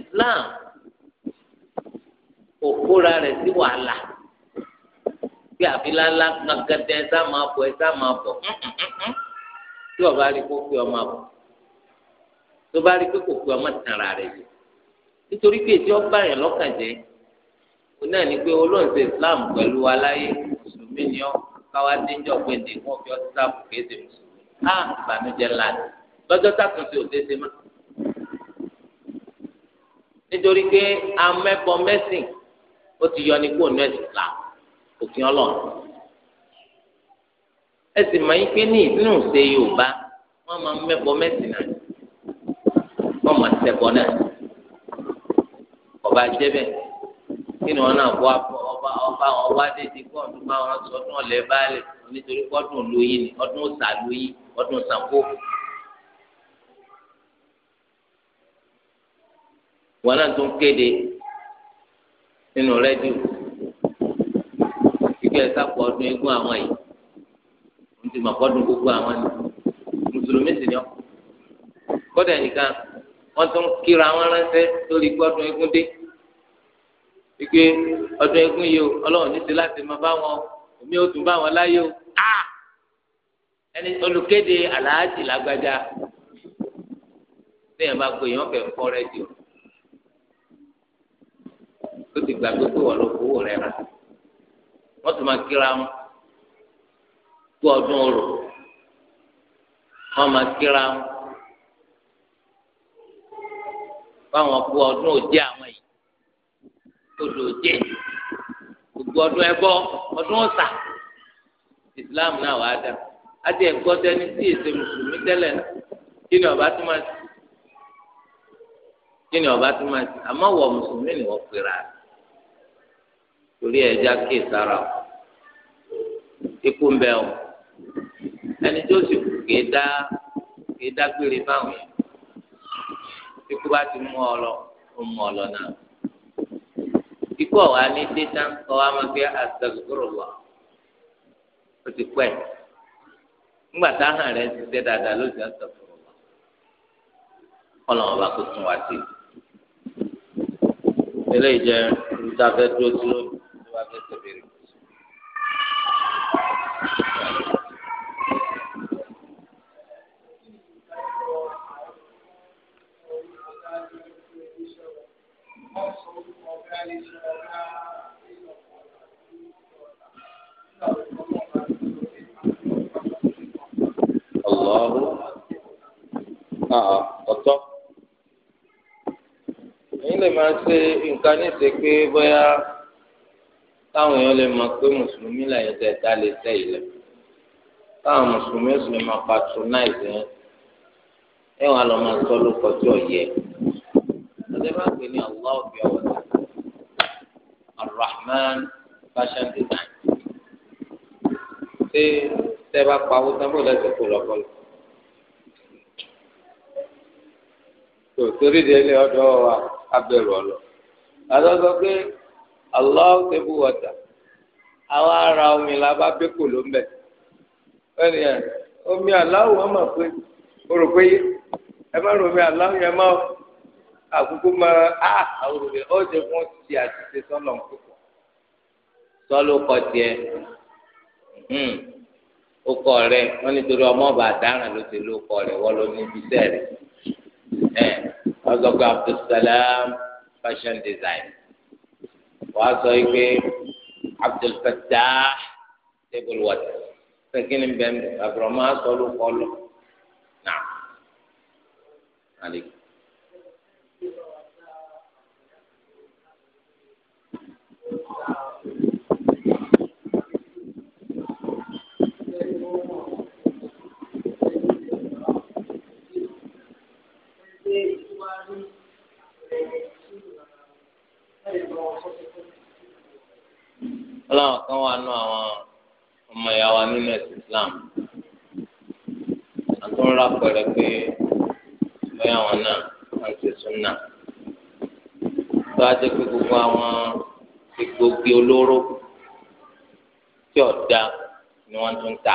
Islam òkúra rẹ̀ sí wàhálà pé àfiláńlá gàgàdẹ ẹ sáà máa bọ̀ ẹ sáà máa bọ̀ tí ọba rí kó pé ọmọ àbọ̀ tó bá rí pé kò pé ọmọ tààrà rẹ̀ jù nítorí pé ètí ọba yẹn lọ́kàn jẹ́ ó náà ní pé olóńsè Islam pẹ̀lú aláyé mùsùlùmí ni ọ́ káwá dénjọ́ gbèdé wọn fi ọtí sáàpù kéde mùsùlùmí á ìbànújẹ́ láti lọ́jọ́ tàkùnṣe òdèdè má nítorí pé amẹ́bọ mẹ́sìn ó ti yọ ní kó nẹ́ẹ̀sì Islam òfin ọlọ́run ẹ sì mọ̀ yín pé ní ìdúnnù ṣe yorùbá wọ́n máa ń mẹ́bọ mẹ́sìn náà wọ́n máa ṣẹbọ náà ọba jẹ́bẹ̀ kí ni wọ́n náà bọ́ ọba ọba ọba dédé kó ọdún bá wọn sọ ọdún ọ̀lẹ́ báàlẹ̀ nítorí ọdún lóyìn ni ọdún ọ̀sà lóyìn ọdún Ṣàngó. wọn náà tún kéde nínú rẹ́díò síbẹ̀ sápọ̀ ọdún eégún àwọn yìí ń ti mọ̀ kọ́dún gbogbo àwọn ni mùsùlùmí sì ni ọ́ kọ́dà nìkan wọ́n tún kíra wọn ránṣẹ́ lórí gbọ́dún eégún dé wípé ọdún eégún yìí o ọlọ́run ní ti láti máa bá wọn omi ó tún bá wọn láyé o ẹni olùkéde aláàjì lágbájá lẹ́yìn bá gbé yàn fẹ́ fọ́ rẹ́díò tó ti gbàgbé pé wọ́n lọ fowó rẹ̀ rà wọ́n tún máa kíra wọn kú ọdún orò wọ́n máa kíra wọn báwọn kú ọdún òjé àwọn yìí odò òjé gbogbo ọdún ẹbọ ọdún ọ̀sà Islam náà wàá dá àti ẹ̀gbọ́n tẹni tí èsè mùsùlùmí tẹ́lẹ̀ náà kí ni ọba tó máa kí ni ọba tó máa àmọ́ wọ mùsùlùmí ni wọ́n pera rẹ̀. torí ẹja kí sára ikú ń bẹ o ẹni tó sì kù kì í dá kì í dágbére fáwọn yẹn ikú ti mú ọ lọ ó mú ọ lọ náà ikú ọ̀wá ní dẹ́tà ọ̀wá máa fi astaghfirullah ó ti pẹ́ ńgbà táhàn rẹ̀ ti dáadáa ló ti astaghfirullah ọlọ́run tún wá sí i eléyìí tó bá fẹ́ sọ̀bẹ̀rẹ̀ kù. Allahu ọ̀tọ̀ èyí lè máa ṣe nǹkan ní bóyá. káwọn èèyàn lè mọ̀ pé mùsùlùmí lẹ́yìn tẹ̀ dá lè tẹ̀ ilẹ̀ káwọn mùsùlùmí sì lè máa patronize yẹn ẹ wàá lọ máa sọ ló kọjú ọ̀yẹ́ ọ̀dẹ́ bá pè ní allah fi ọwọ́ sí arrahman fashion design ṣé tẹ́ bá pa owó sábà lẹ́sẹ̀ kó lọ́kọ́lọ́ tòtòrí délé ọ̀dọ̀ wa abẹ́rù ọ̀lọ́ àtọ́sọ pé allah table water àwọn ará omi la bá gbé kò ló ń bẹ ẹnì yẹn omi aláwọ wọn mà pé o rò pé ẹ má rò omi aláwọ yẹn má àkókò má a àwọn òròyìn ó jẹ fún ti àtìsẹ sọlọ nkókò sọlọ kọ tiẹ hmm. ó kọ rẹ wọn nítorí ọmọ ọba àdáràn ló ti ló kọ rẹ wọn ló ní ibi sẹẹrẹ ẹ Abdulsalam fashion design wàá sọ yìí pé Abdul Fattah table water sẹ́kìnì bẹ́ẹ̀ àbúrò máa ọlọ́run kan wà nù àwọn ọmọ ìyá wa nínú ẹ̀sìn Islam àtúnra pẹ̀lẹ́ pé bẹ́ẹ̀ àwọn náà wọ́n ti sún náà tó a jẹ́ pé gbogbo àwọn egbògi olóró tí ọ̀dà ni wọ́n tún ta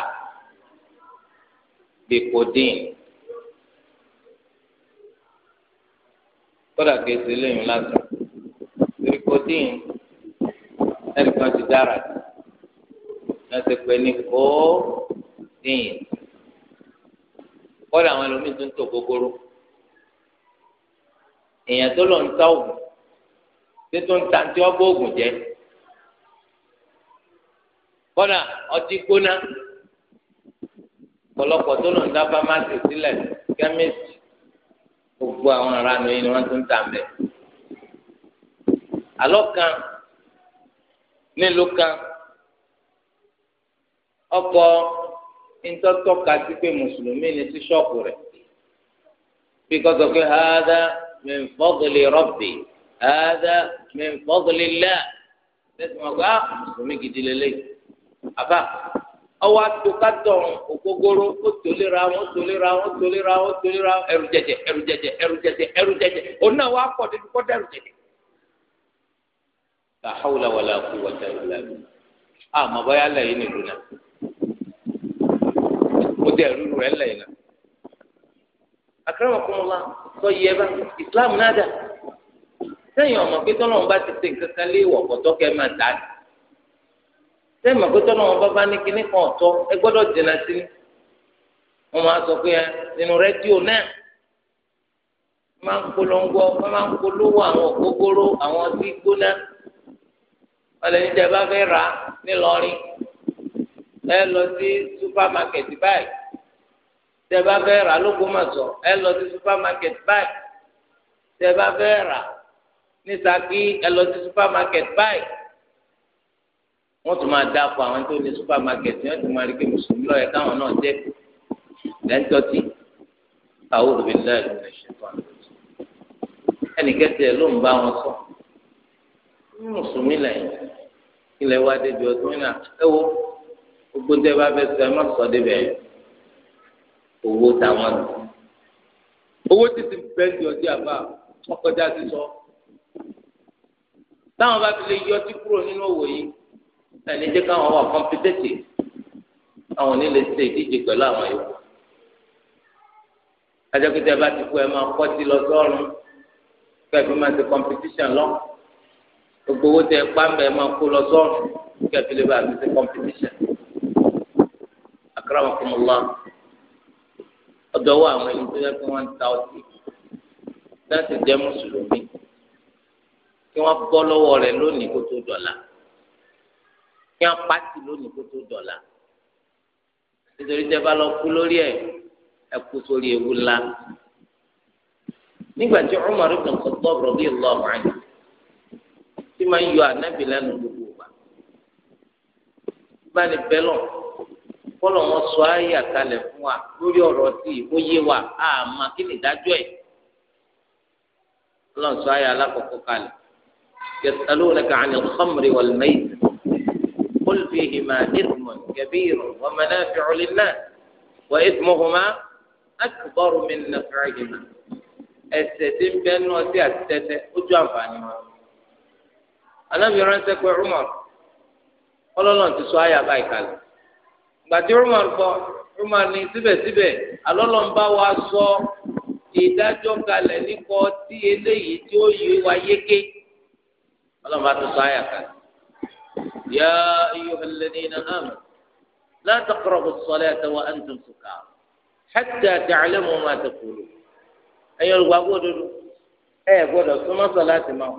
bí codeine kódà kí esi lẹ́yìn lásán bí codeine ẹnìkan ti dára náà ti pè ní kó dín kọ́dà àwọn ẹlòmíín tó ń tò gbogbooro èèyàn tó lọ ń ta òògùn tí tó ń ta tí wọ́n bó òògùn jẹ́ kọ́dà ọtí gbóná ọ̀pọ̀lọpọ̀ tó lọ ń ta fámásì sílẹ̀ kẹ́míìsì gbogbo àwọn ará yìí ni wọ́n tún ta mẹ́ alọ́ kan. nílùú kan ọkọ ntọ́tọ́ka sí pé mùsùlùmí ni sí ṣọ́ọ̀pù rẹ̀ bí kò pé hàdá min fadli hàdá min fadli lẹ́sìn wọn gbá ah, mùsùlùmí gidi lélẹ́yìí àbá ọwọ́ àtòkátọ̀ ògógóró ó tolera wọn tolera wọn tolera wọn tolera ẹrù jẹjẹ ẹrù jẹjẹ ẹrù jẹjẹ ẹrù jẹjẹ òun náà la hawla wala quwwata illa billah àmọ́ báyà lẹ́yìn nílùú náà mo dẹ̀ rúru rẹ̀ lẹ́yìn náà. akramakumullah sọ yẹ bá islam na dà sẹ́yìn ọmọ pé tọ́lọ́run bá ti ṣe nǹkan kan lé ìwọ̀ ọ̀pọ̀tọ́ kẹ́ máa dà ní. sẹ́yìn ọmọ pé tọ́lọ́run bá bá ní kinní kan ọ̀tọ̀ ẹ gbọ́dọ̀ jìnnà sí ni. wọ́n máa sọ pé náà máa ń polongo ọlẹ́ni tẹ́ bá fẹ́ rà nílọrin ẹ lọ sí supamakẹ̀tì báyìí tẹ́ bá fẹ́ rà lÓgbómọ̀ṣọ́ ẹ lọ sí supamakẹ̀tì báyìí tẹ́ bá fẹ́ rà ní Ṣakí ẹ lọ sí supamakẹ̀tì báyìí wọ́n tún máa dáko àwọn tó ní supamakẹ̀tì wọ́n tún máa rí pé mùsùlùmí lọ́yẹ̀ káwọn náà jẹ́ lẹ́ńtọ́tì àwọn olùbẹ̀lẹ́ ẹ̀lú ẹ̀ṣẹ̀ tó àná ẹnì kẹtì ẹ̀ ló ń bá wọn sọ̀rọ̀ ní mùsùlùmí lẹ́yìn ilẹ̀ wa débi ọdún yìí náà ẹ wo gbogbo ń tẹ́ bá fẹ́ sọ ẹ má sọ débi ẹ̀ owó táwọn lò owó títí bẹ́ẹ̀ni ọjà bá wọn kọjá sí sọ táwọn bá fi lè yọ ọtí kúrò nínú òwò yìí ẹni jẹ́ káwọn wà kọ́mpítẹ́tì àwọn ò ní lè ṣe ìdíje pẹ̀lú àwọn yòókù ajakete bá ti kú ẹ máa kọ́ sí lọ sọ́ọ̀rùn kẹfí máa ṣe kọ́mpítíṣàn lọ́wọ́ gbogbo owó tẹ pa mbẹ máa kó lọ sọọnù kí ẹbí lè bá àti ṣe kọmpitíṣàn akérè àwọn fún wa ọ̀dọ̀ wa àwọn ẹni tó yẹ kí wọn ta ọtí láti jẹ mùsùlùmí kí wọn bọ́ lọ́wọ́ rẹ̀ lónìí kó tó dọ̀la kí wọn pàtì lónìí kó tó dọ̀la nítorí tẹ bá lọ kú lórí ẹ ẹ sórí ewu ńlá nígbà tí Umar ibn Khattab radiyallahu anhu tí máa ń yọ ànábì lẹ́nu gbogbo ìgbà bá ní bẹ́lọ̀ kọ́lọ̀ wọn sọ ayé àkàlẹ̀ fún wa lórí ọ̀rọ̀ tí ó yé wa àmọ́ kí ni ìdájọ́ ẹ̀ ọlọ́run sọ ayé alákọ̀ọ́kọ́ kalẹ̀ yasalunaka anil khamri wal maisir qul fihima ithmun kabirun wa manafi'u linnas wa ithmuhuma akbaru min naf'ihima ẹ̀ṣẹ̀ tí ń bẹ nù ọtí àti tẹ́tẹ́ ó ju àǹfààní wọn. anábì ránṣẹ́ pé Umar ọlọ́lọ́n ti sọ àyà báyìí kalẹ̀ gbàtí Umar gbọ́ Umar ní síbẹ̀síbẹ̀ alọ́lọ́n bá wa sọ ìdájọ́ kalẹ̀ nípa tí eléyìí tí ó yí wa yéké ọlọ́run bá tún sọ àyà kalẹ̀ yá ayyuhal ladina amanu la taqrabu as-salata wa antum sukara hatta ta'lamu ma taqulun ẹ̀yin olùgbàgbọ́ òdodo ẹ̀ gbọ́dọ̀ láti máa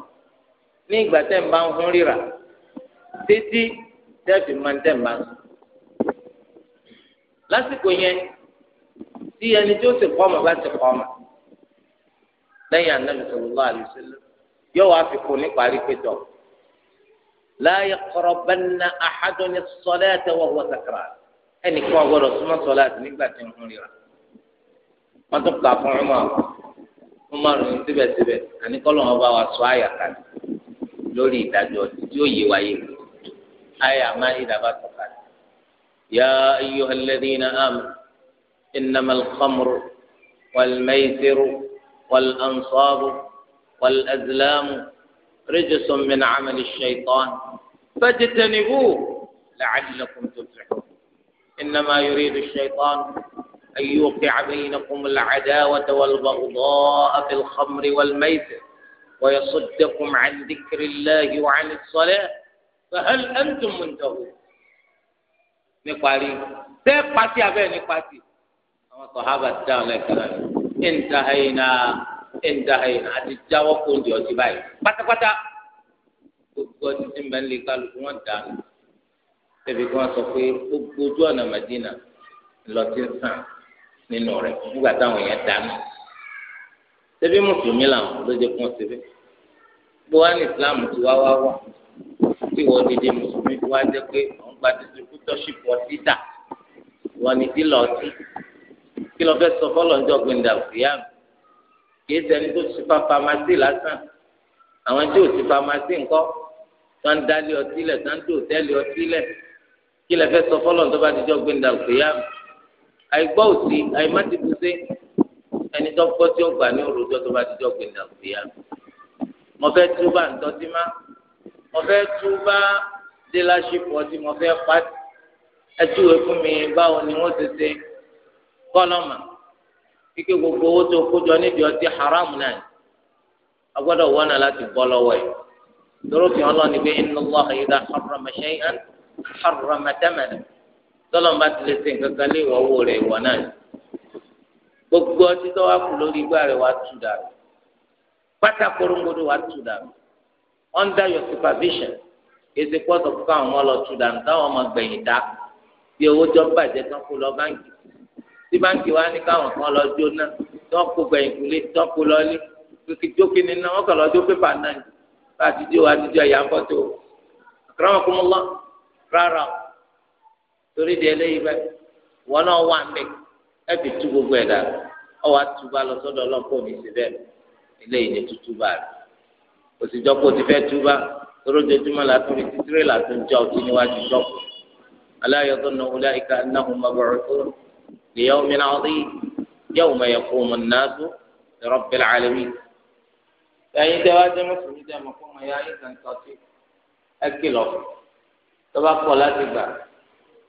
ní ìgbà tẹ̀ ń bá ń hún ríra títí tẹ́ẹ̀fì máa ń tẹ̀ ń bá ń sùn. lásìkò yẹn tí ẹni tó sì kọ́ ọmọ bá ti kọ́ ọmọ lẹ́yìn anabi sallallahu alaihi wasallam yóò wá fi kún nípa rí pétọ́ la yaqrabanna ahadun as-salata wa huwa sakran ẹnì kan gbọ́dọ̀ súnmọ́ sọlá àti nígbà tí ń hún ríra wọ́n tún kà fún ọmọ àwọn ọmọ rẹ̀ síbẹ̀síbẹ̀ àníkọ́ lọ́wọ́ bá wa sọ àyàkà lórí ìdájọ́ tí ó yé wa yé lò àyà máa ń dàbà tọ́ka rẹ̀. يا أيها الذين آمنوا إنما الخمر والميسر والأنصاب والأزلام رجس من عمل الشيطان فاجتنبوه لعلكم تفلحون إنما يريد الشيطان أن يوقع بينكم العداوة والبغضاء في الخمر والميسر ويصدكم عن ذكر الله وعن الصلاة فهل أنتم منتهون نقاري تقاتي أبي نقاتي أما صحابة تاون انتهينا انتهينا أتجاوب كنت يوتيباي باتا باتا gbogbo ọtí tí ń bẹ ń lè kálukú wọn dànù tẹbi kí wọn sọ pé gbogbo ojú ọ̀nà Madina lọ ti ṣebí mùsùlùmí làwọn ló jẹ kún ṣebí bó wá ní islam ti wá wá wá tí wọn dédé mùsùlùmí tó wá jẹ pé wọn gba distributorship wọn títà wọn ní dílọ ọtí kí lọ fẹ́ sọ fọlọ ńjọ gbẹndà òkèèyàn kìí ṣẹni tó ti fa famasi lásán àwọn tí ò ti famasi ńkọ́ tó ń dálé ọtí lẹ tó ń tó tẹlé ọtí lẹ kí lọ fẹ́ sọ fọlọ ńjọba díjọ gbẹndà òkèèyàn àìgbọ́ òsì àìmátìkúsẹ́ ẹni tó gbọ́ tí ó gbà ní òròjọ́ tó bá ti jọ́ gbẹ̀dà òbí yá mo fẹ́ tú bá ntọ́sí má mo fẹ́ tú bá dílàṣípù ọtí mo fẹ́ pa ẹtúwe fún mi báwo ni wọ́n ti ṣe kọ́lọ́mà kíkẹ́ gbogbo owó tó kójọ níbi ọtí haram náà a gbọ́dọ̀ wọ́nà láti bọ́ lọ́wọ́ ẹ̀ lóró fi hàn lọ ni pé inna Allaha idha harrama shay'an harrama thamanahu tọ́lọ́mù bá ti lè ṣe nǹkan kan lé ìwọ́ rẹ̀ ìwọ náà gbogbo ọtí tó wá kù lórí igbá rẹ̀ wá tù dànù pátá korongodo wá tù dànù under your supervision èsì pọ́sọ̀ fún káwọn ọmọ lọ tù dànù táwọn ọmọ gbẹ̀yìn dá bí owó jọ bàjẹ́ tán kó lọ báńkì tí báńkì wá ní káwọn kan lọ jóná tán kó gbẹ̀yìn kulé tán kó lọ lé kìkì jókè ní náà wọ́n kàn lọ jó pépà náà ní bá a ti jó wa ti jó ẹ̀yà ń bọ́ tó àkàràwọ̀ kó mọ́ lọ rárá o torí di eléyìí bẹ́ẹ̀ wọ́n náà wà mẹ́kì ẹbí tú gbogbo ẹ dà ọwọ àtúbà lọ sọ́dọ̀ ọlọpọ mi sí bẹ́ẹ̀ ilé yìí ní tútú bá rẹ òsìjọ kó ti fẹ́ túbà lójoojúmọ́ la tún ti tirẹ̀là tó ń jọ ọtí níwájú lọ́kù aláyọ̀tọ̀ náà wọlé àyíká náà ń bọ̀ tó lèyàwó mi náà rí yàwó ma yẹ kó mọ̀ náà tó lọ́rọ̀ bẹ̀rẹ̀ àlẹ́mí. ẹ̀yin tẹ́ wá jẹ́ mùsùlùmí jẹ́ mọ̀ fún ọmọ ya ayé kan tọ́tí ẹ kìlọ̀ tó bá láti gbà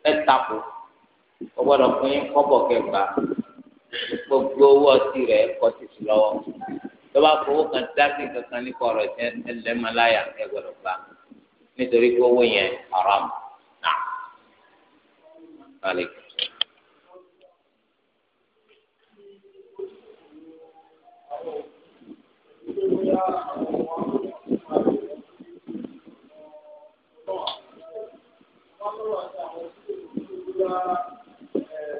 ẹ takò ọgbọ́dọ̀ fún yín kọ́bọ̀ kẹgbà gbogbo owó ọtí rẹ̀ kọ́ títí lọ́wọ́ lọ́ba fowó kan dábì kankan nípa ọ̀rọ̀ ẹ̀sẹ̀ ẹlẹ́mọláyà ẹ gbọ́dọ̀ gbà nítorí pé owó yẹn haram náà. Thank you.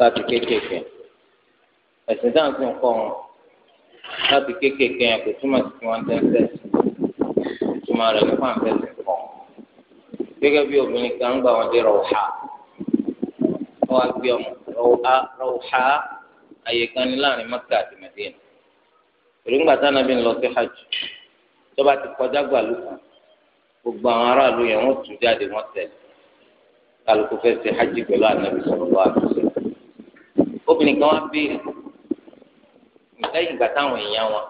láti kéékèèké ẹ̀sìn dáhùn sí nǹkan wọn láti kéékèèké yẹn kò túmọ̀ sí wọn tẹ́tẹ́ ìtumọ̀ rẹ̀ nípa àǹfẹ̀sìn kan gẹ́gẹ́ bí obìnrin kan ń gbà wọn dé rọ̀ọ̀há wọ́n á gbé ọmọ rọ̀ọ̀há àyè kan ní láàrin Mẹ́kà àti Mẹ́dínà èròǹgbà táwọn abẹ́ni lọ sí hajj tó ti kọjá gbàlú kan gbogbo àwọn aráàlú yẹn wọ́n tún jáde wọ́n tẹ̀lé kálukú fẹ́ ṣe hajj pẹ̀lú ànábì sọ̀rọ̀ lọ́wọ́ àtúnṣe obìnrin kan wá béèrè lẹ́yìn ìgbà táwọn èèyàn wọn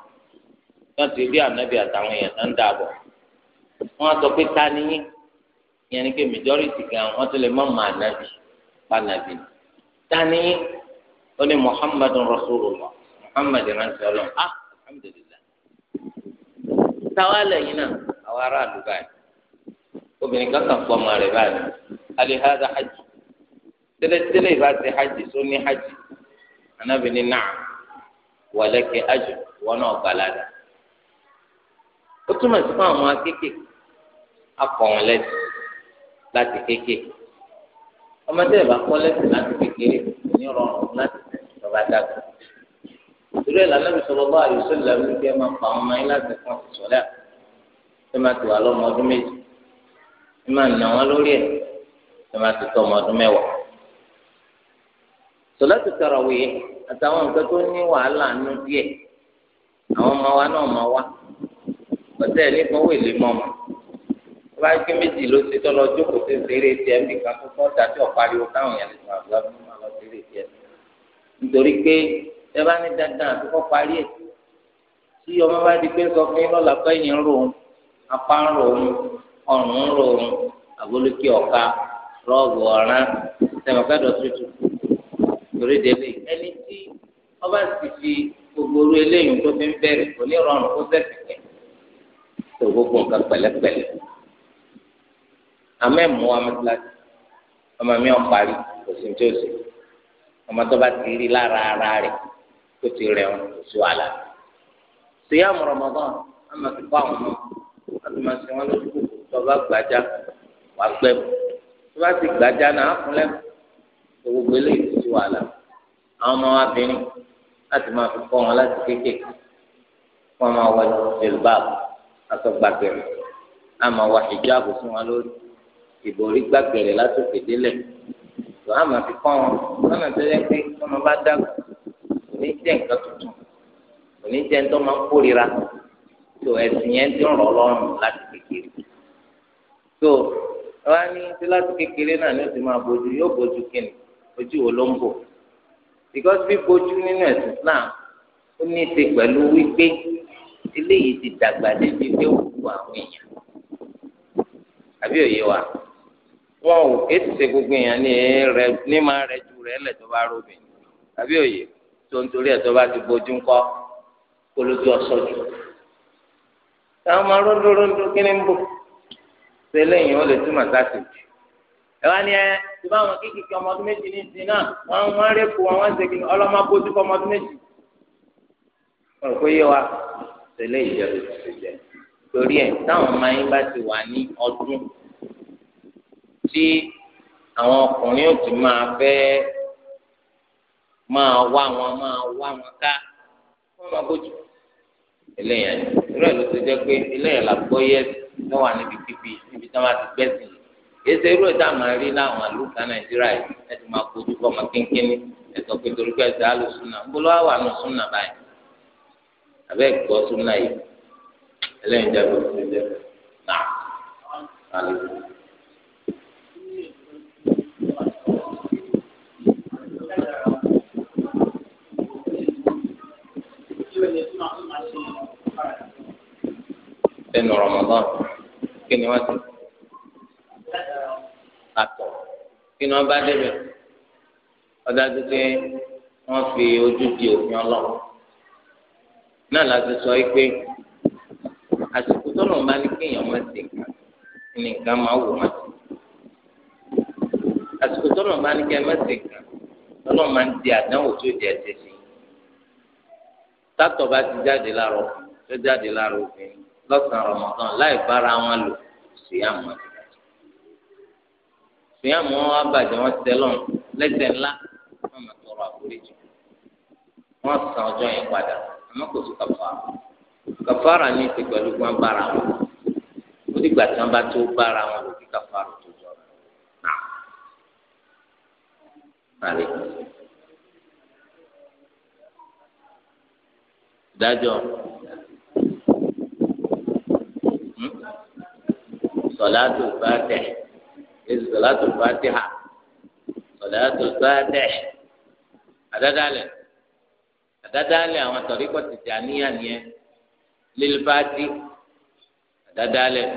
wọ́n ti rí ànábì àtàwọn èèyàn tó ń dàbọ̀ wọ́n sọ pé ta ni yín ìyẹn ni pé majority gan wọ́n tún lè má mọ ànábì pànàbì ta ni yín ó ní muhammadun rasulullah muhammadu ránṣẹ́ ọlọ́run ah alhamdulilah táwa lẹ́yìn náà àwọn aráàlú báyìí obìnrin kan kàn fọ́ ọmọ rẹ̀ báyìí alihada hajj tẹ́lẹ̀tẹ́lẹ̀ ìbá ti hajj tó ní hajj anabi ní nàá wàlẹ́kẹ̀ hajj wọn náà balada ó túmọ̀ sí fún àwọn akékèké akọ̀wọ̀n lẹ́sìn láti kékèké ọmọdé ìbá kọ́ lẹ́sìn láti kékeré ní rọrùn láti tọ́ba dàgbà ìdúró ìlànà ìṣòro bá àyùsọ ìlànà ìgbẹ́ máa pa ọmọ yín láti fún ìṣọ̀lẹ́ ẹ máa ti wà lọ́mọ ọdún méjì ẹ máa nà wọ́n lórí ẹ̀ ẹ máa ti tọ́ ọmọ ọdún mẹ́wàá sọláàtì tarawih àtàwọn nǹkan tó ní wàhálà nù díẹ̀ àwọn ọmọ wa náà máa wá ọtẹ ẹ nípa owó èlé mọ ọmọ wọn bá gbé méjì ló ti tọ́ lọ jókòó tó ń ṣeré tiẹ̀ nìkan tó kọ́ dàbí ọ̀pariwo káwọn yẹn lè sọ àgbà fún wọn lọ ṣeré tiẹ̀ nítorí pé ẹ bá ní dandan àti kọ́ parí ẹ̀ tí ọmọ bá di pé sọ fún yín lọ́la pé ẹ̀yìn ń ro apá ń ro òun ọrùn ń ro òun àbólókè ọ̀ka rọ́ọ̀bù ọ̀rán sẹ̀mọ̀kẹ́dọ̀ tuntun lórí délé ẹni tí ọba sì fi gbogbo oru eléyìí tó fi ń bẹ̀rẹ̀ kò ní rọrùn kó sẹ́sì pẹ̀ tó gbogbo nǹkan pẹ̀lẹ́pẹ̀lẹ́ àmọ́ ẹ̀mú wa mẹ́tíláṣí ọmọ mi ọ̀ parí kò sí tí ó sì ọmọ tó bá ti rí lára ara rẹ̀ kó ti rẹ̀ wọn kò sí wàhálà síyàmù Ramadan àmọ́ ti kọ́ àwọn ọmọ àti màá ṣe wọn lójú kòkòrò tó bá gbàjá wàá gbẹ̀mù tó bá ti gbàjá náà á fún lẹ́mù gbogbo eléyìí wàhálà àwọn ọmọ wa bìnrin láti máa fi kọ́ wọn láti kéékèèké wọn máa wọ jilbab asọgbàgbẹrẹ àmà wọ hijab fún wọn lórí ìbòrí gbàgbẹrẹ látòkè délẹ̀ tó àmà fi kọ́ wọn lọ́nà tó yẹ pé wọn bá dàgbà òní jẹ́ nǹkan tuntun òní jẹ́ nítorí máa ń kórira tó ẹ̀sìn yẹn ti ń rọ̀ lọ́rùn láti kékeré tó wọn á ní ti láti kékeré náà ni ó ti máa bójú yóò bójú kíni ojú wo ló ń bò because bíbojú nínú ẹ̀sìn Islam ó ní í ṣe pẹ̀lú wípé eléyìí ti dàgbà débi pé ó wù àwọn èèyàn àbí òye wa wọn ò ètò ṣe gbogbo èèyàn ní rẹ ní máa rẹ ju rẹ lẹ tó bá róbì àbí òye tó ń torí ẹ tó bá ti bójú ńkọ́ kó ọsọ jù táwọn máa róńdó róńdó kí ni ń bò ṣe lẹ́yìn ó lè túmọ̀ sáà sì jù ẹ wá ní ẹ tí báwọn kékeré ọmọ ọdún méjì ní ìsìn náà wọn wọn rẹ kó wọn wọn ṣe kí ọlọmọ bójú fọmọ ọdún méjì. wọn kò yé wa tẹ́lẹ̀ ìjẹun ti jẹ torí ẹ táwọn ọmọ yín bá ti wà ní ọdún tí àwọn ọkùnrin ò ti máa fẹ́ máa wá wọn máa wá wọn ká wọn máa bójú eléyàn ni irú ló ti jẹ pé eléyàn là lọ́wọ́ níbi pípi níbi tí wọ́n ti gbẹ́sìn Eze irú ìta máa rí láwọn àlùkà nàìjíríà yìí ẹtù máa kojú kọ ọmọ kínkínní ẹtọ pé torí ẹsẹ àlù súnà ń àwọn àlù súnà báyìí abẹ́ súnà yìí kí ni wọ́n bá débẹ̀ ọ̀dájú pé wọ́n fi ojú di òfin ọlọ́run náà láti sọ yìí pé àsìkò tó lọ́n bá ní kéèyàn máa ṣe nǹkan ní nǹkan máa wò wọ́n àsìkò tó lọ́n bá ní kéèyàn máa ṣe nǹkan lọ́n máa ń di àdánwò tó jẹ́ ẹsẹ̀ sí i sátọ̀ bá ti jáde láàárọ̀ tó jáde láàárọ̀ obìnrin lọ́sàn-án rọmọdán láì bára wọn lò sí àmọ́ tìyà mọ́ abàjẹ́ wọn sẹ́lọ̀ lẹ́sẹ̀ ńlá wọn máa tọrọ àforíjì wọn san ọjọ́ yẹn padà àmọ́ kò sí kàfàrà kàfàrà ní ti pẹ̀lú gbọ́n bára wọn ó dìgbà tí wọn bá tó bára wọn lò kí kàfàrà tó jọ náà. dájọ́ sọlá tó bá tẹ̀ sọláàtù fàtíhà sọláàtù fàtẹ̀ àdádálẹ̀ àdádálẹ̀ àwọn tọ̀ríkọ̀ tìjà níyà nìyẹn lílfàtì àdádálẹ̀.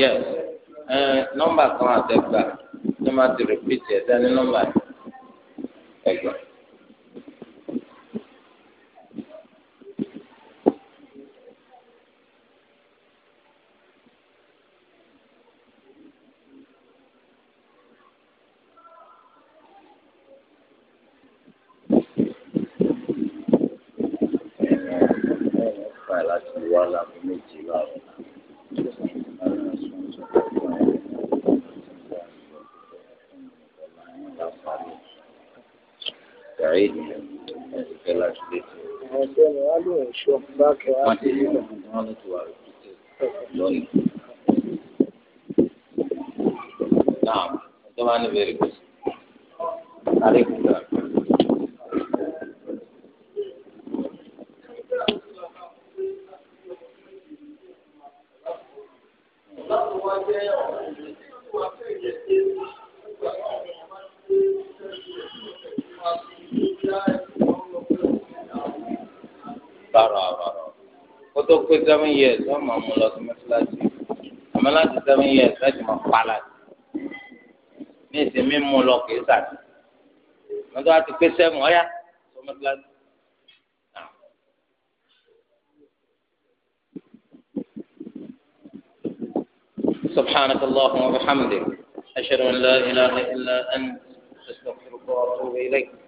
yes eh, nọ́mbà kan àtẹgbà ní ma ti rìpítì ẹ̀dá ní nọ́mbà yìí. Fakihatin lónìí. Náà, ọjọ́ máa ń bèrè seven years wọ́n máa mú lọ sí mọ́sálásí àmọ́ láti seven years láti máa pààlà ní ìsinmi mú lọ kì í sàtì wọ́n tó wá ti pé seven ọ̀yà sọ mọ́sálásí. سبحانك اللهم وبحمدك أشهد أن لا إله إلا أنت أستغفرك وأتوب إليك